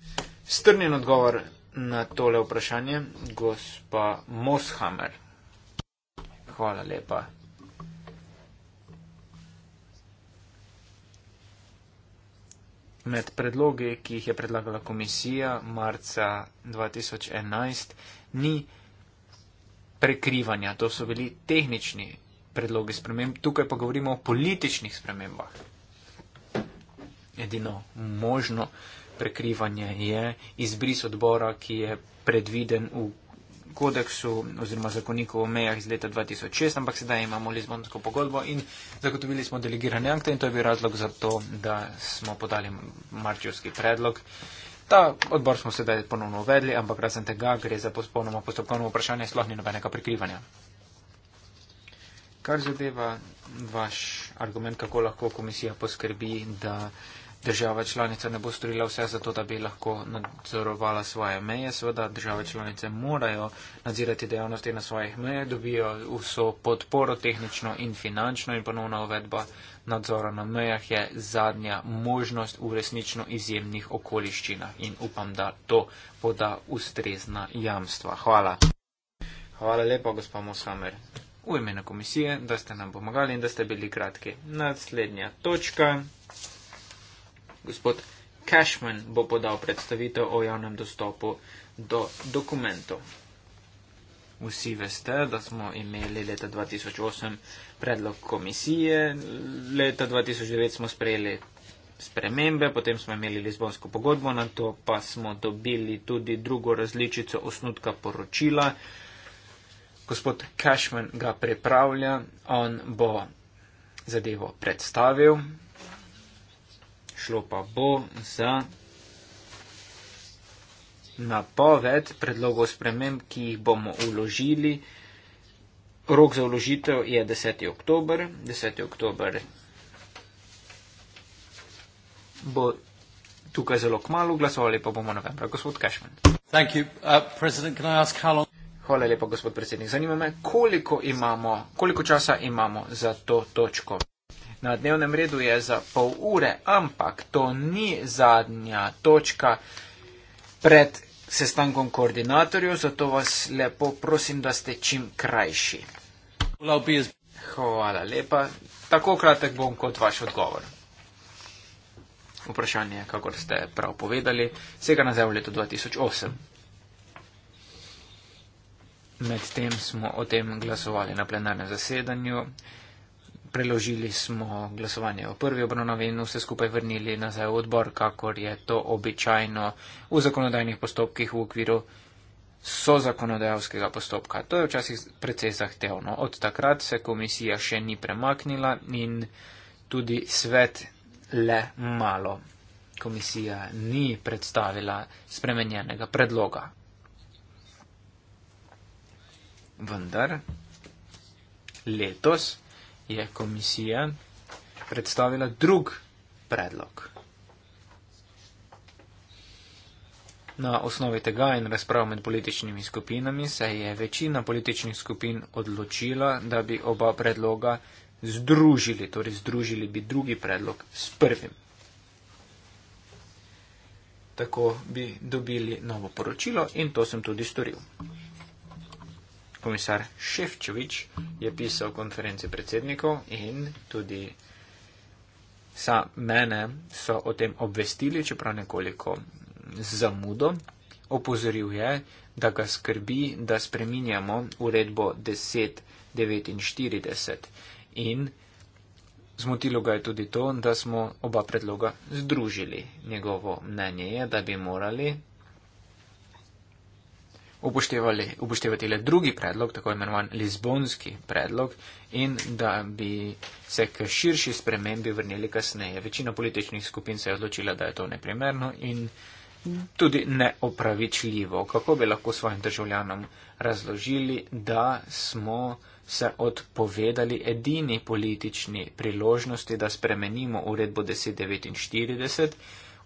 Strnjen odgovor na tole vprašanje, gospa Moshammer. Hvala lepa. Med predloge, ki jih je predlagala komisija marca 2011, ni prekrivanja, to so bili tehnični predlogi sprememb, tukaj pa govorimo o političnih spremembah. Edino možno prekrivanje je izbris odbora, ki je predviden v kodeksu oziroma zakoniku o mejah iz leta 2006, ampak sedaj imamo Lizbonsko pogodbo in zagotovili smo delegirane akte in to je bil razlog za to, da smo podali marčevski predlog. Ta odbor smo sedaj ponovno uvedli, ampak razen tega gre za postopnoma postopkovno vprašanje, sloh ni nobenega prikrivanja. Kar zadeva vaš argument, kako lahko komisija poskrbi, da Država članica ne bo storila vse za to, da bi lahko nadzorovala svoje meje. Seveda, države članice morajo nadzirati dejavnosti na svojih mejah, dobijo vso podporo tehnično in finančno in ponovna uvedba nadzora na mejah je zadnja možnost v resnično izjemnih okoliščinah in upam, da to poda ustrezna jamstva. Hvala. Hvala lepa, gospa Moshamer. V imenu komisije, da ste nam pomagali in da ste bili kratki. Naslednja točka gospod Cashman bo podal predstavitev o javnem dostopu do dokumentov. Vsi veste, da smo imeli leta 2008 predlog komisije, leta 2009 smo sprejeli spremembe, potem smo imeli Lizbonsko pogodbo, na to pa smo dobili tudi drugo različico osnutka poročila. Gospod Cashman ga pripravlja, on bo zadevo predstavil šlo pa bo za napoved predlogov sprememb, ki jih bomo uložili. Rok za uložitev je 10. oktober. 10. oktober bo tukaj zelo kmalo, glasovali pa bomo novembra, gospod Cashman. Uh, Hvala lepa, gospod predsednik. Zanima me, koliko, imamo, koliko časa imamo za to točko. Na dnevnem redu je za pol ure, ampak to ni zadnja točka pred sestankom koordinatorjev, zato vas lepo prosim, da ste čim krajši. Hvala lepa. Tako kratek bom kot vaš odgovor. Vprašanje, kakor ste prav povedali, sega nazaj v leto 2008. Medtem smo o tem glasovali na plenarnem zasedanju preložili smo glasovanje o prvi obravnavi in vse skupaj vrnili nazaj v odbor, kakor je to običajno v zakonodajnih postopkih v okviru so zakonodajalskega postopka. To je včasih precej zahtevno. Od takrat se komisija še ni premaknila in tudi svet le malo. Komisija ni predstavila spremenjenega predloga. Vendar letos je komisija predstavila drug predlog. Na osnovi tega in razprav med političnimi skupinami se je večina političnih skupin odločila, da bi oba predloga združili, torej združili bi drugi predlog s prvim. Tako bi dobili novo poročilo in to sem tudi storil komisar Ševčevič je pisal konferenci predsednikov in tudi sa mene so o tem obvestili, čeprav nekoliko zamudo. Opozoril je, da ga skrbi, da spreminjamo uredbo 1049 in zmotilo ga je tudi to, da smo oba predloga združili. Njegovo mnenje je, da bi morali upoštevali, upoštevati le drugi predlog, tako imenovan Lizbonski predlog, in da bi se k širši spremembi vrnili kasneje. Večina političnih skupin se je odločila, da je to neprimerno in tudi neopravičljivo. Kako bi lahko svojim državljanom razložili, da smo se odpovedali edini politični priložnosti, da spremenimo uredbo 1049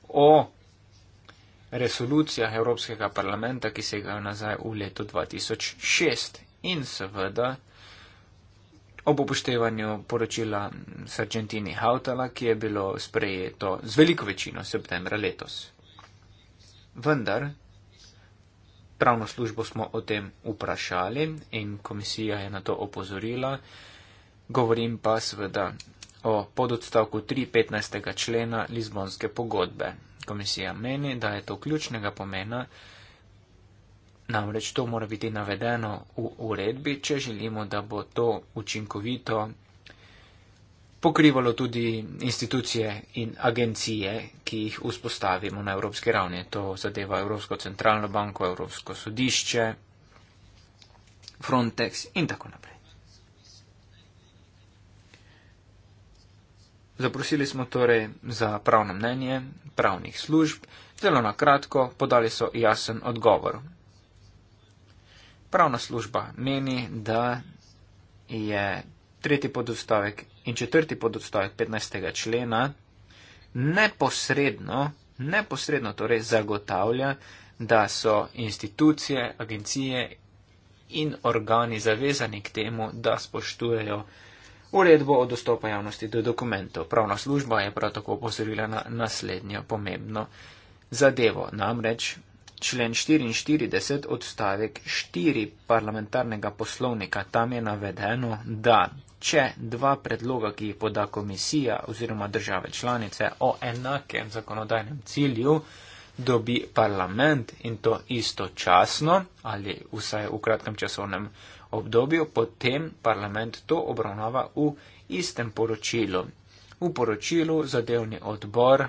o resolucija Evropskega parlamenta, ki se ga nazaj v letu 2006 in seveda ob upoštevanju poročila Sargentini Hautala, ki je bilo sprejeto z veliko večino septembra letos. Vendar, pravno službo smo o tem vprašali in komisija je na to opozorila, govorim pa seveda o pododstavku 3.15. člena Lizbonske pogodbe. Komisija meni, da je to ključnega pomena, namreč to mora biti navedeno v uredbi, če želimo, da bo to učinkovito pokrivalo tudi institucije in agencije, ki jih vzpostavimo na evropski ravni. To zadeva Evropsko centralno banko, Evropsko sodišče, Frontex in tako naprej. Zaprosili smo torej za pravno mnenje pravnih služb, zelo na kratko podali so jasen odgovor. Pravna služba meni, da je tretji podostavek in četrti podostavek 15. člena neposredno, neposredno torej zagotavlja, da so institucije, agencije in organi zavezani k temu, da spoštujejo uredbo o dostopu javnosti do dokumentov. Pravna služba je prav tako opozorila na naslednjo pomembno zadevo, namreč člen 44 odstavek 4 parlamentarnega poslovnika. Tam je navedeno, da če dva predloga, ki jih poda komisija oziroma države članice o enakem zakonodajnem cilju, dobi parlament in to istočasno ali vsaj v kratkem časovnem času, obdobju, potem parlament to obravnava v istem poročilu. V poročilu zadevni odbor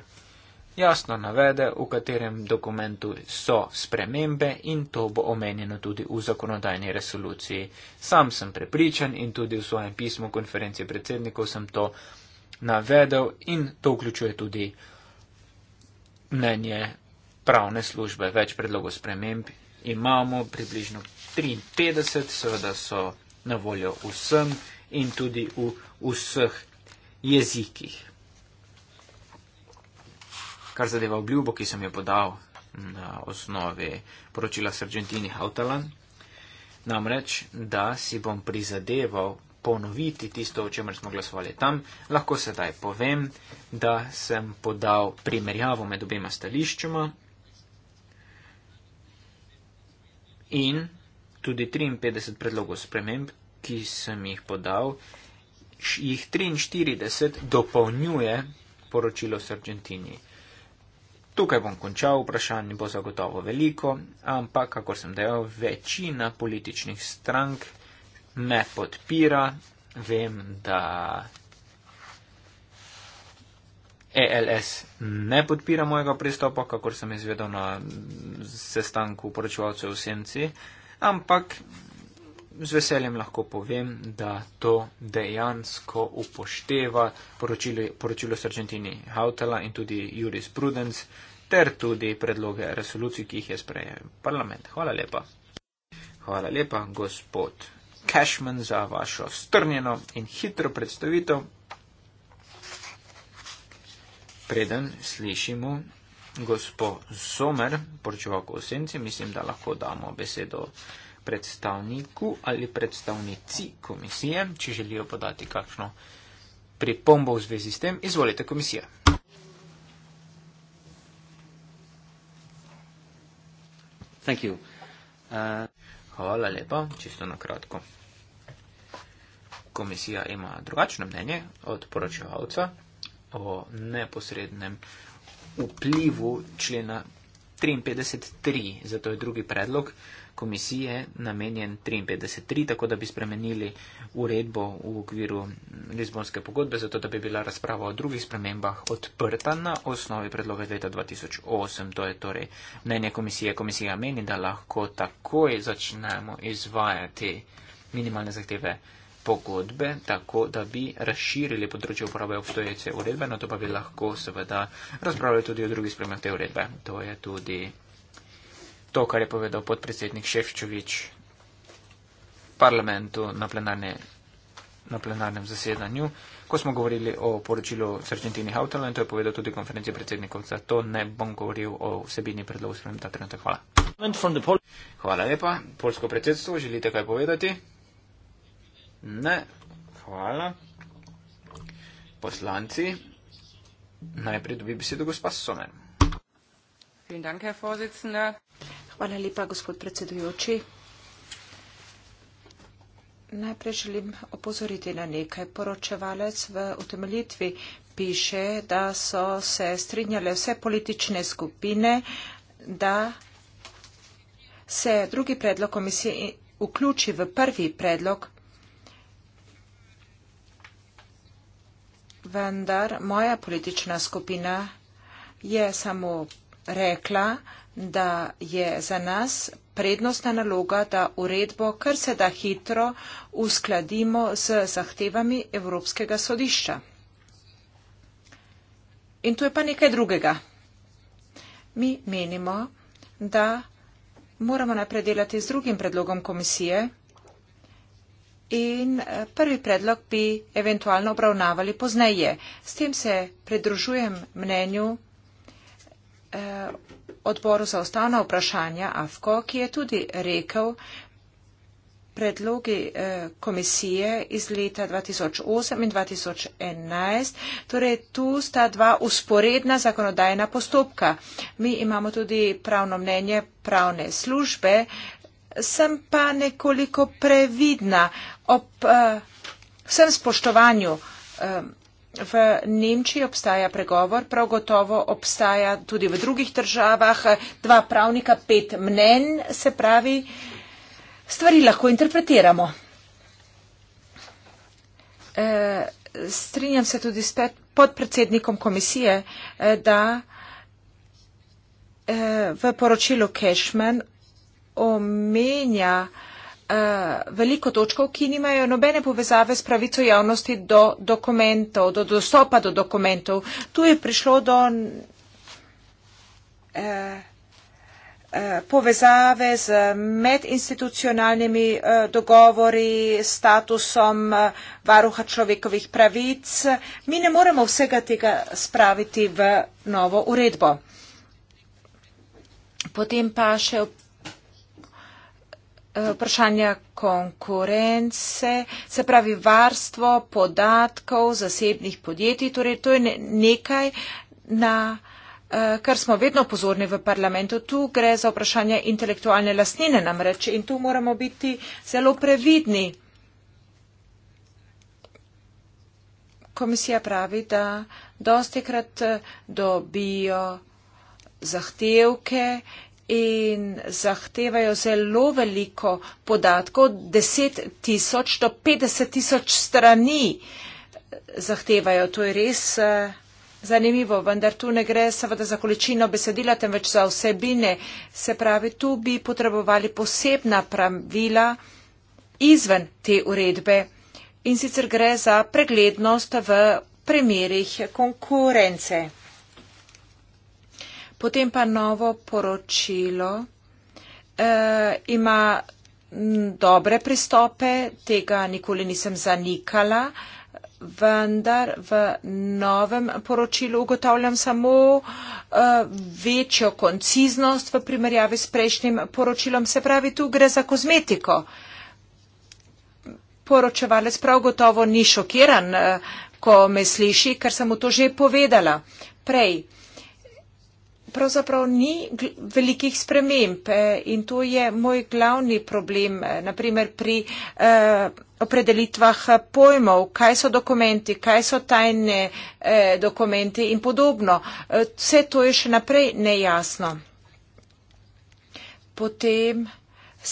jasno navede, v katerem dokumentu so spremembe in to bo omenjeno tudi v zakonodajni resoluciji. Sam sem prepričan in tudi v svojem pismu konferenci predsednikov sem to navedel in to vključuje tudi mnenje pravne službe. Več predlogov sprememb imamo približno 53, seveda so na voljo vsem in tudi v vseh jezikih. Kar zadeva obljubo, ki sem jo podal na osnovi poročila Sargentini Hautalan, namreč, da si bom prizadeval ponoviti tisto, o čemer smo glasovali tam, lahko sedaj povem, da sem podal primerjavo med obema stališčema in tudi 53 predlogov sprememb, ki sem jih podal, jih 43 dopolnjuje poročilo s Argentini. Tukaj bom končal, vprašanje bo zagotovo veliko, ampak, kako sem dejal, večina političnih strank me podpira. Vem, da ELS ne podpira mojega pristopa, kakor sem izvedel na sestanku poročevalcev v Senci. Uh, ampak z veseljem lahko povem, da to dejansko upošteva poročilo, poročilo Sargentini Hautela in tudi jurisprudence ter tudi predloge resolucij, ki jih je sprejel parlament. Hvala lepa. Hvala lepa, gospod Cashman, za vašo strnjeno in hitro predstavitev. Preden slišimo gospo Somer, poročevalko v senci, mislim, da lahko damo besedo predstavniku ali predstavnici komisije, če želijo podati kakšno pripombo v zvezi s tem. Izvolite komisija. Thank you. Uh... Hvala lepa, čisto na kratko. Komisija ima drugačno mnenje od poročevalca o neposrednem vplivu člena 53.3, zato je drugi predlog komisije namenjen 53.3, tako da bi spremenili uredbo v okviru Lizbonske pogodbe, zato da bi bila razprava o drugih spremembah odprta na osnovi predloga iz leta 2008. To je torej mnenje komisije. Komisija meni, da lahko takoj začnemo izvajati minimalne zahteve pogodbe, tako da bi razširili področje uporabe obstoječe uredbe, no to pa bi lahko seveda razpravljali tudi o drugi spremembi te uredbe. To je tudi to, kar je povedal podpredsednik Ševčovič parlamentu na, plenarne, na plenarnem zasedanju. Ko smo govorili o poročilu s Argentini Hautalen, to je povedal tudi konferenci predsednikov, zato ne bom govoril o vsebini predlogu spremembe ta trenutek. Hvala. Hvala lepa. Polsko predsedstvo, želite kaj povedati? Ne, hvala. Poslanci, najprej dobi besedo gospa Somer. Hvala lepa, gospod predsedujoči. Najprej želim opozoriti na nekaj. Poročevalec v utemeljitvi piše, da so se strinjale vse politične skupine, da se drugi predlog komisije vključi v prvi predlog vendar moja politična skupina je samo rekla, da je za nas prednostna naloga, da uredbo kar se da hitro uskladimo z zahtevami Evropskega sodišča. In tu je pa nekaj drugega. Mi menimo, da moramo najprej delati z drugim predlogom komisije, in eh, prvi predlog bi eventualno obravnavali pozneje. S tem se pridružujem mnenju eh, odboru za ostavna vprašanja AFKO, ki je tudi rekel, predlogi eh, komisije iz leta 2008 in 2011, torej tu sta dva usporedna zakonodajna postopka. Mi imamo tudi pravno mnenje pravne službe, sem pa nekoliko previdna ob uh, vsem spoštovanju. Um, V Nemčiji obstaja pregovor, prav gotovo obstaja tudi v drugih državah, eh, dva pravnika, pet mnen, se pravi, stvari lahko interpretiramo. E, strinjam se tudi s podpredsednikom komisije, da e, v poročilu Cashman omenja uh, veliko točkov, ki nimajo nobene povezave s pravico javnosti do dokumentov, do dostopa do dokumentov. Tu je prišlo do uh, povezave z medinstitucionalnimi dogovori, statusom varuha človekovih pravic. Mi ne moremo vsega tega spraviti v novo uredbo. Potem pa še Eh, vprašanja konkurence, se pravi varstvo podatkov zasebnih podjetij. Torej, to je nekaj, na eh, kar smo vedno pozorni v parlamentu. Tu gre za vprašanje intelektualne lastnine namreč in tu moramo biti zelo previdni. Komisija pravi, da dostikrat eh, dobijo zahtevke, in zahtevajo zelo veliko podatkov, 10 tisoč do 50 tisoč strani zahtevajo. To je res eh, zanimivo, vendar tu ne gre seveda za količino besedila, temveč za vsebine. Se pravi, tu bi potrebovali posebna pravila izven te uredbe in sicer gre za preglednost v primerih konkurence. Potem pa novo poročilo e, ima dobre pristope, tega nikoli nisem zanikala, vendar v novem poročilu ugotavljam samo e, večjo konciznost v primerjavi s prejšnjim poročilom, se pravi, tu gre za kozmetiko. Poročevalec prav gotovo ni šokiran, eh, ko me sliši, ker sem mu to že povedala prej pravzaprav ni velikih sprememb eh, in to je moj glavni problem, eh, naprimer pri eh, opredelitvah pojmov, kaj so dokumenti, kaj so tajne dokumenti in podobno. Vse to je še naprej nejasno. Potem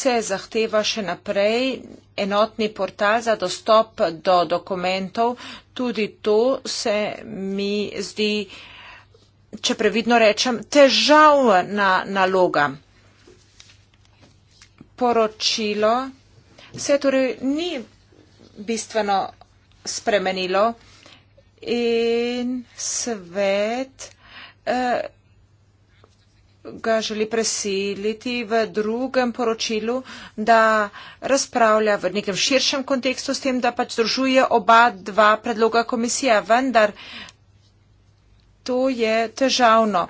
se zahteva še naprej enotni portal za dostop do dokumentov. Tudi to se mi zdi če previdno rečem, težavna naloga. Poročilo se torej ni bistveno spremenilo in svet eh, ga želi presiliti v drugem poročilu, da razpravlja v nekem širšem kontekstu s tem, da pač združuje oba dva predloga komisije, vendar to je težavno.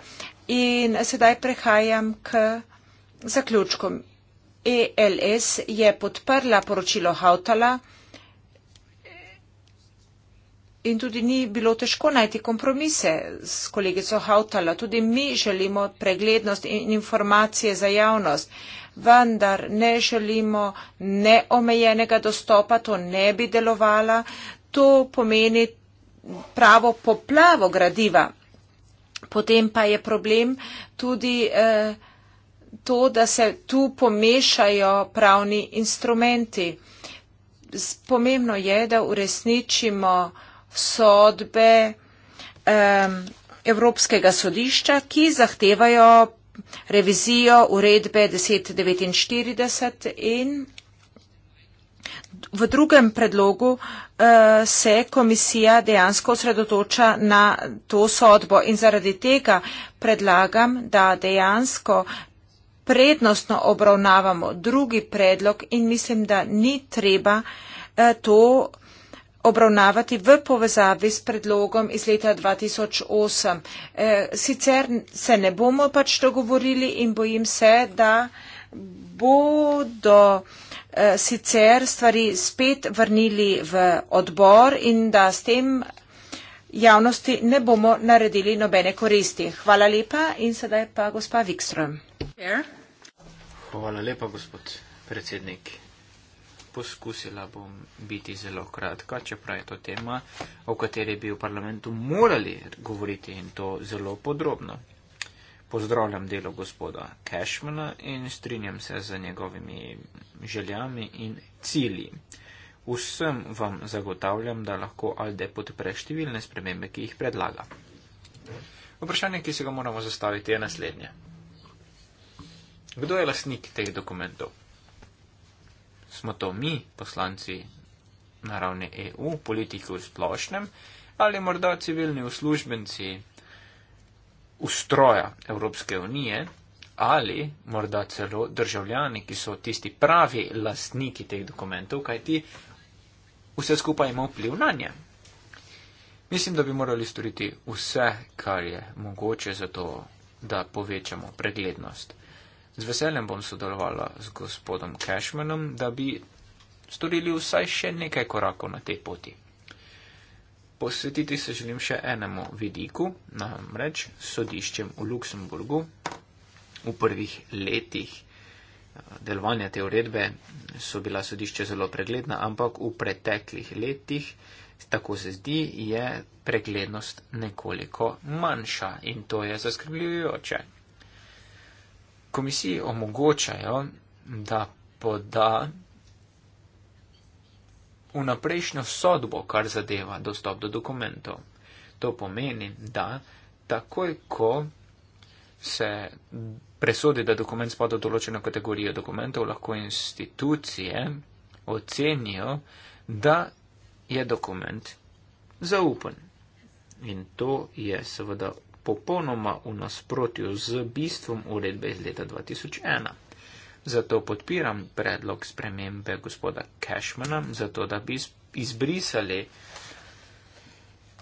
In sedaj prehajam k zaključkom. ELS je podprla poročilo Hautala in tudi ni bilo težko najti kompromise s kolegico Hautala. Tudi mi želimo preglednost in informacije za javnost, vendar ne želimo neomejenega dostopa, to ne bi delovala. To pomeni pravo poplavo gradiva. Potem pa je problem tudi eh, to, da se tu pomešajo pravni instrumenti. Pomembno je, da uresničimo sodbe Evropskega sodišča, ki zahtevajo revizijo uredbe 1049 in v drugem predlogu uh, se komisija dejansko osredotoča na to sodbo in zaradi tega predlagam, da dejansko prednostno obravnavamo drugi predlog in mislim, da ni treba uh, to obravnavati v povezavi s predlogom iz leta 2008. E, eh, sicer se ne bomo pač dogovorili in bojim se, da bodo uh, Eh, sicer stvari spet vrnili v odbor in da s tem javnosti ne bomo naredili nobene koristi. Hvala lepa in sedaj pa gospa Vikström. Hvala lepa, gospod predsednik. Poskusila bom biti zelo kratka, čeprav je to tema, o kateri bi v parlamentu morali govoriti in to zelo podrobno pozdravljam delo gospoda Cashmana in strinjam se z njegovimi željami in cilji. Vsem vam zagotavljam, da lahko Alde podpre številne spremembe, ki jih predlaga. Vprašanje, ki se ga moramo zastaviti, je naslednje. Kdo je lasnik teh dokumentov? Smo to mi, poslanci na ravni EU, politiki v splošnem, ali morda civilni uslužbenci, ustroja Evropske unije ali morda celo državljani, ki so tisti pravi lastniki teh dokumentov, kajti vse skupaj ima vpliv na nje. Mislim, da bi morali storiti vse, kar je mogoče za to, da povečamo preglednost. Z veseljem bom sodelovala z gospodom Cashmanom, da bi storili vsaj še nekaj korakov na tej poti posvetiti se želim še enemu vidiku, namreč sodiščem v Luksemburgu. V prvih letih eh, delovanja te uredbe so bila sodišča zelo pregledna, ampak v preteklih letih, tako se zdi, je preglednost nekoliko manjša in to je zaskrbljujoče. Komisiji omogočajo, da poda vnaprejšnjo sodbo, kar zadeva dostop do dokumentov. To pomeni, da takoj, ko se presodi, da dokument spada v določeno kategorijo dokumentov, lahko institucije ocenijo, da je dokument zaupen. In to je seveda popolnoma v nasprotju z bistvom uredbe iz leta 2001. Zato podpiram predlog spremembe gospoda Cashmana, zato da bi izbrisali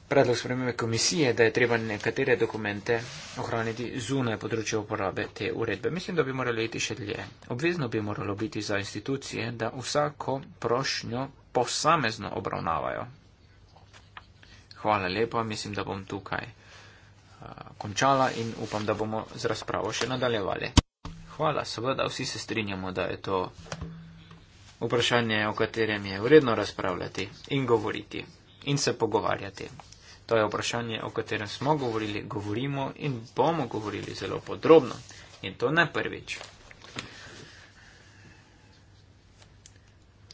predlog spremembe komisije, da je treba nekatere dokumente ohraniti zunaj področja uporabe te uredbe. Mislim, da bi morali iti še dlje. Obvezno bi moralo biti za institucije, da vsako prošnjo posamezno obravnavajo. Hvala lepa, mislim, da bom tukaj uh, končala in upam, da bomo z razpravo še nadaljevali. Hvala, seveda vsi se strinjamo, da je to vprašanje, o katerem je vredno razpravljati in govoriti in se pogovarjati. To je vprašanje, o katerem smo govorili, govorimo in bomo govorili zelo podrobno. In to ne prvič.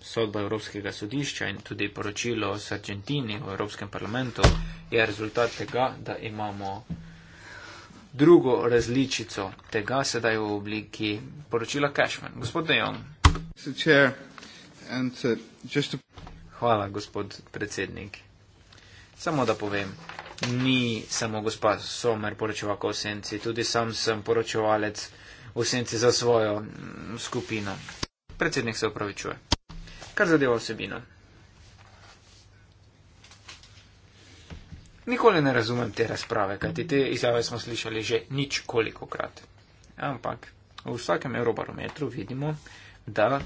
Sodba Evropskega sodišča in tudi poročilo s Argentini v Evropskem parlamentu je rezultat tega, da imamo drugo različico tega sedaj v obliki poročila Cashman. Gospod Dejon. Uh, Hvala, gospod predsednik. Samo da povem, ni samo gospa Somer poročevalka v senci, tudi sam sem poročevalec v senci za svojo mm, skupino. Predsednik se opravičuje. Kar zadeva vsebino. Nikoli ne razumem te razprave, kajti te izjave smo slišali že nič koliko krat. Ampak v vsakem eurobarometru vidimo, da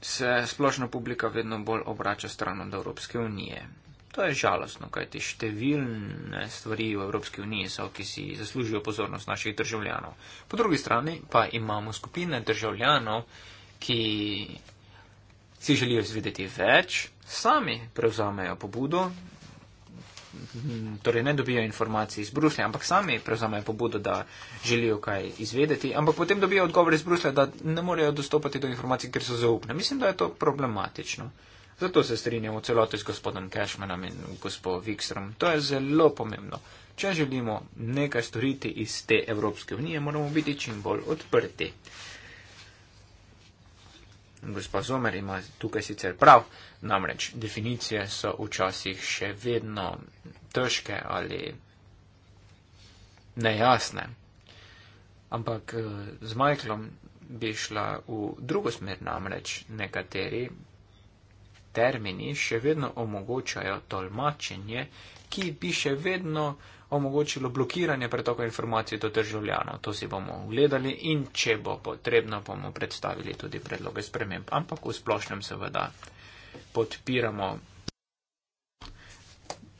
se splošna publika vedno bolj obrača stran od Evropske unije. To je žalostno, kajti številne stvari v Evropski uniji so, ki si zaslužijo pozornost naših državljanov. Po drugi strani pa imamo skupine državljanov, ki si želijo izvedeti več sami prevzamejo pobudo, torej ne dobijo informacij iz Bruslja, ampak sami prevzamejo pobudo, da želijo kaj izvedeti, ampak potem dobijo odgovor iz Bruslja, da ne morejo dostopati do informacij, ker so zaupne. Mislim, da je to problematično. Zato se strinjamo celoti s gospodom Cashmanom in gospod Vikstrom. To je zelo pomembno. Če želimo nekaj storiti iz te Evropske unije, moramo biti čim bolj odprti. Gospa Zomer ima tukaj sicer prav, namreč definicije so včasih še vedno težke ali nejasne. Ampak eh, z Majklom bi šla v drugo smer, namreč nekateri termini še vedno omogočajo tolmačenje, ki bi še vedno omogočilo blokiranje pretoka informacij do državljanov. To si bomo ogledali in če bo potrebno, bomo predstavili tudi predloge sprememb. Ampak v splošnem seveda podpiramo,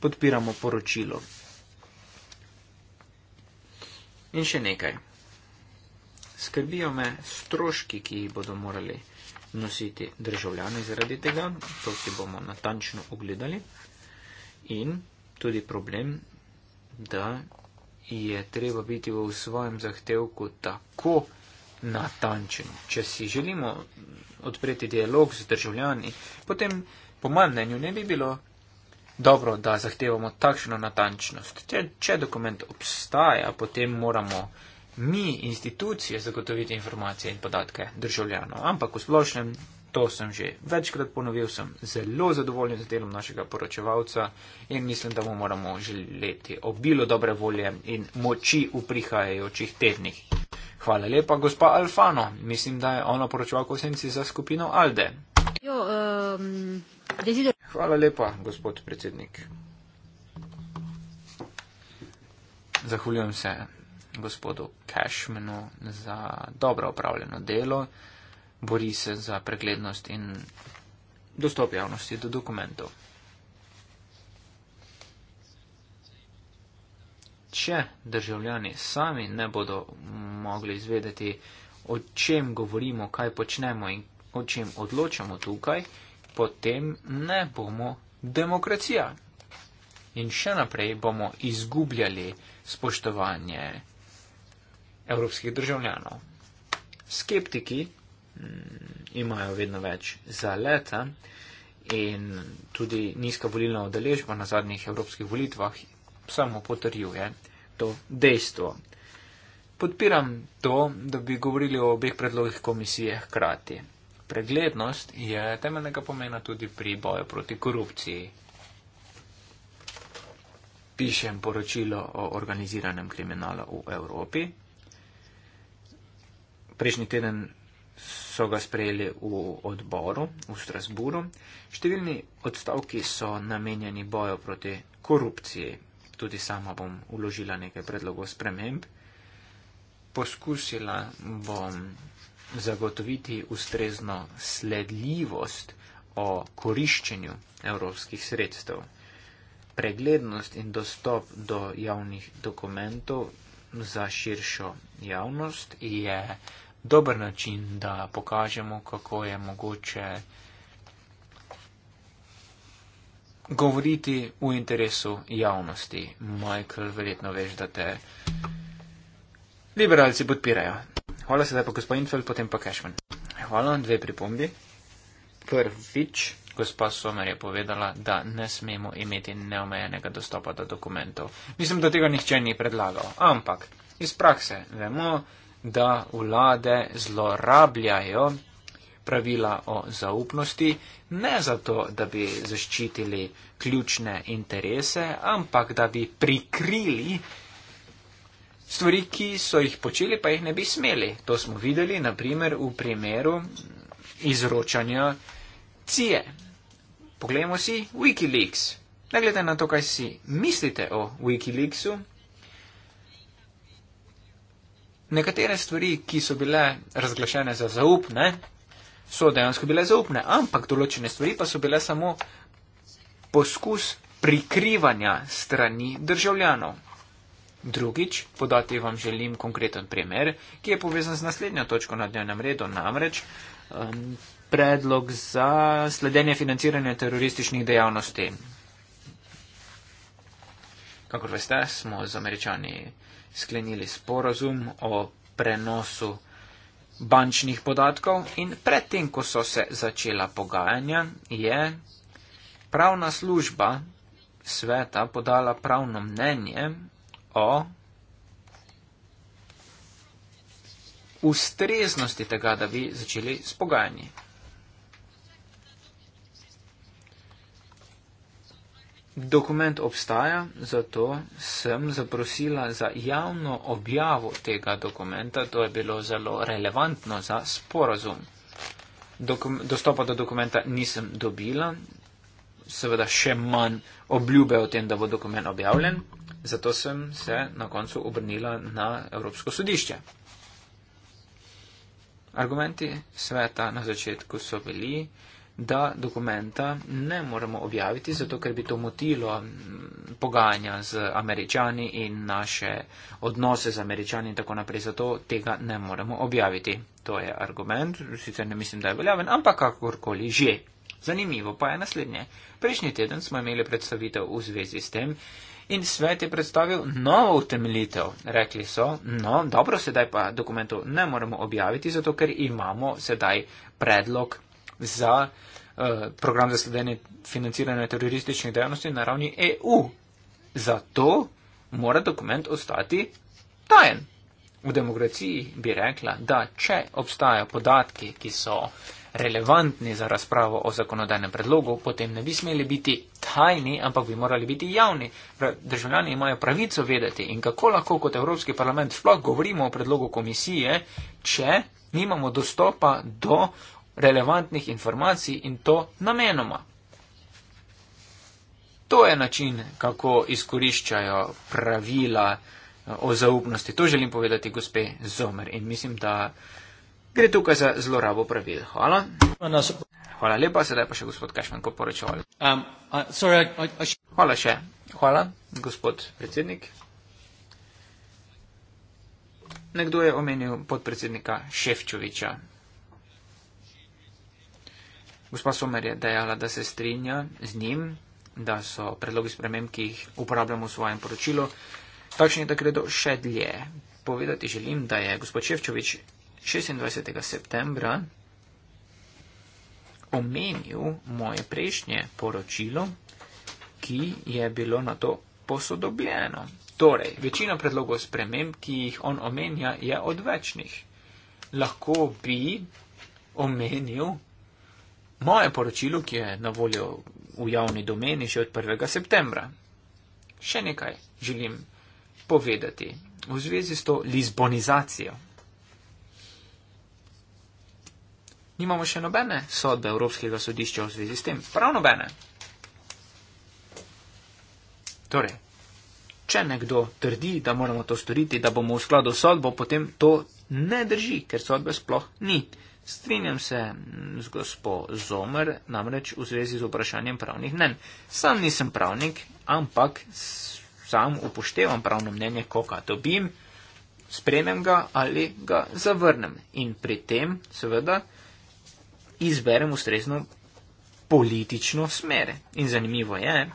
podpiramo poročilo. In še nekaj. Skrbijo me stroški, ki jih bodo morali nositi državljani zaradi tega. To si bomo natančno ogledali. In tudi problem da je treba biti v svojem zahtevku tako natančen. Če si želimo odpreti dialog z državljani, potem po mojem mnenju ne bi bilo dobro, da zahtevamo takšno natančnost. Če, če dokument obstaja, potem moramo mi institucije zagotoviti informacije in podatke državljanov, ampak v splošnem to sem že večkrat ponovil, sem zelo zadovoljen z delom našega poročevalca in mislim, da mu moramo želeti obilo dobre volje in moči v prihajajočih tednih. Hvala lepa, gospa Alfano. Mislim, da je ona poročevalka v senci za skupino Alde. Jo, um, ehm, desider... Hvala lepa, gospod predsednik. Zahvaljujem se gospodu Cashmanu za dobro opravljeno delo bori se za preglednost in dostop javnosti do dokumentov. Če državljani sami ne bodo mogli izvedeti, o čem govorimo, kaj počnemo in o čem odločamo tukaj, potem ne bomo demokracija. In še naprej bomo izgubljali spoštovanje evropskih državljanov. Skeptiki Mm, imajo vedno več zaleta in tudi nizka volilna odeležba na zadnjih evropskih volitvah samo potrjuje to dejstvo. Podpiram to, da bi govorili o obeh predlogih komisije hkrati. Preglednost je temeljnega pomena tudi pri boju proti korupciji. Pišem poročilo o organiziranem kriminalu v Evropi. Prejšnji teden so ga sprejeli v odboru v Strasburu. Številni odstavki so namenjeni boju proti korupciji. Tudi sama bom uložila nekaj predlogov sprememb. Poskusila bom zagotoviti ustrezno sledljivost o koriščenju evropskih sredstev. Preglednost in dostop do javnih dokumentov za širšo javnost je dober način, da pokažemo, kako je mogoče govoriti v interesu javnosti. Michael, verjetno veš, da te liberalci podpirajo. Hvala sedaj pa gospod Infeld, potem pa Cashman. Hvala, dve pripombi. Prvič, gospa Somer je povedala, da ne smemo imeti neomejenega dostopa do dokumentov. Mislim, da tega nihče ni predlagal, ampak iz prakse vemo, da vlade zlorabljajo pravila o zaupnosti, ne zato, da bi zaščitili ključne interese, ampak da bi prikrili stvari, ki so jih počeli, pa jih ne bi smeli. To smo videli, naprimer, v primeru izročanja CIE. Poglejmo si Wikileaks. Ne glede na to, kaj si mislite o Wikileaksu, nekatere stvari, ki so bile razglašene za zaupne, so dejansko bile zaupne, ampak določene stvari pa so bile samo poskus prikrivanja strani državljanov. Drugič, podati vam želim konkreten primer, ki je povezan z naslednjo točko na dnevnem redu, namreč um, predlog za sledenje financiranja terorističnih dejavnosti. Kakor veste, smo z američani uh, sklenili sporazum o prenosu bančnih podatkov in predtem, ko so se začela pogajanja, je pravna služba sveta podala pravno mnenje o ustreznosti tega, da bi začeli s pogajanji. Dokument obstaja, zato sem zaprosila za javno objavo tega dokumenta. To je bilo zelo relevantno za sporazum. Dokum dostopa do dokumenta nisem dobila, seveda še manj obljube o tem, da bo dokument objavljen. Zato sem se na koncu obrnila na Evropsko sodišče. Argumenti sveta na začetku so bili, da dokumenta ne moremo objaviti, zato ker bi to motilo pogajanja z američani in naše odnose z američani in tako naprej, zato tega ne moremo objaviti. To je argument, sicer ne mislim, da je veljaven, ampak kakorkoli že. Zanimivo pa je naslednje. Prejšnji teden smo imeli predstavitev v zvezi s tem in svet je predstavil novo utemeljitev. Rekli so, no, dobro, sedaj pa dokumentov ne moremo objaviti, zato ker imamo sedaj predlog za uh, program za sledenje financiranja terorističnih dejavnosti na ravni EU. Zato mora dokument ostati tajen. V demokraciji bi rekla, da če obstajajo podatki, ki so relevantni za razpravo o zakonodajnem predlogu, potem ne bi smeli biti tajni, ampak bi morali biti javni. Državljani imajo pravico vedeti in kako lahko kot Evropski parlament sploh govorimo o predlogu komisije, če nimamo dostopa do relevantnih informacij in to namenoma. To je način, kako izkoriščajo pravila eh, o zaupnosti. To želim povedati gospe Zomer in mislim, da gre tukaj za zlorabo pravil. Hvala. Hvala lepa, sedaj pa še gospod Kašman, ko poročal. Um, uh, Hvala še. Hvala, gospod predsednik. Nekdo je omenil podpredsednika Ševčoviča. Gospa Somer je dejala, da se strinja z njim, da so predlogi sprememb, ki jih uporabljamo v svojem poročilu, takšni, da gredo še dlje. Povedati želim, da je gospod Ševčovič 26. septembra omenil moje prejšnje poročilo, ki je bilo na to posodobljeno. Torej, večina predlogov sprememb, ki jih on omenja, je odvečnih. Lahko bi omenil moje poročilo, ki je na voljo v javni domeni že od 1. septembra. Še nekaj želim povedati v zvezi s to lizbonizacijo. Nimamo še nobene sodbe Evropskega sodišča v zvezi s tem. Prav nobene. Torej, če nekdo trdi, da moramo to storiti, da bomo v skladu sodbo, potem to ne drži, ker sodbe sploh ni. Strinjam se z gospo Zomer, namreč v zvezi z vprašanjem pravnih mnen. Sam nisem pravnik, ampak sam upoštevam pravno mnenje, ko ga dobim, spremem ga ali ga zavrnem in pri tem seveda izberem ustrezno politično smer. In zanimivo je,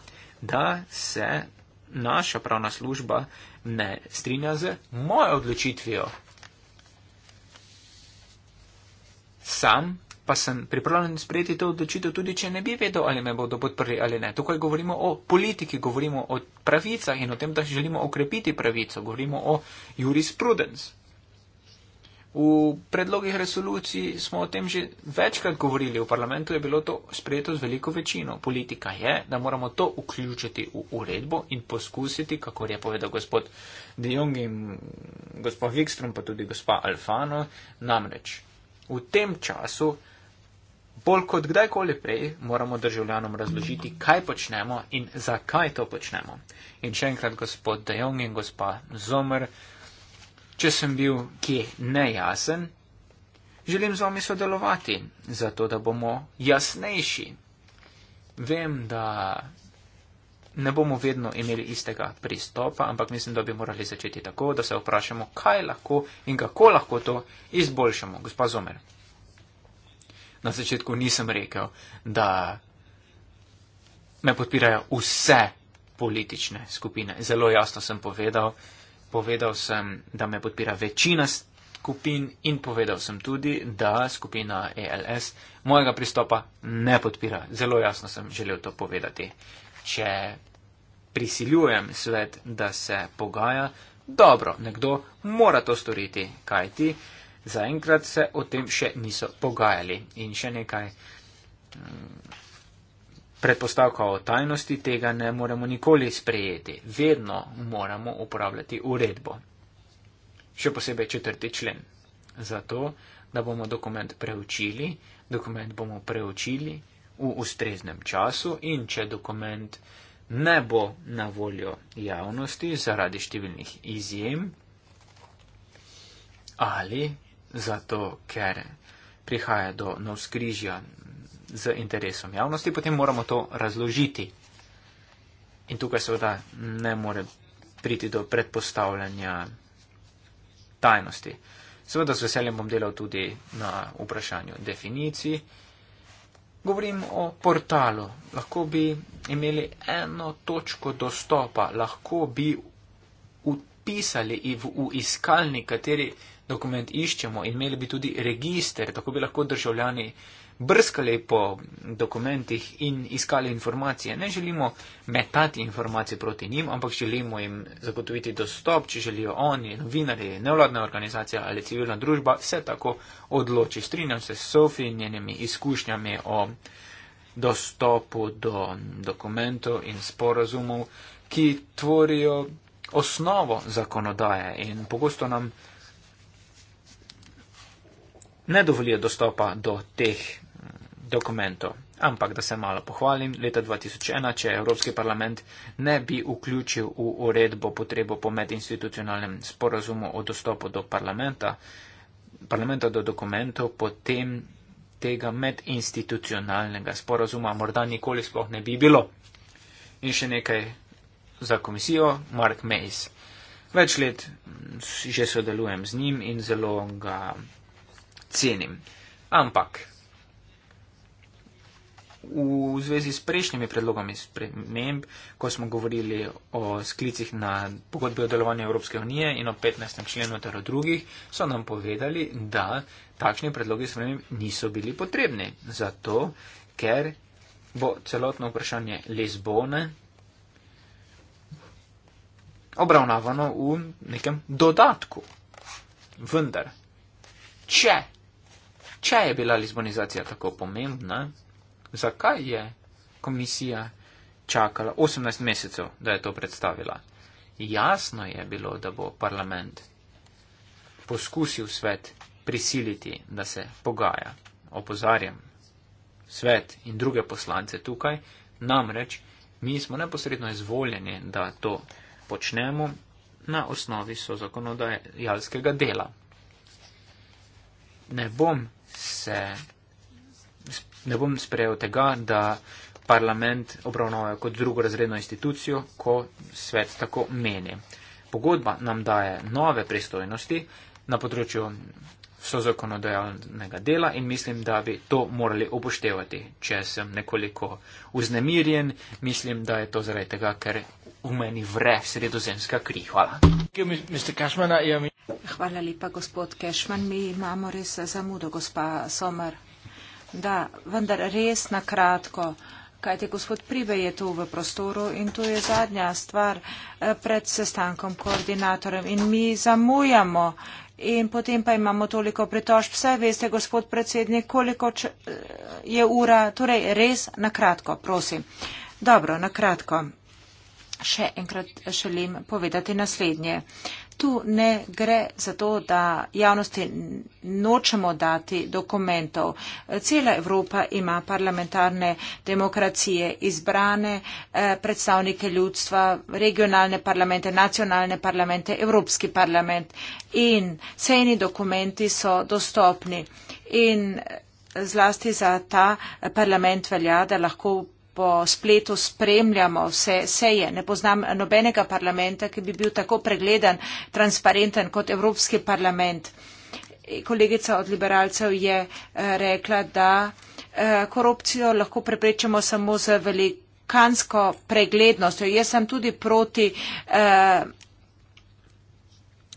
da se naša pravna služba ne strinja z mojo odločitvijo, sam pa sem pripravljen sprejeti to odločitev, tudi če ne bi vedel, ali me bodo podprli ali ne. Tukaj govorimo o politiki, govorimo o pravicah in o tem, da želimo okrepiti pravico, govorimo o jurisprudence. V predlogih resolucij smo o tem že večkrat govorili, v parlamentu je bilo to sprejeto z veliko večino. Politika je, da moramo to vključiti v uredbo in poskusiti, kako je povedal gospod De Jong in gospod Wikström, pa tudi gospa Alfano, namreč V tem času, bolj kot kdajkoli prej, moramo državljanom razložiti, kaj počnemo in zakaj to počnemo. In še enkrat, gospod Dejong in gospa Zomer, če sem bil kje nejasen, želim z vami sodelovati, zato da bomo jasnejši. Vem, da ne bomo vedno imeli istega pristopa, ampak mislim, da bi morali začeti tako, da se vprašamo, kaj lahko in kako lahko to izboljšamo. Gospa Zomer, na začetku nisem rekel, da me podpirajo vse politične skupine. Zelo jasno sem povedal, povedal sem, da me podpira večina skupin in povedal sem tudi, da skupina ALS e mojega pristopa ne podpira. Zelo jasno sem želel to povedati če prisiljujem svet, da se pogaja, dobro, nekdo mora to storiti, kajti zaenkrat se o tem še niso pogajali. In še nekaj mm, predpostavka o tajnosti tega ne moremo nikoli sprejeti. Vedno moramo uporabljati uredbo. Še posebej četrti člen. Zato, da bomo dokument preučili, dokument bomo preučili, v ustreznem času in če dokument ne bo na voljo javnosti zaradi številnih izjem ali zato, ker prihaja do navskrižja z interesom javnosti, potem moramo to razložiti. In tukaj seveda ne more priti do predpostavljanja tajnosti. Seveda z veseljem bom delal tudi na vprašanju definicij. Govorim o portalu. Lahko bi imeli eno točko dostopa, lahko bi upisali v, v iskalnik, kateri dokument iščemo, imeli bi tudi register, tako bi lahko državljani uh, brskali po dokumentih in iskali informacije. Ne želimo metati informacije proti njim, ampak želimo jim zagotoviti dostop, če želijo oni, novinari, nevladna organizacija ali civilna družba, vse tako odloči. Strinjam se s Sofijo in njenimi izkušnjami o dostopu do dokumentov in sporazumov, ki tvorijo osnovo zakonodaje in pogosto nam ne dovolijo dostopa do teh dokumentu. Ampak, da se malo pohvalim, leta 2001, če Evropski parlament ne bi vključil v uredbo potrebo po medinstitucionalnem sporazumu o dostopu do parlamenta, parlamenta do dokumentov, potem tega medinstitucionalnega sporazuma morda nikoli sploh ne bi bilo. In še nekaj za komisijo, Mark Mays. Več let že sodelujem z njim in zelo ga cenim. Ampak, v zvezi s prejšnjimi predlogami sprememb, ko smo govorili o sklicih na pogodbi o delovanju Evropske unije in o 15. členu ter o drugih, so nam povedali, da takšni predlogi sprememb niso bili potrebni. Zato, ker bo celotno vprašanje Lizbone obravnavano v nekem dodatku. Vendar, če, če je bila Lizbonizacija tako pomembna, zakaj je komisija čakala 18 mesecev, da je to predstavila. Jasno je bilo, da bo parlament poskusil svet prisiliti, da se pogaja. Opozarjam svet in druge poslance tukaj, namreč mi smo neposredno izvoljeni, da to počnemo na osnovi so zakonodajalskega dela. Ne bom se ne bom sprejel tega, da parlament obravnava kot drugo razredno institucijo, ko svet tako meni. Pogodba nam daje nove pristojnosti na področju so zakonodajalnega dela in mislim, da bi to morali upoštevati. Če sem nekoliko uznemirjen, mislim, da je to zaradi tega, ker v meni vre sredozemska kri. Hvala. Ja, ja, Hvala lepa, gospod Kešman. Mi imamo res zamudo, gospa Somer. Da, vendar res na kratko. Kajte, gospod Pribe je tu v prostoru in tu je zadnja stvar eh, pred sestankom koordinatorem in mi zamujamo in potem pa imamo toliko pritožb. Vse veste, gospod predsednik, koliko eh, je ura. Torej, res na kratko, prosim. Dobro, na kratko. Še enkrat želim povedati naslednje tu ne gre za to, da javnosti nočemo dati dokumentov. Cela Evropa ima parlamentarne demokracije, izbrane eh, predstavnike ljudstva, regionalne parlamente, nacionalne parlamente, Evropski parlament in sejni dokumenti so dostopni. In eh, zlasti za ta eh, parlament velja, da lahko po spletu spremljamo vse seje. Ne poznam nobenega parlamenta, ki bi bil tako pregledan, transparenten kot Evropski parlament. Kolegica od liberalcev je eh, rekla, da eh, korupcijo lahko preprečamo samo z velikansko preglednostjo. Jaz sem tudi proti. Uh,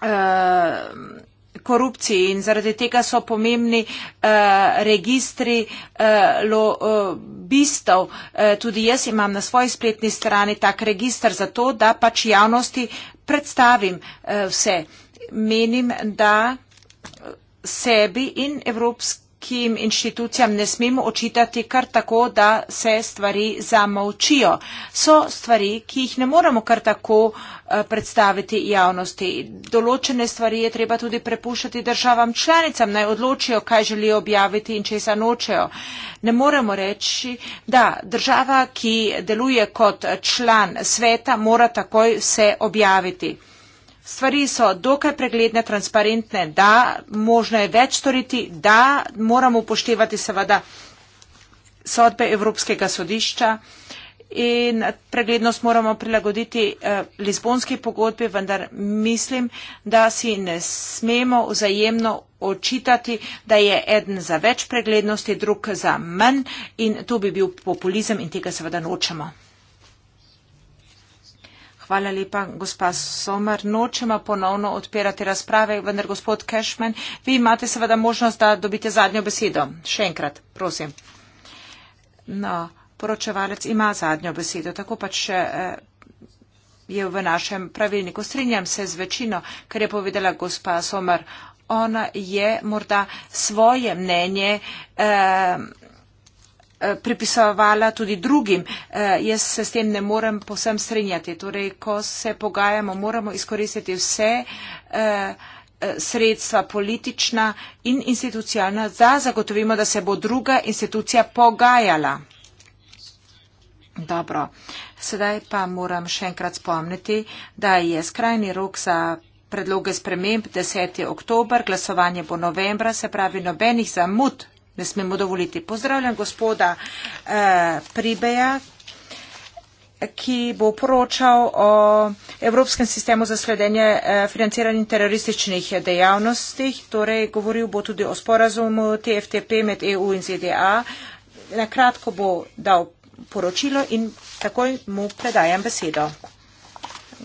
uh, korupciji in zaradi tega so pomembni uh, registri uh, lobistov. Uh, tudi jaz imam na svoji spletni strani tak registr za to, da pač javnosti predstavim uh, vse. Menim, da sebi in evropski ki jim inštitucijam ne smemo očitati kar tako, da se stvari zamovčijo. So stvari, ki jih ne moremo kar tako eh, predstaviti javnosti. Določene stvari je treba tudi prepuščati državam članicam, naj odločijo, kaj želijo objaviti in če se nočejo. Ne moremo reči, da država, ki deluje kot član sveta, mora takoj vse objaviti stvari so dokaj pregledne, transparentne, da možno je več storiti, da moramo upoštevati seveda sodbe Evropskega sodišča in preglednost moramo prilagoditi eh, Lizbonski pogodbi, vendar mislim, da si ne smemo vzajemno očitati, da je eden za več preglednosti, drug za manj in to bi bil populizem in tega seveda nočemo. Hvala lepa, gospa Somer. Nočemo ponovno odpirati razprave, vendar gospod Kešmen, vi imate seveda možnost, da dobite zadnjo besedo. Še enkrat, prosim. No, poročevalec ima zadnjo besedo, tako pač eh, je v našem pravilniku. Strinjam se z večino, kar je povedala gospa Somer. Ona je morda svoje mnenje. Eh, Eh, pripisovala tudi drugim. Eh, jaz se s tem ne morem posem strinjati. Torej, ko se pogajamo, moramo izkoristiti vse eh, sredstva politična in institucionalna, da zagotovimo, da se bo druga institucija pogajala. Dobro. Sedaj pa moram še enkrat spomniti, da je skrajni rok za predloge sprememb 10. oktober, glasovanje bo novembra, se pravi nobenih zamud, ne smemo dovoliti. Pozdravljam gospoda eh, Pribeja, ki bo poročal o Evropskem sistemu za sledenje eh, financiranih terorističnih dejavnosti, torej govoril bo tudi o sporazumu TFTP med EU in ZDA. Nakratko bo dal poročilo in takoj mu predajam besedo.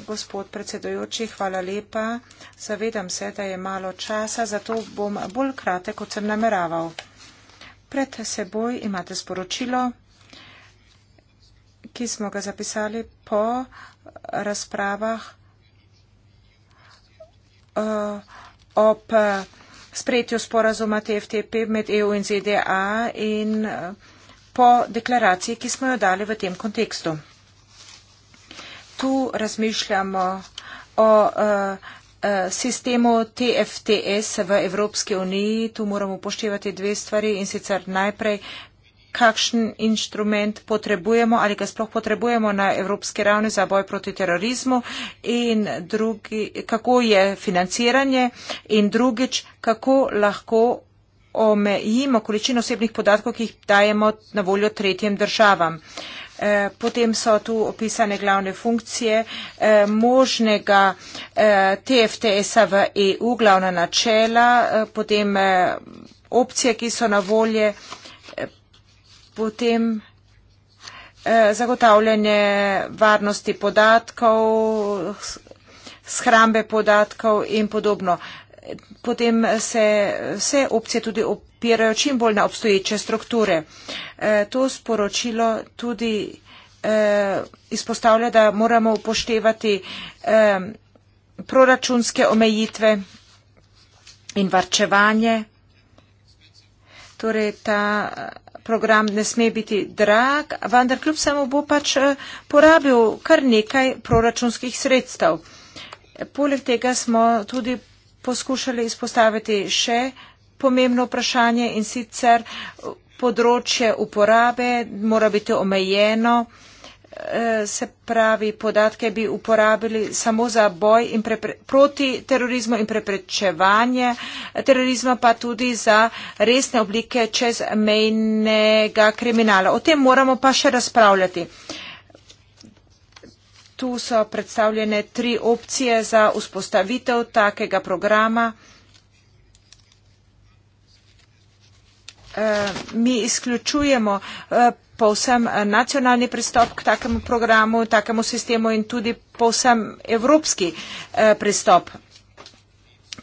Gospod predsedojoči, hvala lepa. Zavedam se, da je malo časa, zato bom bolj kratek, kot sem nameraval. Pred seboj imate sporočilo, ki smo ga zapisali po razpravah eh, ob sprejetju sporazuma TFTP med EU in ZDA in eh, po deklaraciji, ki smo jo dali v tem kontekstu. Tu razmišljamo o uh, Eh, sistemu TFTS v Evropski uniji. Tu moramo upoštevati dve stvari in sicer najprej, kakšen inštrument potrebujemo ali ga sploh potrebujemo na evropski ravni za boj proti terorizmu in drugi, kako je financiranje in drugič, kako lahko omejimo količino osebnih podatkov, ki jih dajemo na voljo tretjim državam. Uh, Eh, potem so tu opisane glavne funkcije eh, možnega eh, TFTS-a v EU, glavna načela, potem opcije, ki so na volje, potem zagotavljanje varnosti podatkov, schrambe podatkov in podobno potem se vse opcije tudi opirajo čim bolj na obstoječe strukture. E, to sporočilo tudi e, izpostavlja, da moramo upoštevati e, proračunske omejitve in varčevanje. Torej, ta program ne sme biti drag, vendar kljub samo bo pač porabil kar nekaj proračunskih sredstev. Poleg tega smo tudi poskušali izpostaviti še pomembno vprašanje in sicer področje uporabe mora biti omejeno. Eh, se pravi, podatke bi uporabili samo za boj in prepre, proti terorizmu in preprečevanje terorizma, pa tudi za resne oblike čezmejnega kriminala. O tem moramo pa še razpravljati. Uh, Tu so predstavljene tri opcije za vzpostavitev takega programa. Eh, mi izključujemo eh, povsem eh, nacionalni pristop k takemu programu, takemu sistemu in tudi povsem evropski pristop.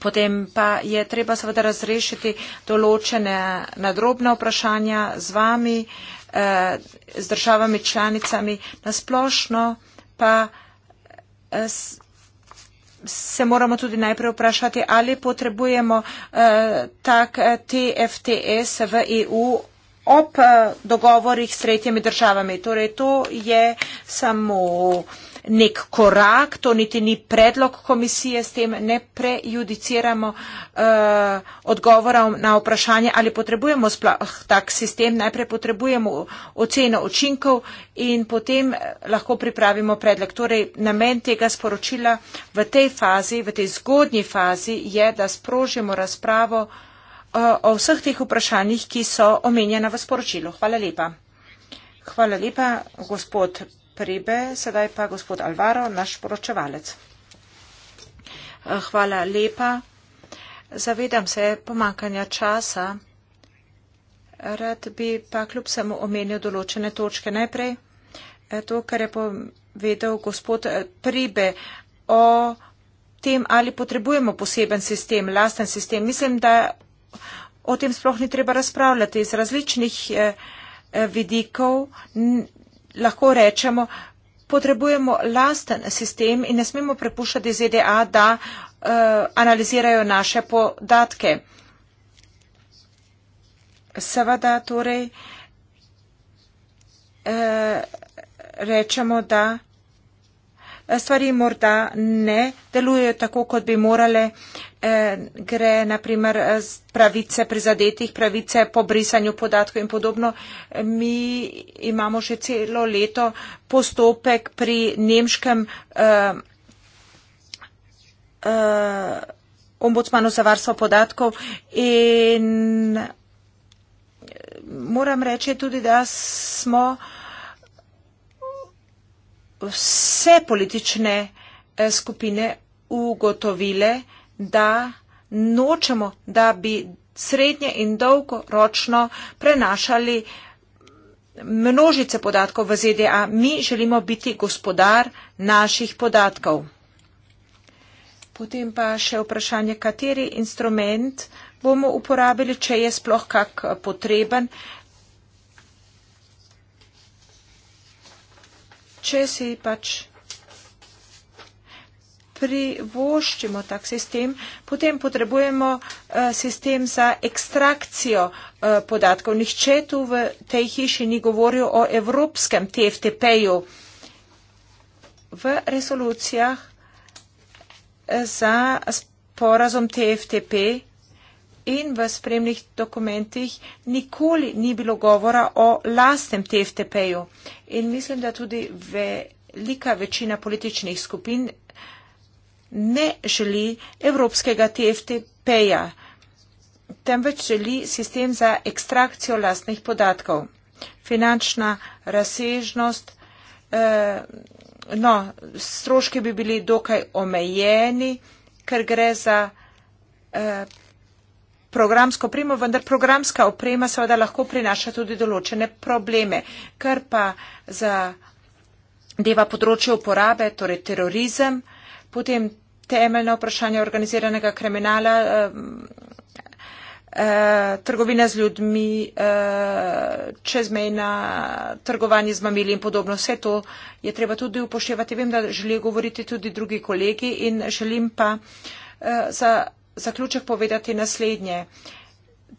Potem pa je treba seveda razrešiti določene nadrobne vprašanja z vami, z državami članicami. Nasplošno pa eh, se moramo tudi najprej vprašati, ali potrebujemo eh, tak eh, TFTS v EU ob dogovorih s tretjimi državami. Torej, to je samo nek korak, to niti ni predlog komisije, s tem ne prejudiciramo eh, odgovora na vprašanje, ali potrebujemo sploh tak sistem, najprej potrebujemo oceno očinkov in potem eh, lahko pripravimo predlog. Torej, namen tega sporočila v tej fazi, v tej zgodnji fazi je, da sprožimo razpravo eh, o vseh teh vprašanjih, ki so omenjena v sporočilu. Hvala lepa. Hvala lepa, gospod Pribe, sedaj pa gospod Alvaro, naš poročevalec. Hvala lepa. Zavedam se pomankanja časa. Rad bi pa kljub samo omenil določene točke. Najprej eh, to, kar je povedal gospod eh, Pribe o tem, ali potrebujemo poseben sistem, lasten sistem. Mislim, da o tem sploh ni treba razpravljati iz različnih eh, vidikov lahko rečemo, potrebujemo lasten sistem in ne smemo prepuščati ZDA, da eh, analizirajo naše podatke. Seveda torej eh, rečemo, da stvari morda ne delujejo tako, kot bi morale. Eh, gre naprimer pravice prizadetih, pravice po brisanju podatkov in podobno. Mi imamo že celo leto postopek pri nemškem eh, eh, ombudsmanu za varstvo podatkov in moram reči tudi, da smo uh, vse politične eh, skupine ugotovile, da nočemo, da bi srednje in dolgoročno prenašali množice podatkov v ZDA. Mi želimo biti gospodar naših podatkov. Potem pa še vprašanje, kateri instrument bomo uporabili, če je sploh kak eh, potreben. če si pač privoščimo tak sistem, potem potrebujemo eh, sistem za ekstrakcijo eh, podatkov. Nihče tu v tej hiši ni govoril o evropskem TFTP-ju. V resolucijah eh, za porazom TFTP-ju in v spremnih dokumentih nikoli ni bilo govora o lastnem TFTP-ju. In mislim, da tudi velika večina političnih skupin ne želi evropskega TFTP-ja, temveč želi sistem za ekstrakcijo lastnih podatkov. Finančna razsežnost, eh, no, stroški bi bili dokaj omejeni, ker gre za eh, programsko opremo, vendar programska oprema seveda lahko prinaša tudi določene probleme, kar pa za deva področje uporabe, torej terorizem, potem temeljno vprašanje organiziranega kriminala, eh, eh, trgovina z ljudmi, eh, čezmejna trgovanje z mamili in podobno. Vse to je treba tudi upoštevati. Vem, da želijo govoriti tudi drugi kolegi in želim pa za zaključek povedati naslednje.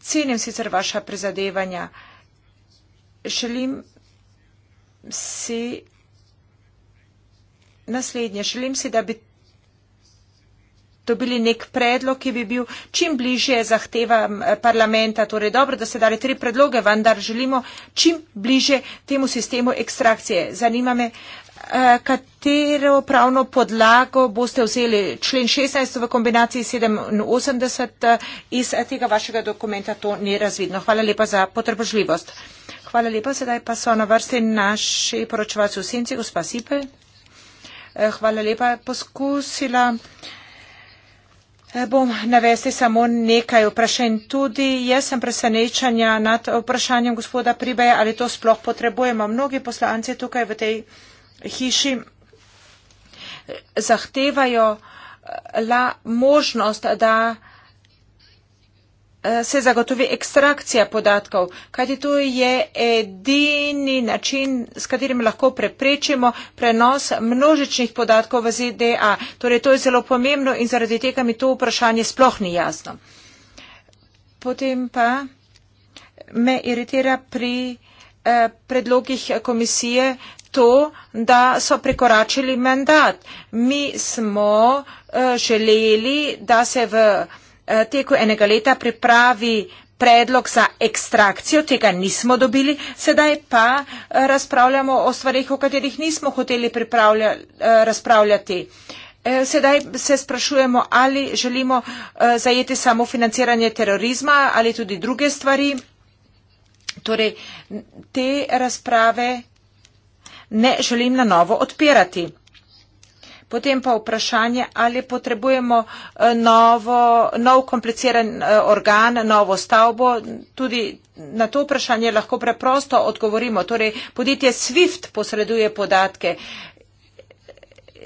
Cenim sicer vaša prizadevanja. Želim si naslednje. Želim si, da bi dobili nek predlog, ki bi bil čim bliže zahtevam eh, parlamenta. Torej dobro, da ste dali tri predloge, vendar želimo čim bliže temu sistemu ekstrakcije. Zanima me, uh, Eh, katero pravno podlago boste vzeli člen 16 v kombinaciji 87 eh, iz eh, tega vašega dokumenta, to ni razvidno. Hvala lepa za potrpožljivost. Hvala lepa, sedaj pa so na vrsti naši poročevalci v senci, gospa Sipel. Hvala lepa, poskusila. Bom navesti samo nekaj vprašanj. Tudi jaz sem presenečanja nad vprašanjem gospoda Pribeja, ali to sploh potrebujemo. Mnogi poslanci tukaj v tej hiši zahtevajo eh, la možnost, da eh, se zagotovi ekstrakcija podatkov, kajti to je edini način, s katerim lahko preprečimo prenos množičnih podatkov v ZDA. Torej, to je zelo pomembno in zaradi tega mi to vprašanje sploh ni jasno. Potem pa me iritira pri eh, predlogih komisije, to, da so prekoračili mandat. Mi smo eh, želeli, da se v eh, teku enega leta pripravi predlog za ekstrakcijo, tega nismo dobili, sedaj pa eh, razpravljamo o stvarih, o katerih nismo hoteli razpravljati. Sedaj se sprašujemo, ali želimo zajeti samo financiranje terorizma ali tudi druge stvari. Torej, te razprave ne želim na novo odpirati. Potem pa vprašanje, ali potrebujemo eh, novo, nov kompliciran eh, organ, novo stavbo. Tudi na to vprašanje lahko preprosto odgovorimo. Torej, podjetje SWIFT posreduje podatke.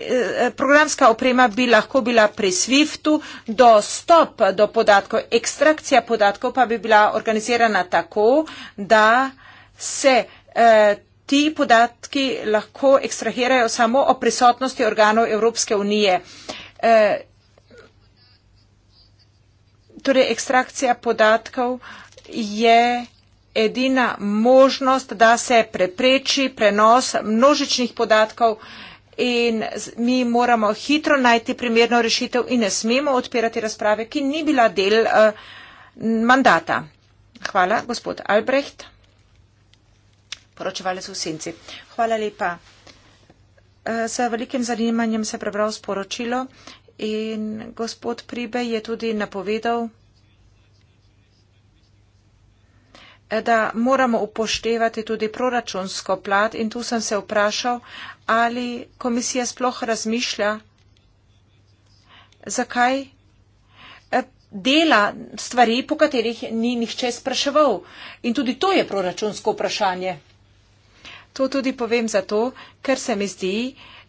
Eh, programska oprema bi lahko bila pri SWIFTu, dostop do podatkov, ekstrakcija podatkov pa bi bila organizirana tako, da se eh, ti podatki lahko ekstrahirajo samo o prisotnosti organov Evropske unije. E, torej, ekstrakcija podatkov je edina možnost, da se prepreči prenos množičnih podatkov in mi moramo hitro najti primerno rešitev in ne smemo odpirati razprave, ki ni bila del uh, mandata. Hvala, gospod Albrecht poročevalec v senci. Hvala lepa. Z eh, velikim zanimanjem se prebral sporočilo in gospod Pribe je tudi napovedal, eh, da moramo upoštevati tudi proračunsko plat in tu sem se vprašal, ali komisija sploh razmišlja, zakaj eh, dela stvari, po katerih ni nihče spraševal. In tudi to je proračunsko vprašanje. To tudi povem zato, ker se mi zdi,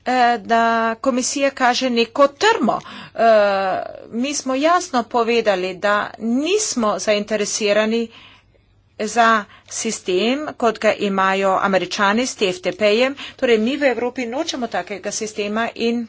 eh, da komisija kaže neko trmo. Eh, mi smo jasno povedali, da nismo zainteresirani za sistem, kot ga imajo američani s TFTP-jem. Torej, mi v Evropi nočemo takega sistema in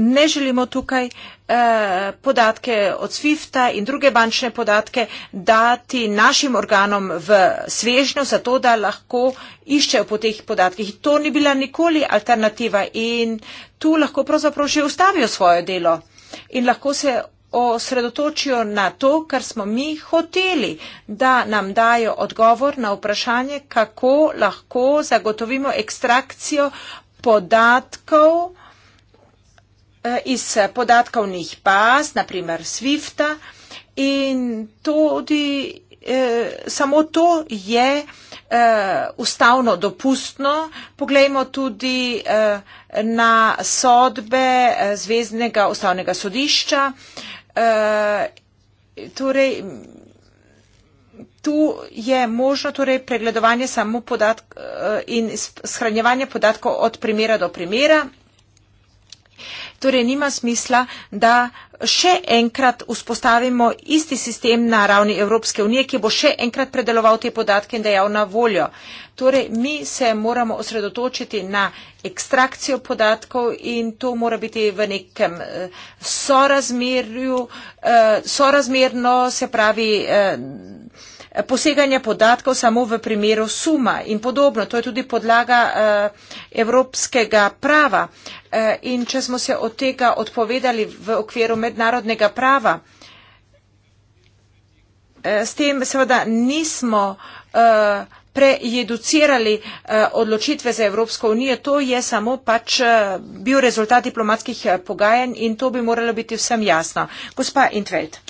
ne želimo tukaj eh, podatke od Swifta in druge bančne podatke dati našim organom v svežnjo, zato da lahko iščejo po teh podatkih. To ni bila nikoli alternativa in tu lahko pravzaprav že ustavijo svoje delo in lahko se osredotočijo na to, kar smo mi hoteli, da nam dajo odgovor na vprašanje, kako lahko zagotovimo ekstrakcijo podatkov, Eh, iz podatkovnih baz, naprimer Swifta in tudi eh, samo to je eh, ustavno dopustno. Poglejmo tudi eh, na sodbe eh, Zvezdnega ustavnega sodišča. Eh, torej, Tu je možno torej pregledovanje samo podatkov eh, in shranjevanje podatkov od primera do primera. Torej nima smisla, da še enkrat vzpostavimo isti sistem na ravni Evropske unije, ki bo še enkrat predeloval te podatke in dejal na voljo. Torej mi se moramo osredotočiti na ekstrakcijo podatkov in to mora biti v nekem eh, sorazmerju, eh, sorazmerno, se pravi eh, poseganje podatkov samo v primeru suma in podobno. To je tudi podlaga eh, evropskega prava. Eh, in če smo se od tega odpovedali v okviru mednarodnega prava, eh, s tem seveda nismo prejeducirali odločitve za Evropsko unijo. To je samo pač bil rezultat diplomatskih pogajanj in to bi moralo biti vsem jasno. Gospa Intveld.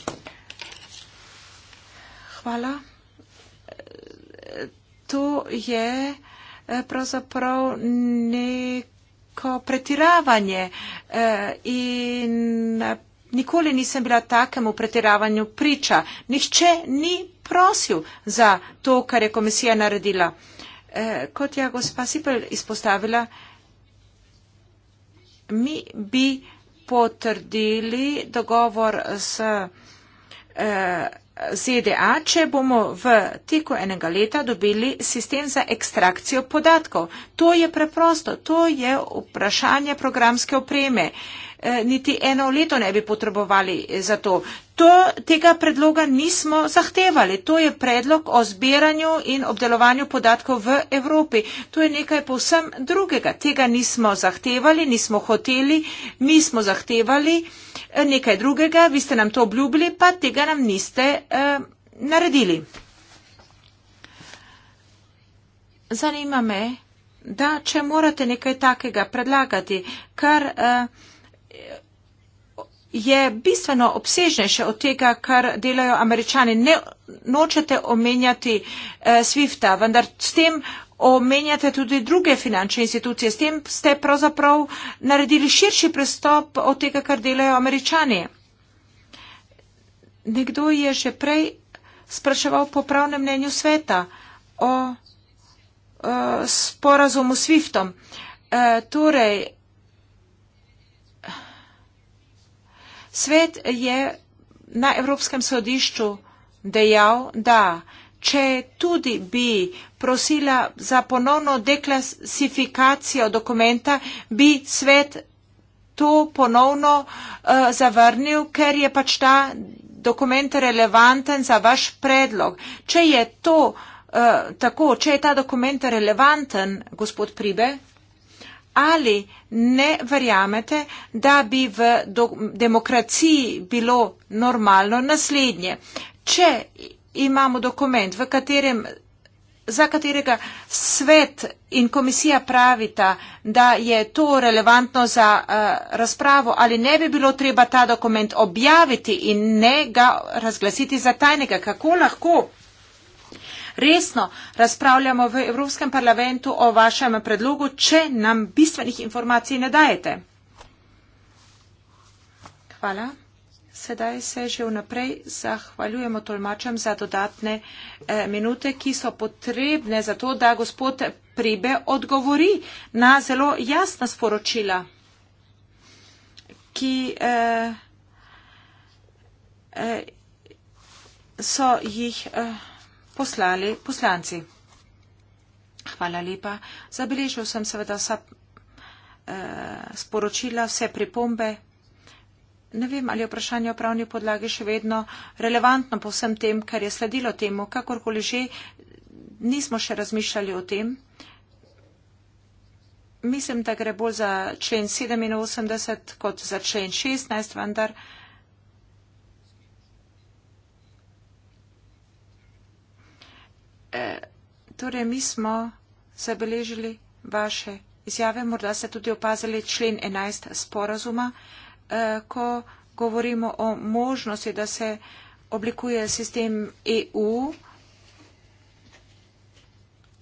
Hvala to je eh, pravzaprav neko pretiravanje eh, in eh, nikoli nisem bila takemu pretiravanju priča. Nihče ni prosil za to, kar je komisija naredila. Kot je gospa Sipel izpostavila, mi bi potrdili dogovor s ZDA, če bomo v teku enega leta dobili sistem za ekstrakcijo podatkov. To je preprosto, to je vprašanje programske opreme. Uh, Eh, niti eno leto ne bi potrebovali eh, za to. To, tega predloga nismo zahtevali. To je predlog o zbiranju in obdelovanju podatkov v Evropi. To je nekaj povsem drugega. Tega nismo zahtevali, nismo hoteli, mi smo zahtevali eh, nekaj drugega, vi ste nam to obljubili, pa tega nam niste eh, naredili. Zanima me, da če morate nekaj takega predlagati, kar. Eh, je bistveno obsežnejše od tega, kar delajo američani. Ne nočete omenjati eh, SWIFT-a, vendar s tem omenjate tudi druge finančne institucije. S tem ste pravzaprav naredili širši prestop od tega, kar delajo američani. Nekdo je že prej spraševal po pravnem mnenju sveta o eh, sporazumu SWIFT-om. Eh, torej, Svet je na Evropskem sodišču dejal, da če tudi bi prosila za ponovno deklasifikacijo dokumenta, bi svet to ponovno uh, zavrnil, ker je pač ta dokument relevanten za vaš predlog. Če je to uh, tako, če je ta dokument relevanten, gospod Pribe? ali ne verjamete, da bi v demokraciji bilo normalno naslednje. Če imamo dokument, katerem, za katerega svet in komisija pravita, da je to relevantno za uh, razpravo, ali ne bi bilo treba ta dokument objaviti in ne ga razglasiti za tajnega, kako lahko resno razpravljamo v Evropskem parlamentu o vašem predlogu, če nam bistvenih informacij ne dajete. Hvala. Sedaj se že vnaprej zahvaljujemo tolmačem za dodatne eh, minute, ki so potrebne za to, da gospod Pribe odgovori na zelo jasna sporočila, ki eh, eh, so jih poslali poslanci. Hvala lepa. Zabeležil sem seveda vsa eh, sporočila, vse pripombe. Ne vem, ali je vprašanje o pravni podlagi še vedno relevantno po vsem tem, kar je sledilo temu. Kakorkoli že, nismo še razmišljali o tem. Mislim, da gre bolj za člen 87 kot za člen 16, vendar. Eh, E, torej mi smo zabeležili vaše izjave, morda ste tudi opazili člen 11 sporazuma, e, ko govorimo o možnosti, da se oblikuje sistem EU.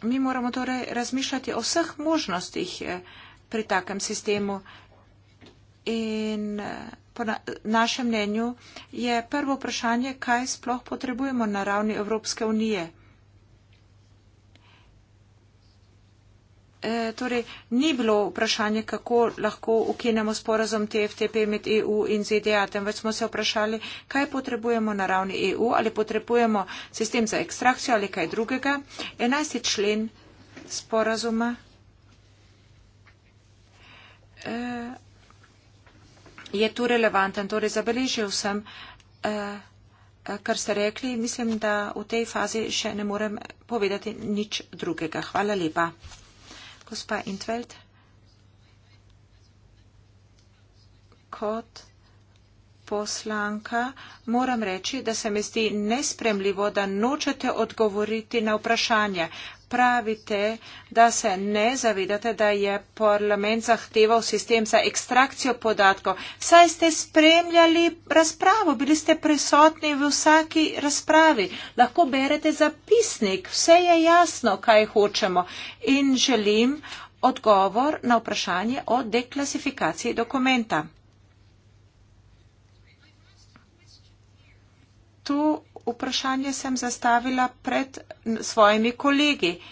Mi moramo torej razmišljati o vseh možnostih e, pri takem sistemu. In po našem mnenju je prvo vprašanje, kaj sploh potrebujemo na ravni Evropske unije. E, torej, ni bilo vprašanje, kako lahko ukinemo sporazum TFTP med EU in ZDA, temveč smo se vprašali, kaj potrebujemo na ravni EU, ali potrebujemo sistem za ekstrakcijo ali kaj drugega. 11. člen sporazuma eh, je tu relevanten, torej zabeležil sem, eh, kar ste rekli. Mislim, da v tej fazi še ne morem povedati nič drugega. Hvala lepa. Gospa Intveld, kot poslanka, moram reči, da se mi zdi nespremljivo, da nočete odgovoriti na vprašanje pravite, da se ne zavedate, da je parlament zahteval sistem za ekstrakcijo podatkov. Saj ste spremljali razpravo, bili ste prisotni v vsaki razpravi. Lahko berete zapisnik, vse je jasno, kaj hočemo. In želim odgovor na vprašanje o deklasifikaciji dokumenta. To vprašanje sem zastavila pred svojimi kolegi.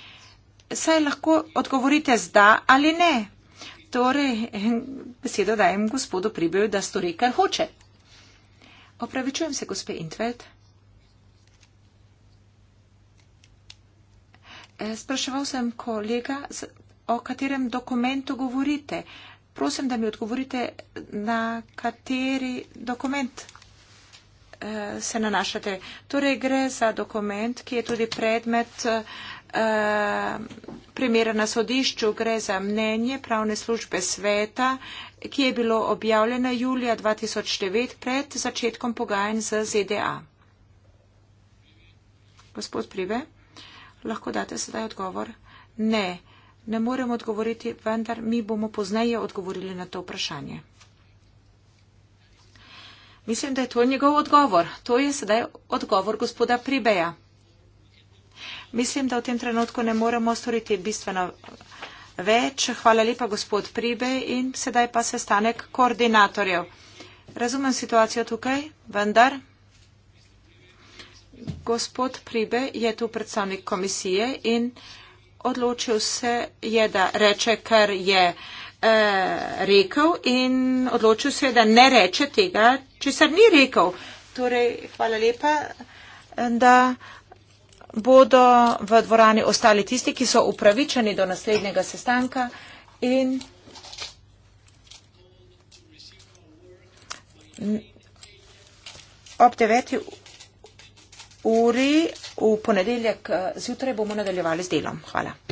Saj lahko odgovorite zda ali ne. Torej, besedo dajem gospodu Pribeju, da stori, kar hoče. Opravičujem se, gospe Intvet. Eh, spraševal sem kolega, o katerem dokumentu govorite. Prosim, da mi odgovorite, na kateri dokument uh, se nanašate. Torej gre za dokument, ki je tudi predmet uh, primera na sodišču, gre za mnenje pravne službe sveta, ki je bilo objavljeno julija 2009 pred začetkom pogajanj z ZDA. Gospod Prive, lahko date sedaj odgovor? Ne, ne morem odgovoriti, vendar mi bomo pozneje odgovorili na to vprašanje. Mislim, da je to njegov odgovor. To je sedaj odgovor gospoda Pribeja. Mislim, da v tem trenutku ne moremo storiti bistveno več. Hvala lepa, gospod Pribej, in sedaj pa sestanek koordinatorjev. Razumem situacijo tukaj, vendar. Gospod Pribe je tu predstavnik komisije in odločil se je, da reče, kar je. Uh, Eh, rekel in odločil se je, da ne reče tega, če se ni rekel. Torej, hvala lepa, da bodo v dvorani ostali tisti, ki so upravičeni do naslednjega sestanka in ob 9. uri v ponedeljek zjutraj bomo nadaljevali z delom. Hvala.